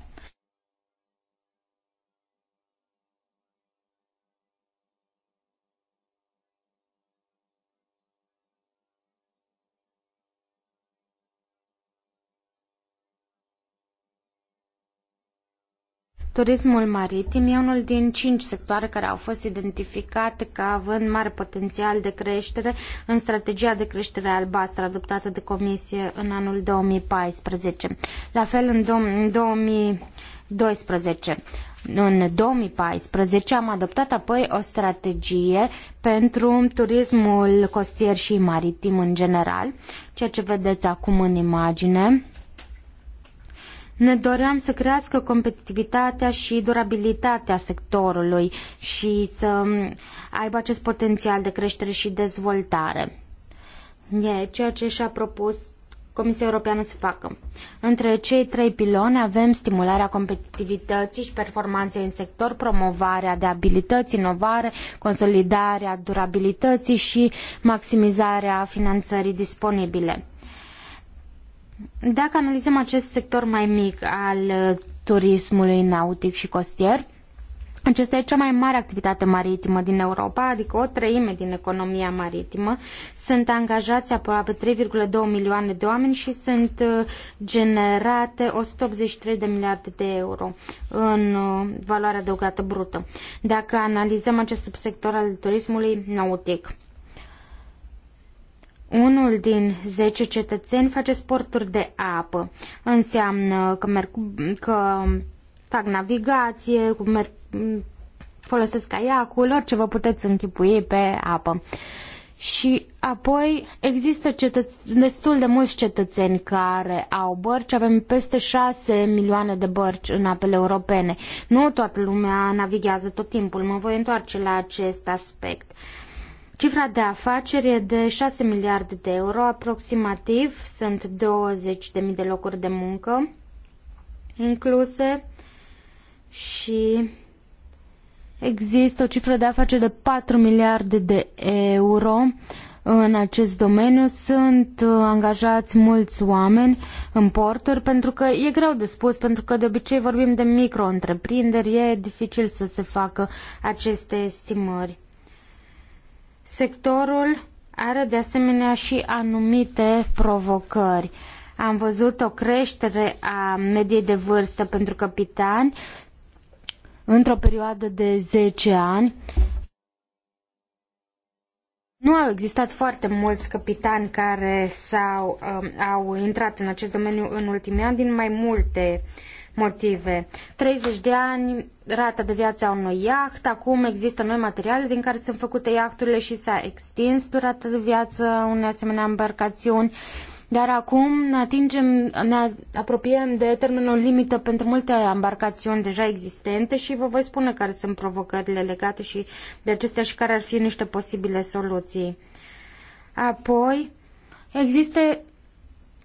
Turismul maritim e unul din cinci sectoare care au fost identificate ca având mare potențial de creștere în strategia de creștere albastră adoptată de Comisie în anul 2014. La fel în 2012. În 2014 am adoptat apoi o strategie pentru turismul costier și maritim în general, ceea ce vedeți acum în imagine ne doream să crească competitivitatea și durabilitatea sectorului și să aibă acest potențial de creștere și dezvoltare. E ceea ce și-a propus Comisia Europeană să facă. Între cei trei piloni avem stimularea competitivității și performanței în sector, promovarea de abilități, inovare, consolidarea durabilității și maximizarea finanțării disponibile. Dacă analizăm acest sector mai mic al uh, turismului nautic și costier, acesta e cea mai mare activitate maritimă din Europa, adică o treime din economia maritimă. Sunt angajați aproape 3,2 milioane de oameni și sunt uh, generate 183 de miliarde de euro în uh, valoare adăugată brută. Dacă analizăm acest subsector al turismului nautic. Unul din 10 cetățeni face sporturi de apă. Înseamnă că, merg, că fac navigație, merg, folosesc caiacul, orice vă puteți închipui pe apă. Și apoi există cetăț- destul de mulți cetățeni care au bărci, avem peste 6 milioane de bărci în apele europene. Nu toată lumea navighează tot timpul, mă voi întoarce la acest aspect. Uh, Cifra de afaceri e de 6 miliarde de euro, aproximativ sunt 20.000 de locuri de muncă incluse și există o cifră de afaceri de 4 miliarde de euro în acest domeniu. Sunt uh, angajați mulți oameni în porturi pentru că e greu de spus, pentru că de obicei vorbim de micro-întreprinderi, e dificil să se facă aceste estimări. Sectorul are de asemenea și anumite provocări. Am văzut o creștere a mediei de vârstă pentru capitani într-o perioadă de 10 ani. Nu au existat foarte mulți capitani care s-au, um, au intrat în acest domeniu în ultimii ani din mai multe uh, motive. 30 de ani, rata de viață a unui iaht, acum există noi materiale din care sunt făcute iahturile și s-a extins durata de viață a unei asemenea embarcațiuni. Dar acum ne atingem, ne apropiem de termenul limită pentru multe embarcațiuni deja existente și vă voi spune care sunt provocările legate și de acestea și care ar fi niște posibile soluții. Apoi, există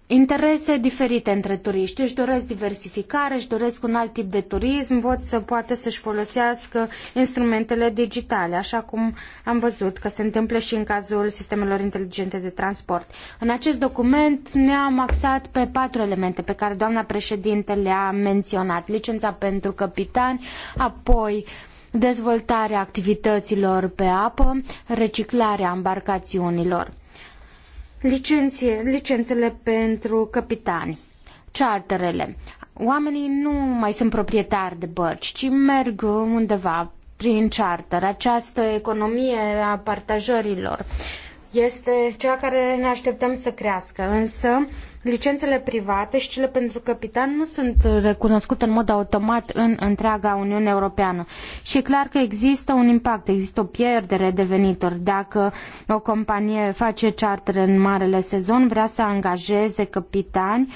interese diferite între turiști. Își doresc diversificare, își doresc un alt tip de turism, văd să poată să-și folosească instrumentele digitale, așa cum am văzut că se întâmplă și în cazul sistemelor inteligente de transport. În acest document ne-am axat pe patru elemente pe care doamna președinte le-a menționat. Licența pentru capitani, apoi dezvoltarea activităților pe apă, reciclarea embarcațiunilor. Licenție, licențele pentru capitani, charterele. Oamenii nu mai sunt proprietari de bărci, ci merg undeva prin charter. Această economie a partajărilor este cea care ne așteptăm să crească, însă licențele private și cele pentru capitan nu sunt recunoscute în mod automat în întreaga Uniune Europeană. Și e clar că există un impact, există o pierdere de venituri. Dacă o companie face charter în marele sezon, vrea să angajeze capitani, uh,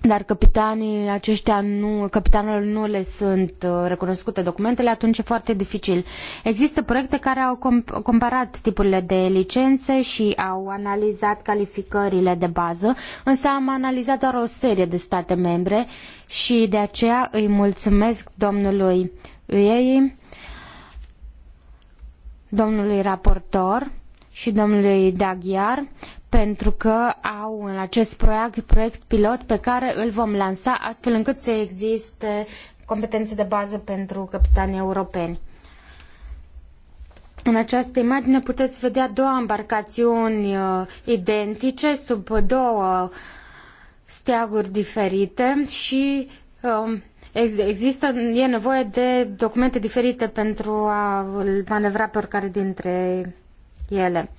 dar capitanii aceștia nu, capitanul nu le sunt uh, recunoscute documentele, atunci e foarte dificil. Există proiecte care au comparat tipurile de licențe și au analizat calificările de bază, însă am analizat doar o serie de state membre și de aceea îi mulțumesc domnului Uiei, domnului raportor și domnului Daghiar pentru că au în acest proiect, proiect pilot pe care îl vom lansa astfel încât să existe competențe de bază pentru capitanii europeni. În această imagine puteți vedea două embarcațiuni uh, identice sub două steaguri diferite și um, există, e nevoie de documente diferite pentru a manevra pe oricare dintre ele.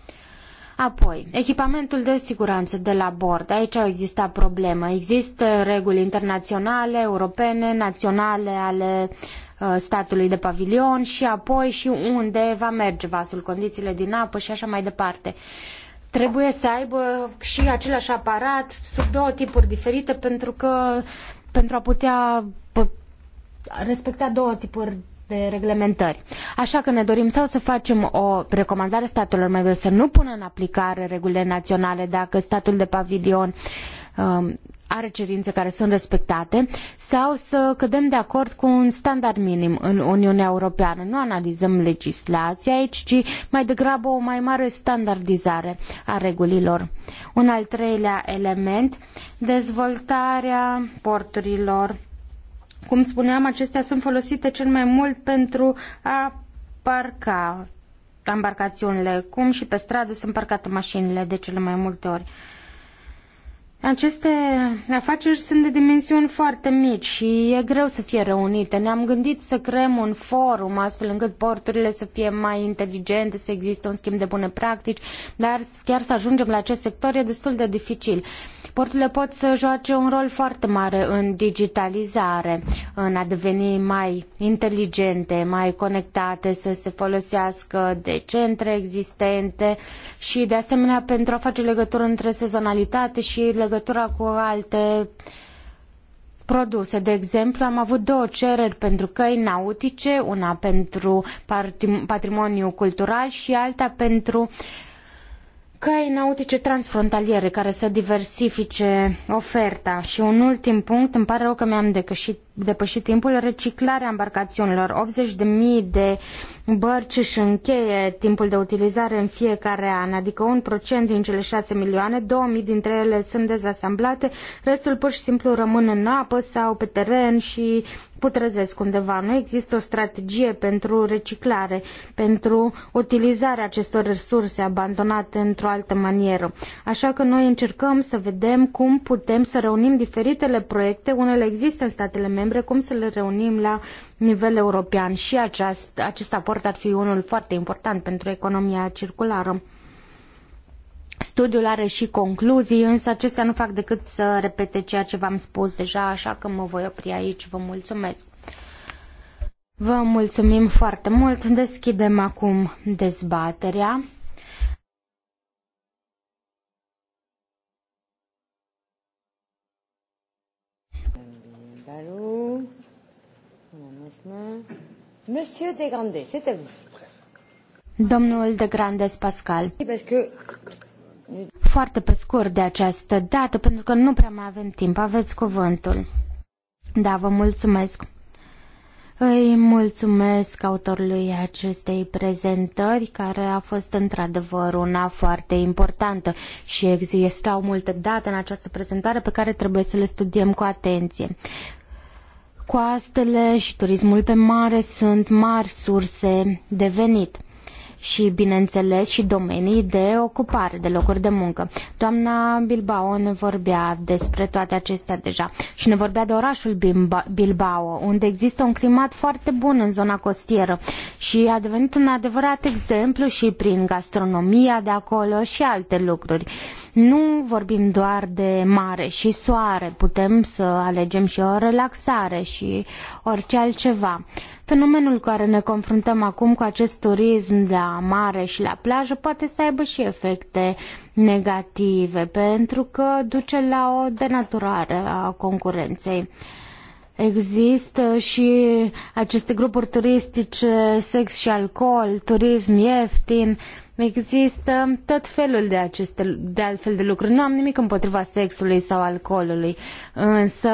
Apoi, echipamentul de siguranță de la bord. Aici au existat probleme. Există reguli internaționale, europene, naționale ale uh, statului de pavilion și apoi și unde va merge vasul, condițiile din apă și așa mai departe. Trebuie să aibă și același aparat sub două tipuri diferite pentru că pentru a putea respecta două tipuri de reglementări. Așa că ne dorim sau să facem o recomandare statelor membre să nu pună în aplicare regulile naționale dacă statul de pavilion um, are cerințe care sunt respectate sau să cădem de acord cu un standard minim în Uniunea Europeană. Nu analizăm legislația aici, ci mai degrabă o mai mare standardizare a regulilor. Un al treilea element, dezvoltarea porturilor cum spuneam, acestea sunt folosite cel mai mult pentru a parca embarcațiunile, cum și pe stradă sunt parcate mașinile de cele mai multe ori. Aceste afaceri sunt de dimensiuni foarte mici și e greu să fie reunite. Ne-am gândit să creăm un forum astfel încât porturile să fie mai inteligente, să existe un schimb de bune practici, dar chiar să ajungem la acest sector e destul de dificil. Porturile pot să joace un rol foarte mare în digitalizare, în a deveni mai inteligente, mai conectate, să se folosească de centre existente și de asemenea pentru a face legătură între sezonalitate și legătură legătura cu alte produse. De exemplu, am avut două cereri pentru căi nautice, una pentru patrimoniu cultural și alta pentru căi nautice transfrontaliere care să diversifice oferta. Și un ultim punct, îmi pare rău că mi-am decășit depășit timpul, reciclarea embarcațiunilor. 80.000 de bărci și încheie timpul de utilizare în fiecare an, adică 1% din cele 6 milioane, 2.000 dintre ele sunt dezasamblate, restul pur și simplu rămân în apă sau pe teren și putrezesc undeva. Nu există o strategie pentru reciclare, pentru utilizarea acestor resurse abandonate într-o altă manieră. Așa că noi încercăm să vedem cum putem să reunim diferitele proiecte, unele există în statele membre, membre, cum să le reunim la nivel european și aceast, acest aport ar fi unul foarte important pentru economia circulară. Studiul are și concluzii, însă acestea nu fac decât să repete ceea ce v-am spus deja, așa că mă voi opri aici. Vă mulțumesc! Vă mulțumim foarte mult. Deschidem acum dezbaterea. Monsieur de c'est à vous. Domnul de Grandes Pascal. Foarte pe scurt de această dată, pentru că nu prea mai avem timp. Aveți cuvântul. Da, vă mulțumesc. Îi mulțumesc autorului acestei prezentări, care a fost într-adevăr una foarte importantă și existau multe date în această prezentare pe care trebuie să le studiem cu atenție. Coastele și turismul pe mare sunt mari surse de venit și, bineînțeles, și domenii de ocupare, de locuri de muncă. Doamna Bilbao ne vorbea despre toate acestea deja și ne vorbea de orașul Bilbao, unde există un climat foarte bun în zona costieră și a devenit un adevărat exemplu și prin gastronomia de acolo și alte lucruri. Nu vorbim doar de mare și soare, putem să alegem și o relaxare și orice altceva. Fenomenul care ne confruntăm acum cu acest turism la mare și la plajă poate să aibă și efecte negative, pentru că duce la o denaturare a concurenței. Există și aceste grupuri turistice, sex și alcool, turism ieftin, Există tot felul de aceste de altfel de lucruri. Nu am nimic împotriva sexului sau alcoolului, însă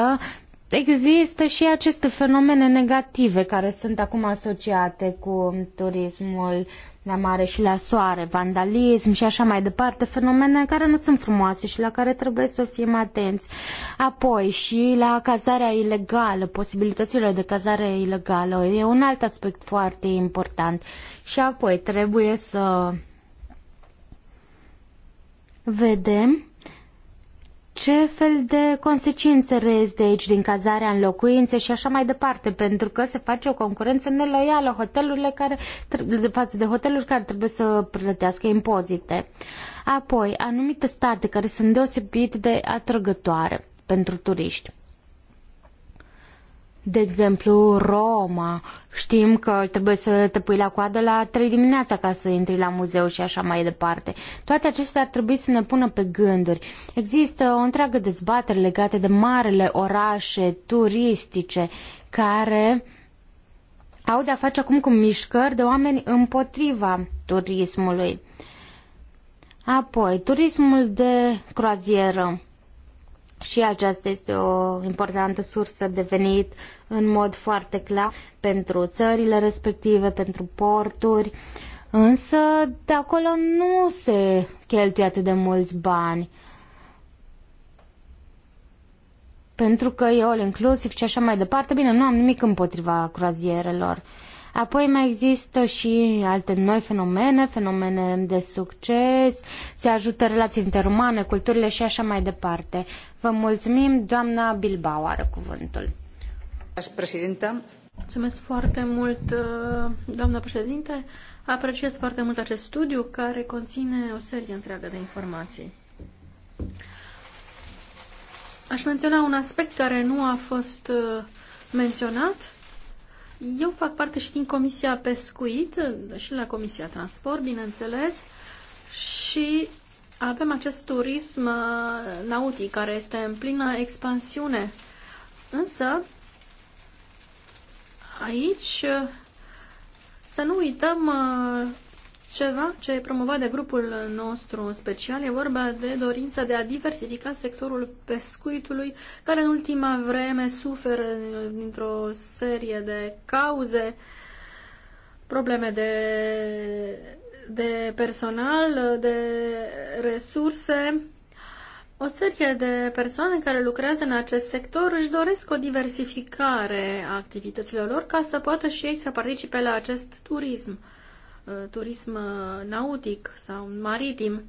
Există și aceste fenomene negative care sunt acum asociate cu turismul la mare și la soare, vandalism și așa mai departe, fenomene care nu sunt frumoase și la care trebuie să fim atenți. Apoi și la cazarea ilegală, posibilitățile de cazare ilegală, e un alt aspect foarte important. Și apoi trebuie să vedem ce fel de consecințe rezi de aici din cazarea în locuințe și așa mai departe, pentru că se face o concurență neloială hotelurile care, față de hoteluri care trebuie să plătească impozite. Apoi, anumite state care sunt deosebit de atrăgătoare pentru turiști. De exemplu, Roma. Știm că trebuie să te pui la coadă la 3 dimineața ca să intri la muzeu și așa mai departe. Toate acestea ar trebui să ne pună pe gânduri. Există o întreagă dezbatere legată de marele orașe turistice care au de-a face acum cu mișcări de oameni împotriva turismului. Apoi, turismul de croazieră. Și aceasta este o importantă sursă de venit în mod foarte clar pentru țările respective, pentru porturi, însă de acolo nu se cheltuie atât de mulți bani. Pentru că e all inclusiv și așa mai departe. Bine, nu am nimic împotriva croazierelor. Apoi mai există și alte noi fenomene, fenomene de succes, se ajută relații interumane, culturile și așa mai departe. Vă mulțumim, doamna Bilbao are cuvântul. Mulțumesc foarte mult, uh, doamnă președinte. Apreciez foarte mult acest studiu care conține o serie întreagă de informații. Aș menționa un aspect care nu a fost uh, menționat. Eu fac parte și din Comisia Pescuit și la Comisia Transport, bineînțeles, și avem acest turism uh, nautic care este în plină expansiune. Însă, aici uh, să nu uităm uh, ceva ce e promovat de grupul nostru special. E vorba de dorința de a diversifica sectorul pescuitului, care în ultima vreme suferă dintr-o serie de cauze, probleme de, de personal, de resurse o serie de persoane care lucrează în acest sector își doresc o diversificare a activităților lor ca să poată și ei să participe la acest turism, uh, turism uh, nautic sau maritim.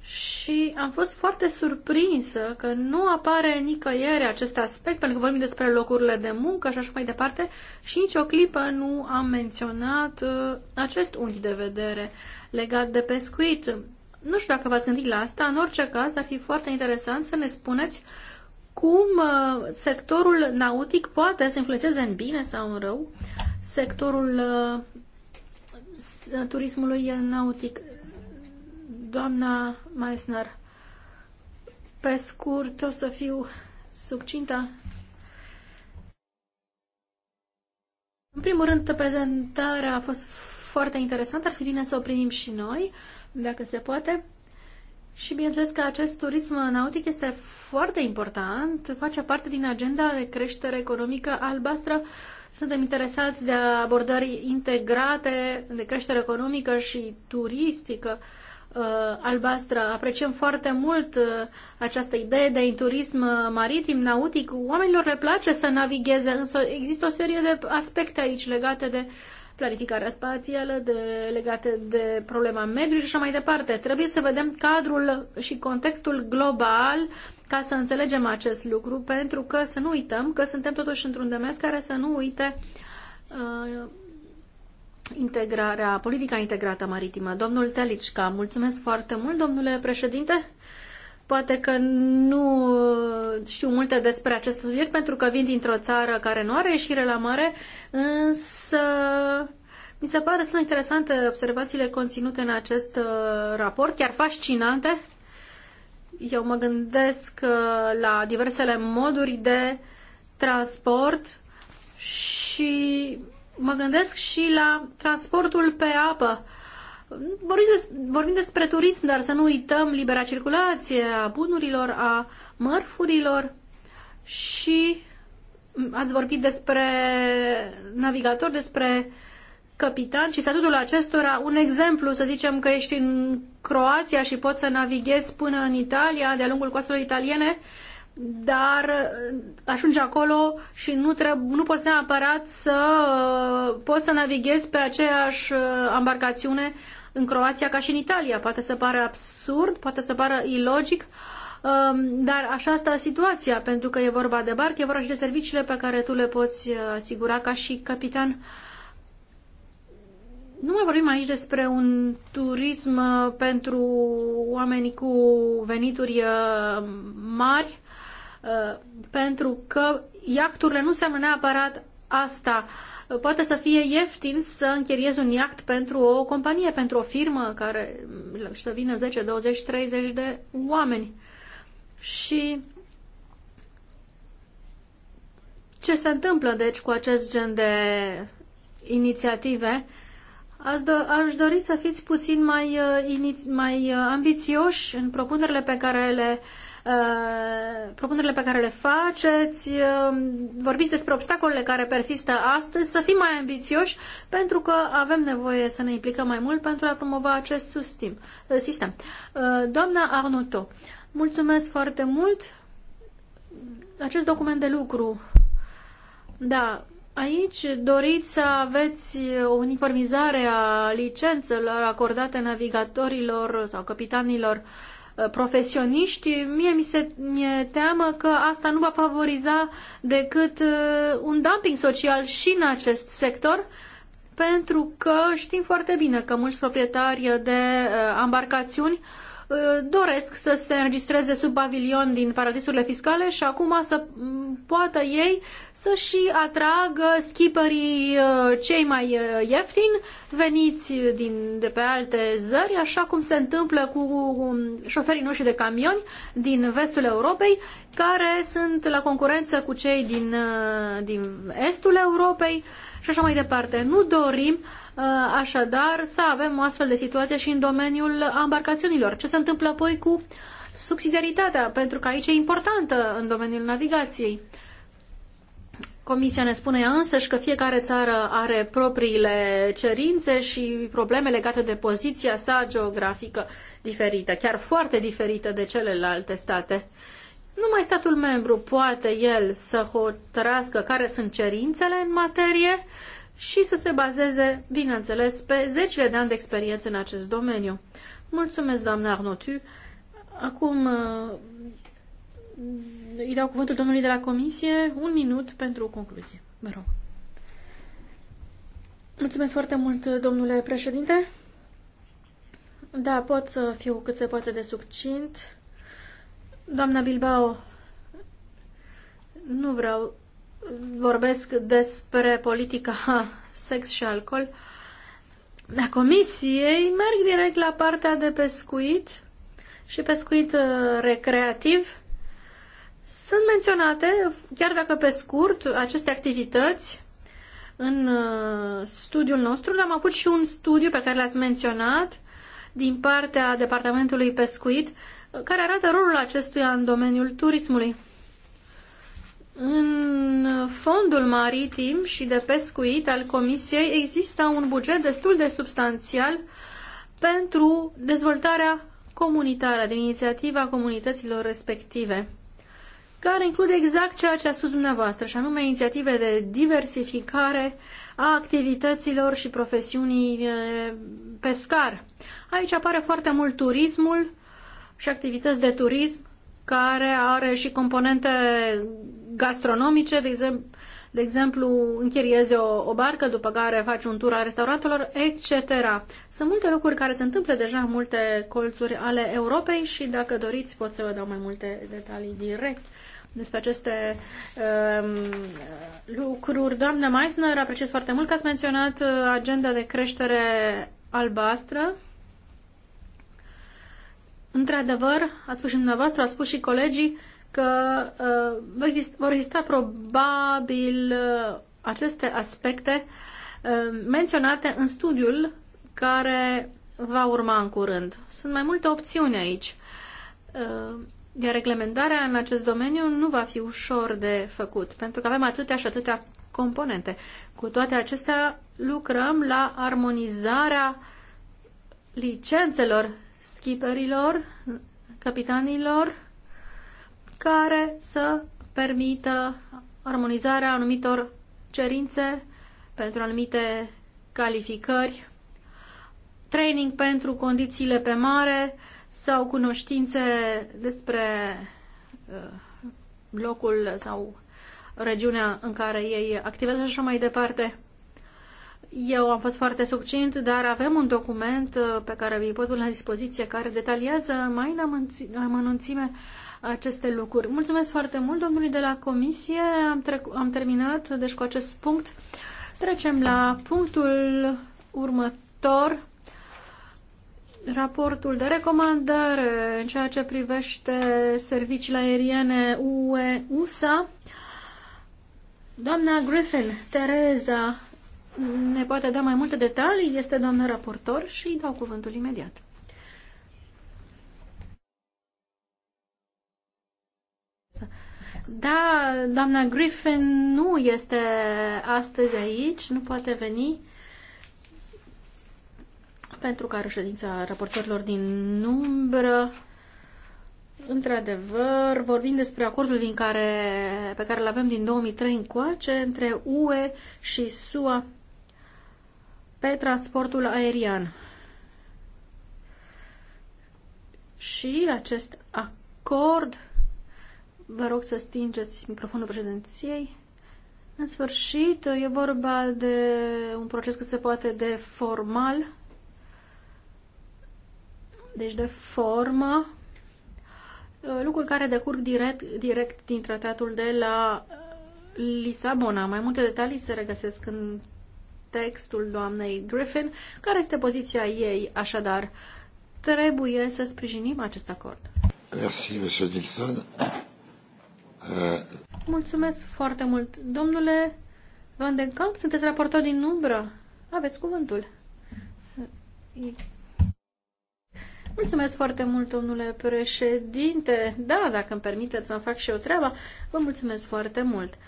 Și am fost foarte surprinsă că nu apare nicăieri acest aspect, pentru că vorbim despre locurile de muncă și așa mai departe, și nici o clipă nu am menționat uh, acest unghi de vedere legat de pescuit. Nu știu dacă v-ați gândit la asta, în orice caz ar fi foarte interesant să ne spuneți cum uh, sectorul nautic poate să influențeze în bine sau în rău sectorul uh, turismului nautic. Doamna Meissner, pe scurt, o să fiu succintă. În primul rând, prezentarea a fost foarte interesantă, ar fi bine să o primim și noi. Uh, dacă se poate. Și bineînțeles că acest turism nautic este foarte important, face parte din agenda de creștere economică albastră. Suntem interesați de abordări integrate de creștere economică și turistică uh, albastră. Apreciem foarte mult uh, această idee de turism uh, maritim, nautic. Oamenilor le place să navigheze, însă există o serie de aspecte aici legate de uh, planificarea spațială, de, legate de problema mediului și așa mai departe. Trebuie să vedem cadrul și contextul global ca să înțelegem acest lucru, pentru că să nu uităm că suntem totuși într-un demers care să nu uite uh, integrarea, politica integrată maritimă. Domnul Telicca, mulțumesc foarte mult, domnule președinte. Poate că nu uh, știu multe despre acest subiect pentru că vin dintr-o țară care nu are ieșire la mare, însă mi se pare sunt interesante observațiile conținute în acest uh, raport, chiar fascinante. Eu mă gândesc uh, la diversele moduri de transport și mă gândesc și la transportul pe apă Vorbim despre turism, dar să nu uităm libera circulație a bunurilor, a mărfurilor și ați vorbit despre navigator, despre capitan și statutul acestora. Un exemplu, să zicem că ești în Croația și poți să navighezi până în Italia, de-a lungul coastelor italiene, dar uh, ajungi acolo și nu, nu poți neapărat să uh, poți să navighezi pe aceeași uh, embarcațiune în Croația ca și în Italia. Poate să pară absurd, poate să pară ilogic, um, dar așa asta situația, pentru că e vorba de barcă, e vorba și de serviciile pe care tu le poți uh, asigura ca și capitan. Nu mai vorbim aici despre un turism uh, pentru oamenii cu venituri uh, mari, pentru că iacturile nu seamănă neapărat asta. Uh, poate să fie ieftin să închiriezi un iaht pentru o companie, pentru o firmă care și să vină 10, 20, 30 de oameni. Și ce se întâmplă, deci, cu acest gen de inițiative? Aș, dori să fiți puțin mai, uh, mai uh, ambițioși în propunerile pe care le uh, Uh, propunerile pe care le faceți, uh, vorbiți despre obstacolele care persistă astăzi, să fim mai ambițioși pentru că avem nevoie să ne implicăm mai mult pentru a promova acest sustim, uh, sistem. Doamna Arnuto, mulțumesc foarte mult. Acest document de lucru, da, Aici doriți să aveți o uniformizare a licențelor acordate navigatorilor sau capitanilor profesioniști, mie mi se mi teamă că asta nu va favoriza decât uh, un dumping social și în acest sector, pentru că știm foarte bine că mulți proprietari de uh, embarcațiuni uh, Uh, doresc să se înregistreze sub pavilion din paradisurile fiscale și acum să mm, poată ei să și atragă skipperii uh, cei mai uh, ieftini veniți din, de pe alte zări, așa cum se întâmplă cu um, șoferii noștri de camioni din vestul Europei, care sunt la concurență cu cei din, din estul Europei și așa mai departe. Nu dorim Uh, așadar să avem o astfel de situație și în domeniul ambarcațiunilor. Ce se întâmplă apoi cu subsidiaritatea? Pentru că aici e importantă în domeniul navigației. Comisia ne spune ea însăși că fiecare țară are propriile cerințe și probleme legate de poziția sa geografică diferită, chiar foarte diferită de celelalte state. Numai statul membru poate el să hotărască care sunt cerințele în materie și să se bazeze, bineînțeles, pe zecile de ani de experiență în acest domeniu. Mulțumesc, doamna Arnotu. Acum uh, îi dau cuvântul domnului de la comisie. Un minut pentru o concluzie. Mă rog. Mulțumesc foarte mult, domnule președinte. Da, pot să fiu cât se poate de succint. Doamna Bilbao, nu vreau vorbesc despre politica sex și alcool, la comisiei merg direct la partea de pescuit și pescuit uh, recreativ. Sunt menționate, chiar dacă pe scurt, aceste activități în uh, studiul nostru, dar am avut și un studiu pe care l-ați menționat din partea Departamentului Pescuit, uh, care arată rolul acestuia în domeniul turismului. În fondul maritim și de pescuit al Comisiei există un buget destul de substanțial pentru dezvoltarea comunitară din inițiativa comunităților respective, care include exact ceea ce a spus dumneavoastră, și anume inițiative de diversificare a activităților și profesiunii pescar. Aici apare foarte mult turismul și activități de turism, care are și componente gastronomice, de exemplu, de exemplu, închiriezi o, o barcă, după care faci un tur al restaurantelor, etc. Sunt multe lucruri care se întâmplă deja în multe colțuri ale Europei și dacă doriți pot să vă dau mai multe detalii direct despre aceste um, lucruri. Doamna Meisner, apreciez foarte mult că ați menționat uh, agenda de creștere albastră. Într-adevăr, ați spus și dumneavoastră, ați spus și colegii, că uh, vor exista probabil uh, aceste aspecte uh, menționate în studiul care va urma în curând. Sunt mai multe opțiuni aici. Iar reglementarea în acest domeniu nu va fi ușor de făcut, pentru că avem atâtea și atâtea componente. Cu toate acestea, lucrăm la armonizarea licențelor skipperilor, capitanilor, care să permită armonizarea anumitor cerințe pentru anumite calificări, training pentru condițiile pe mare sau cunoștințe despre uh, locul sau regiunea în care ei activează și așa mai departe. Eu am fost foarte succint, dar avem un document uh, pe care vi pot pune la dispoziție care detaliază mai în amănunțime aceste lucruri. Mulțumesc foarte mult domnului de la comisie. Am, am terminat deci cu acest punct. Trecem la punctul următor. Raportul de recomandare în ceea ce privește serviciile aeriene UE-USA. Doamna Griffin, Tereza ne poate da mai multe detalii, este doamna raportor și îi dau cuvântul imediat. Da, doamna Griffin nu este astăzi aici, nu poate veni pentru că are ședința raportorilor din umbră. Într-adevăr, vorbim despre acordul din care, pe care îl avem din 2003 încoace între UE și SUA pe transportul aerian. Și acest acord, vă rog să stingeți microfonul președinției, în sfârșit e vorba de un proces că se poate de formal, deci de formă, lucruri care decurg direct, direct din tratatul de la Lisabona. Mai multe detalii se regăsesc în textul doamnei Griffin. Care este poziția ei, așadar? Trebuie să sprijinim acest acord. Merci, monsieur Nilsson. Uh. Mulțumesc foarte mult. Domnule Van den Kamp, sunteți raportor din umbră. Aveți cuvântul. Mulțumesc foarte mult, domnule președinte. Da, dacă îmi permiteți să-mi fac și eu treaba, vă mulțumesc foarte mult. Uh,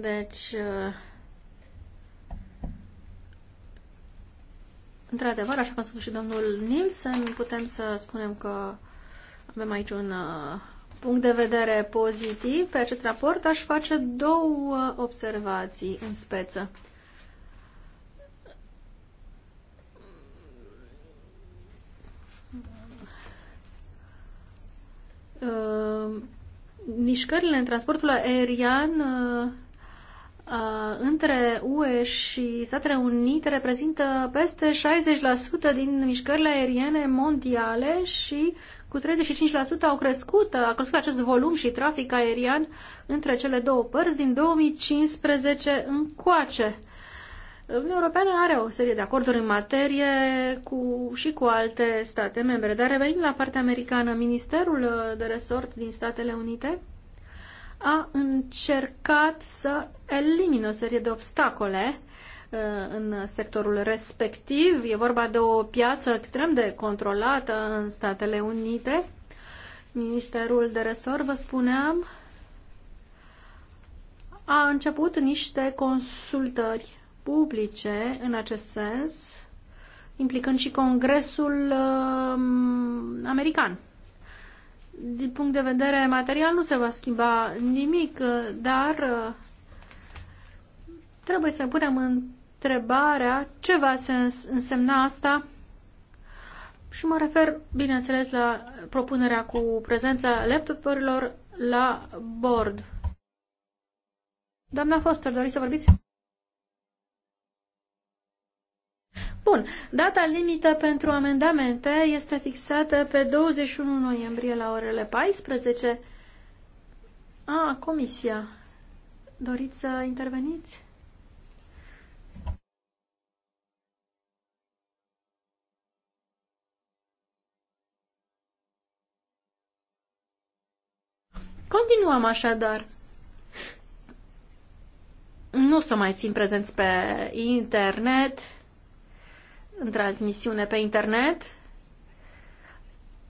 Deci, uh, într-adevăr, așa cum spune și domnul Nielsen, putem să spunem că avem aici un uh, punct de vedere pozitiv pe acest raport, aș face două observații în speță. Uh, mișcările în transportul aerian Uh, între UE și Statele Unite reprezintă peste 60% din mișcările aeriene mondiale și cu 35% au crescut, uh, a crescut acest volum și trafic aerian între cele două părți din 2015 încoace. Uniunea Europeană are o serie de acorduri în materie cu, și cu alte state membre, dar revenind la partea americană, Ministerul uh, de Resort din Statele Unite a încercat să elimine o serie de obstacole uh, în sectorul respectiv. E vorba de o piață extrem de controlată în Statele Unite. Ministerul de resort, vă spuneam, a început niște consultări publice în acest sens, implicând și Congresul uh, American din punct de vedere material nu se va schimba nimic, dar uh, trebuie să punem întrebarea ce va însemna asta și mă refer, bineînțeles, la propunerea cu prezența laptopurilor la bord. Doamna Foster, doriți să vorbiți? Bun, data limită pentru amendamente este fixată pe 21 noiembrie la orele 14. A, comisia. Doriți să interveniți? Continuăm așadar. Nu să mai fim prezenți pe internet, în transmisiune pe internet.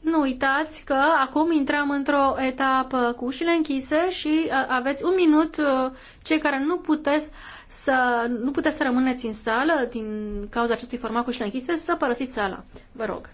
Nu uitați că acum intrăm într-o etapă cu ușile închise și uh, aveți un minut uh, cei care nu puteți să, nu puteți să rămâneți în sală din cauza acestui format cu ușile închise să părăsiți sala. Vă rog.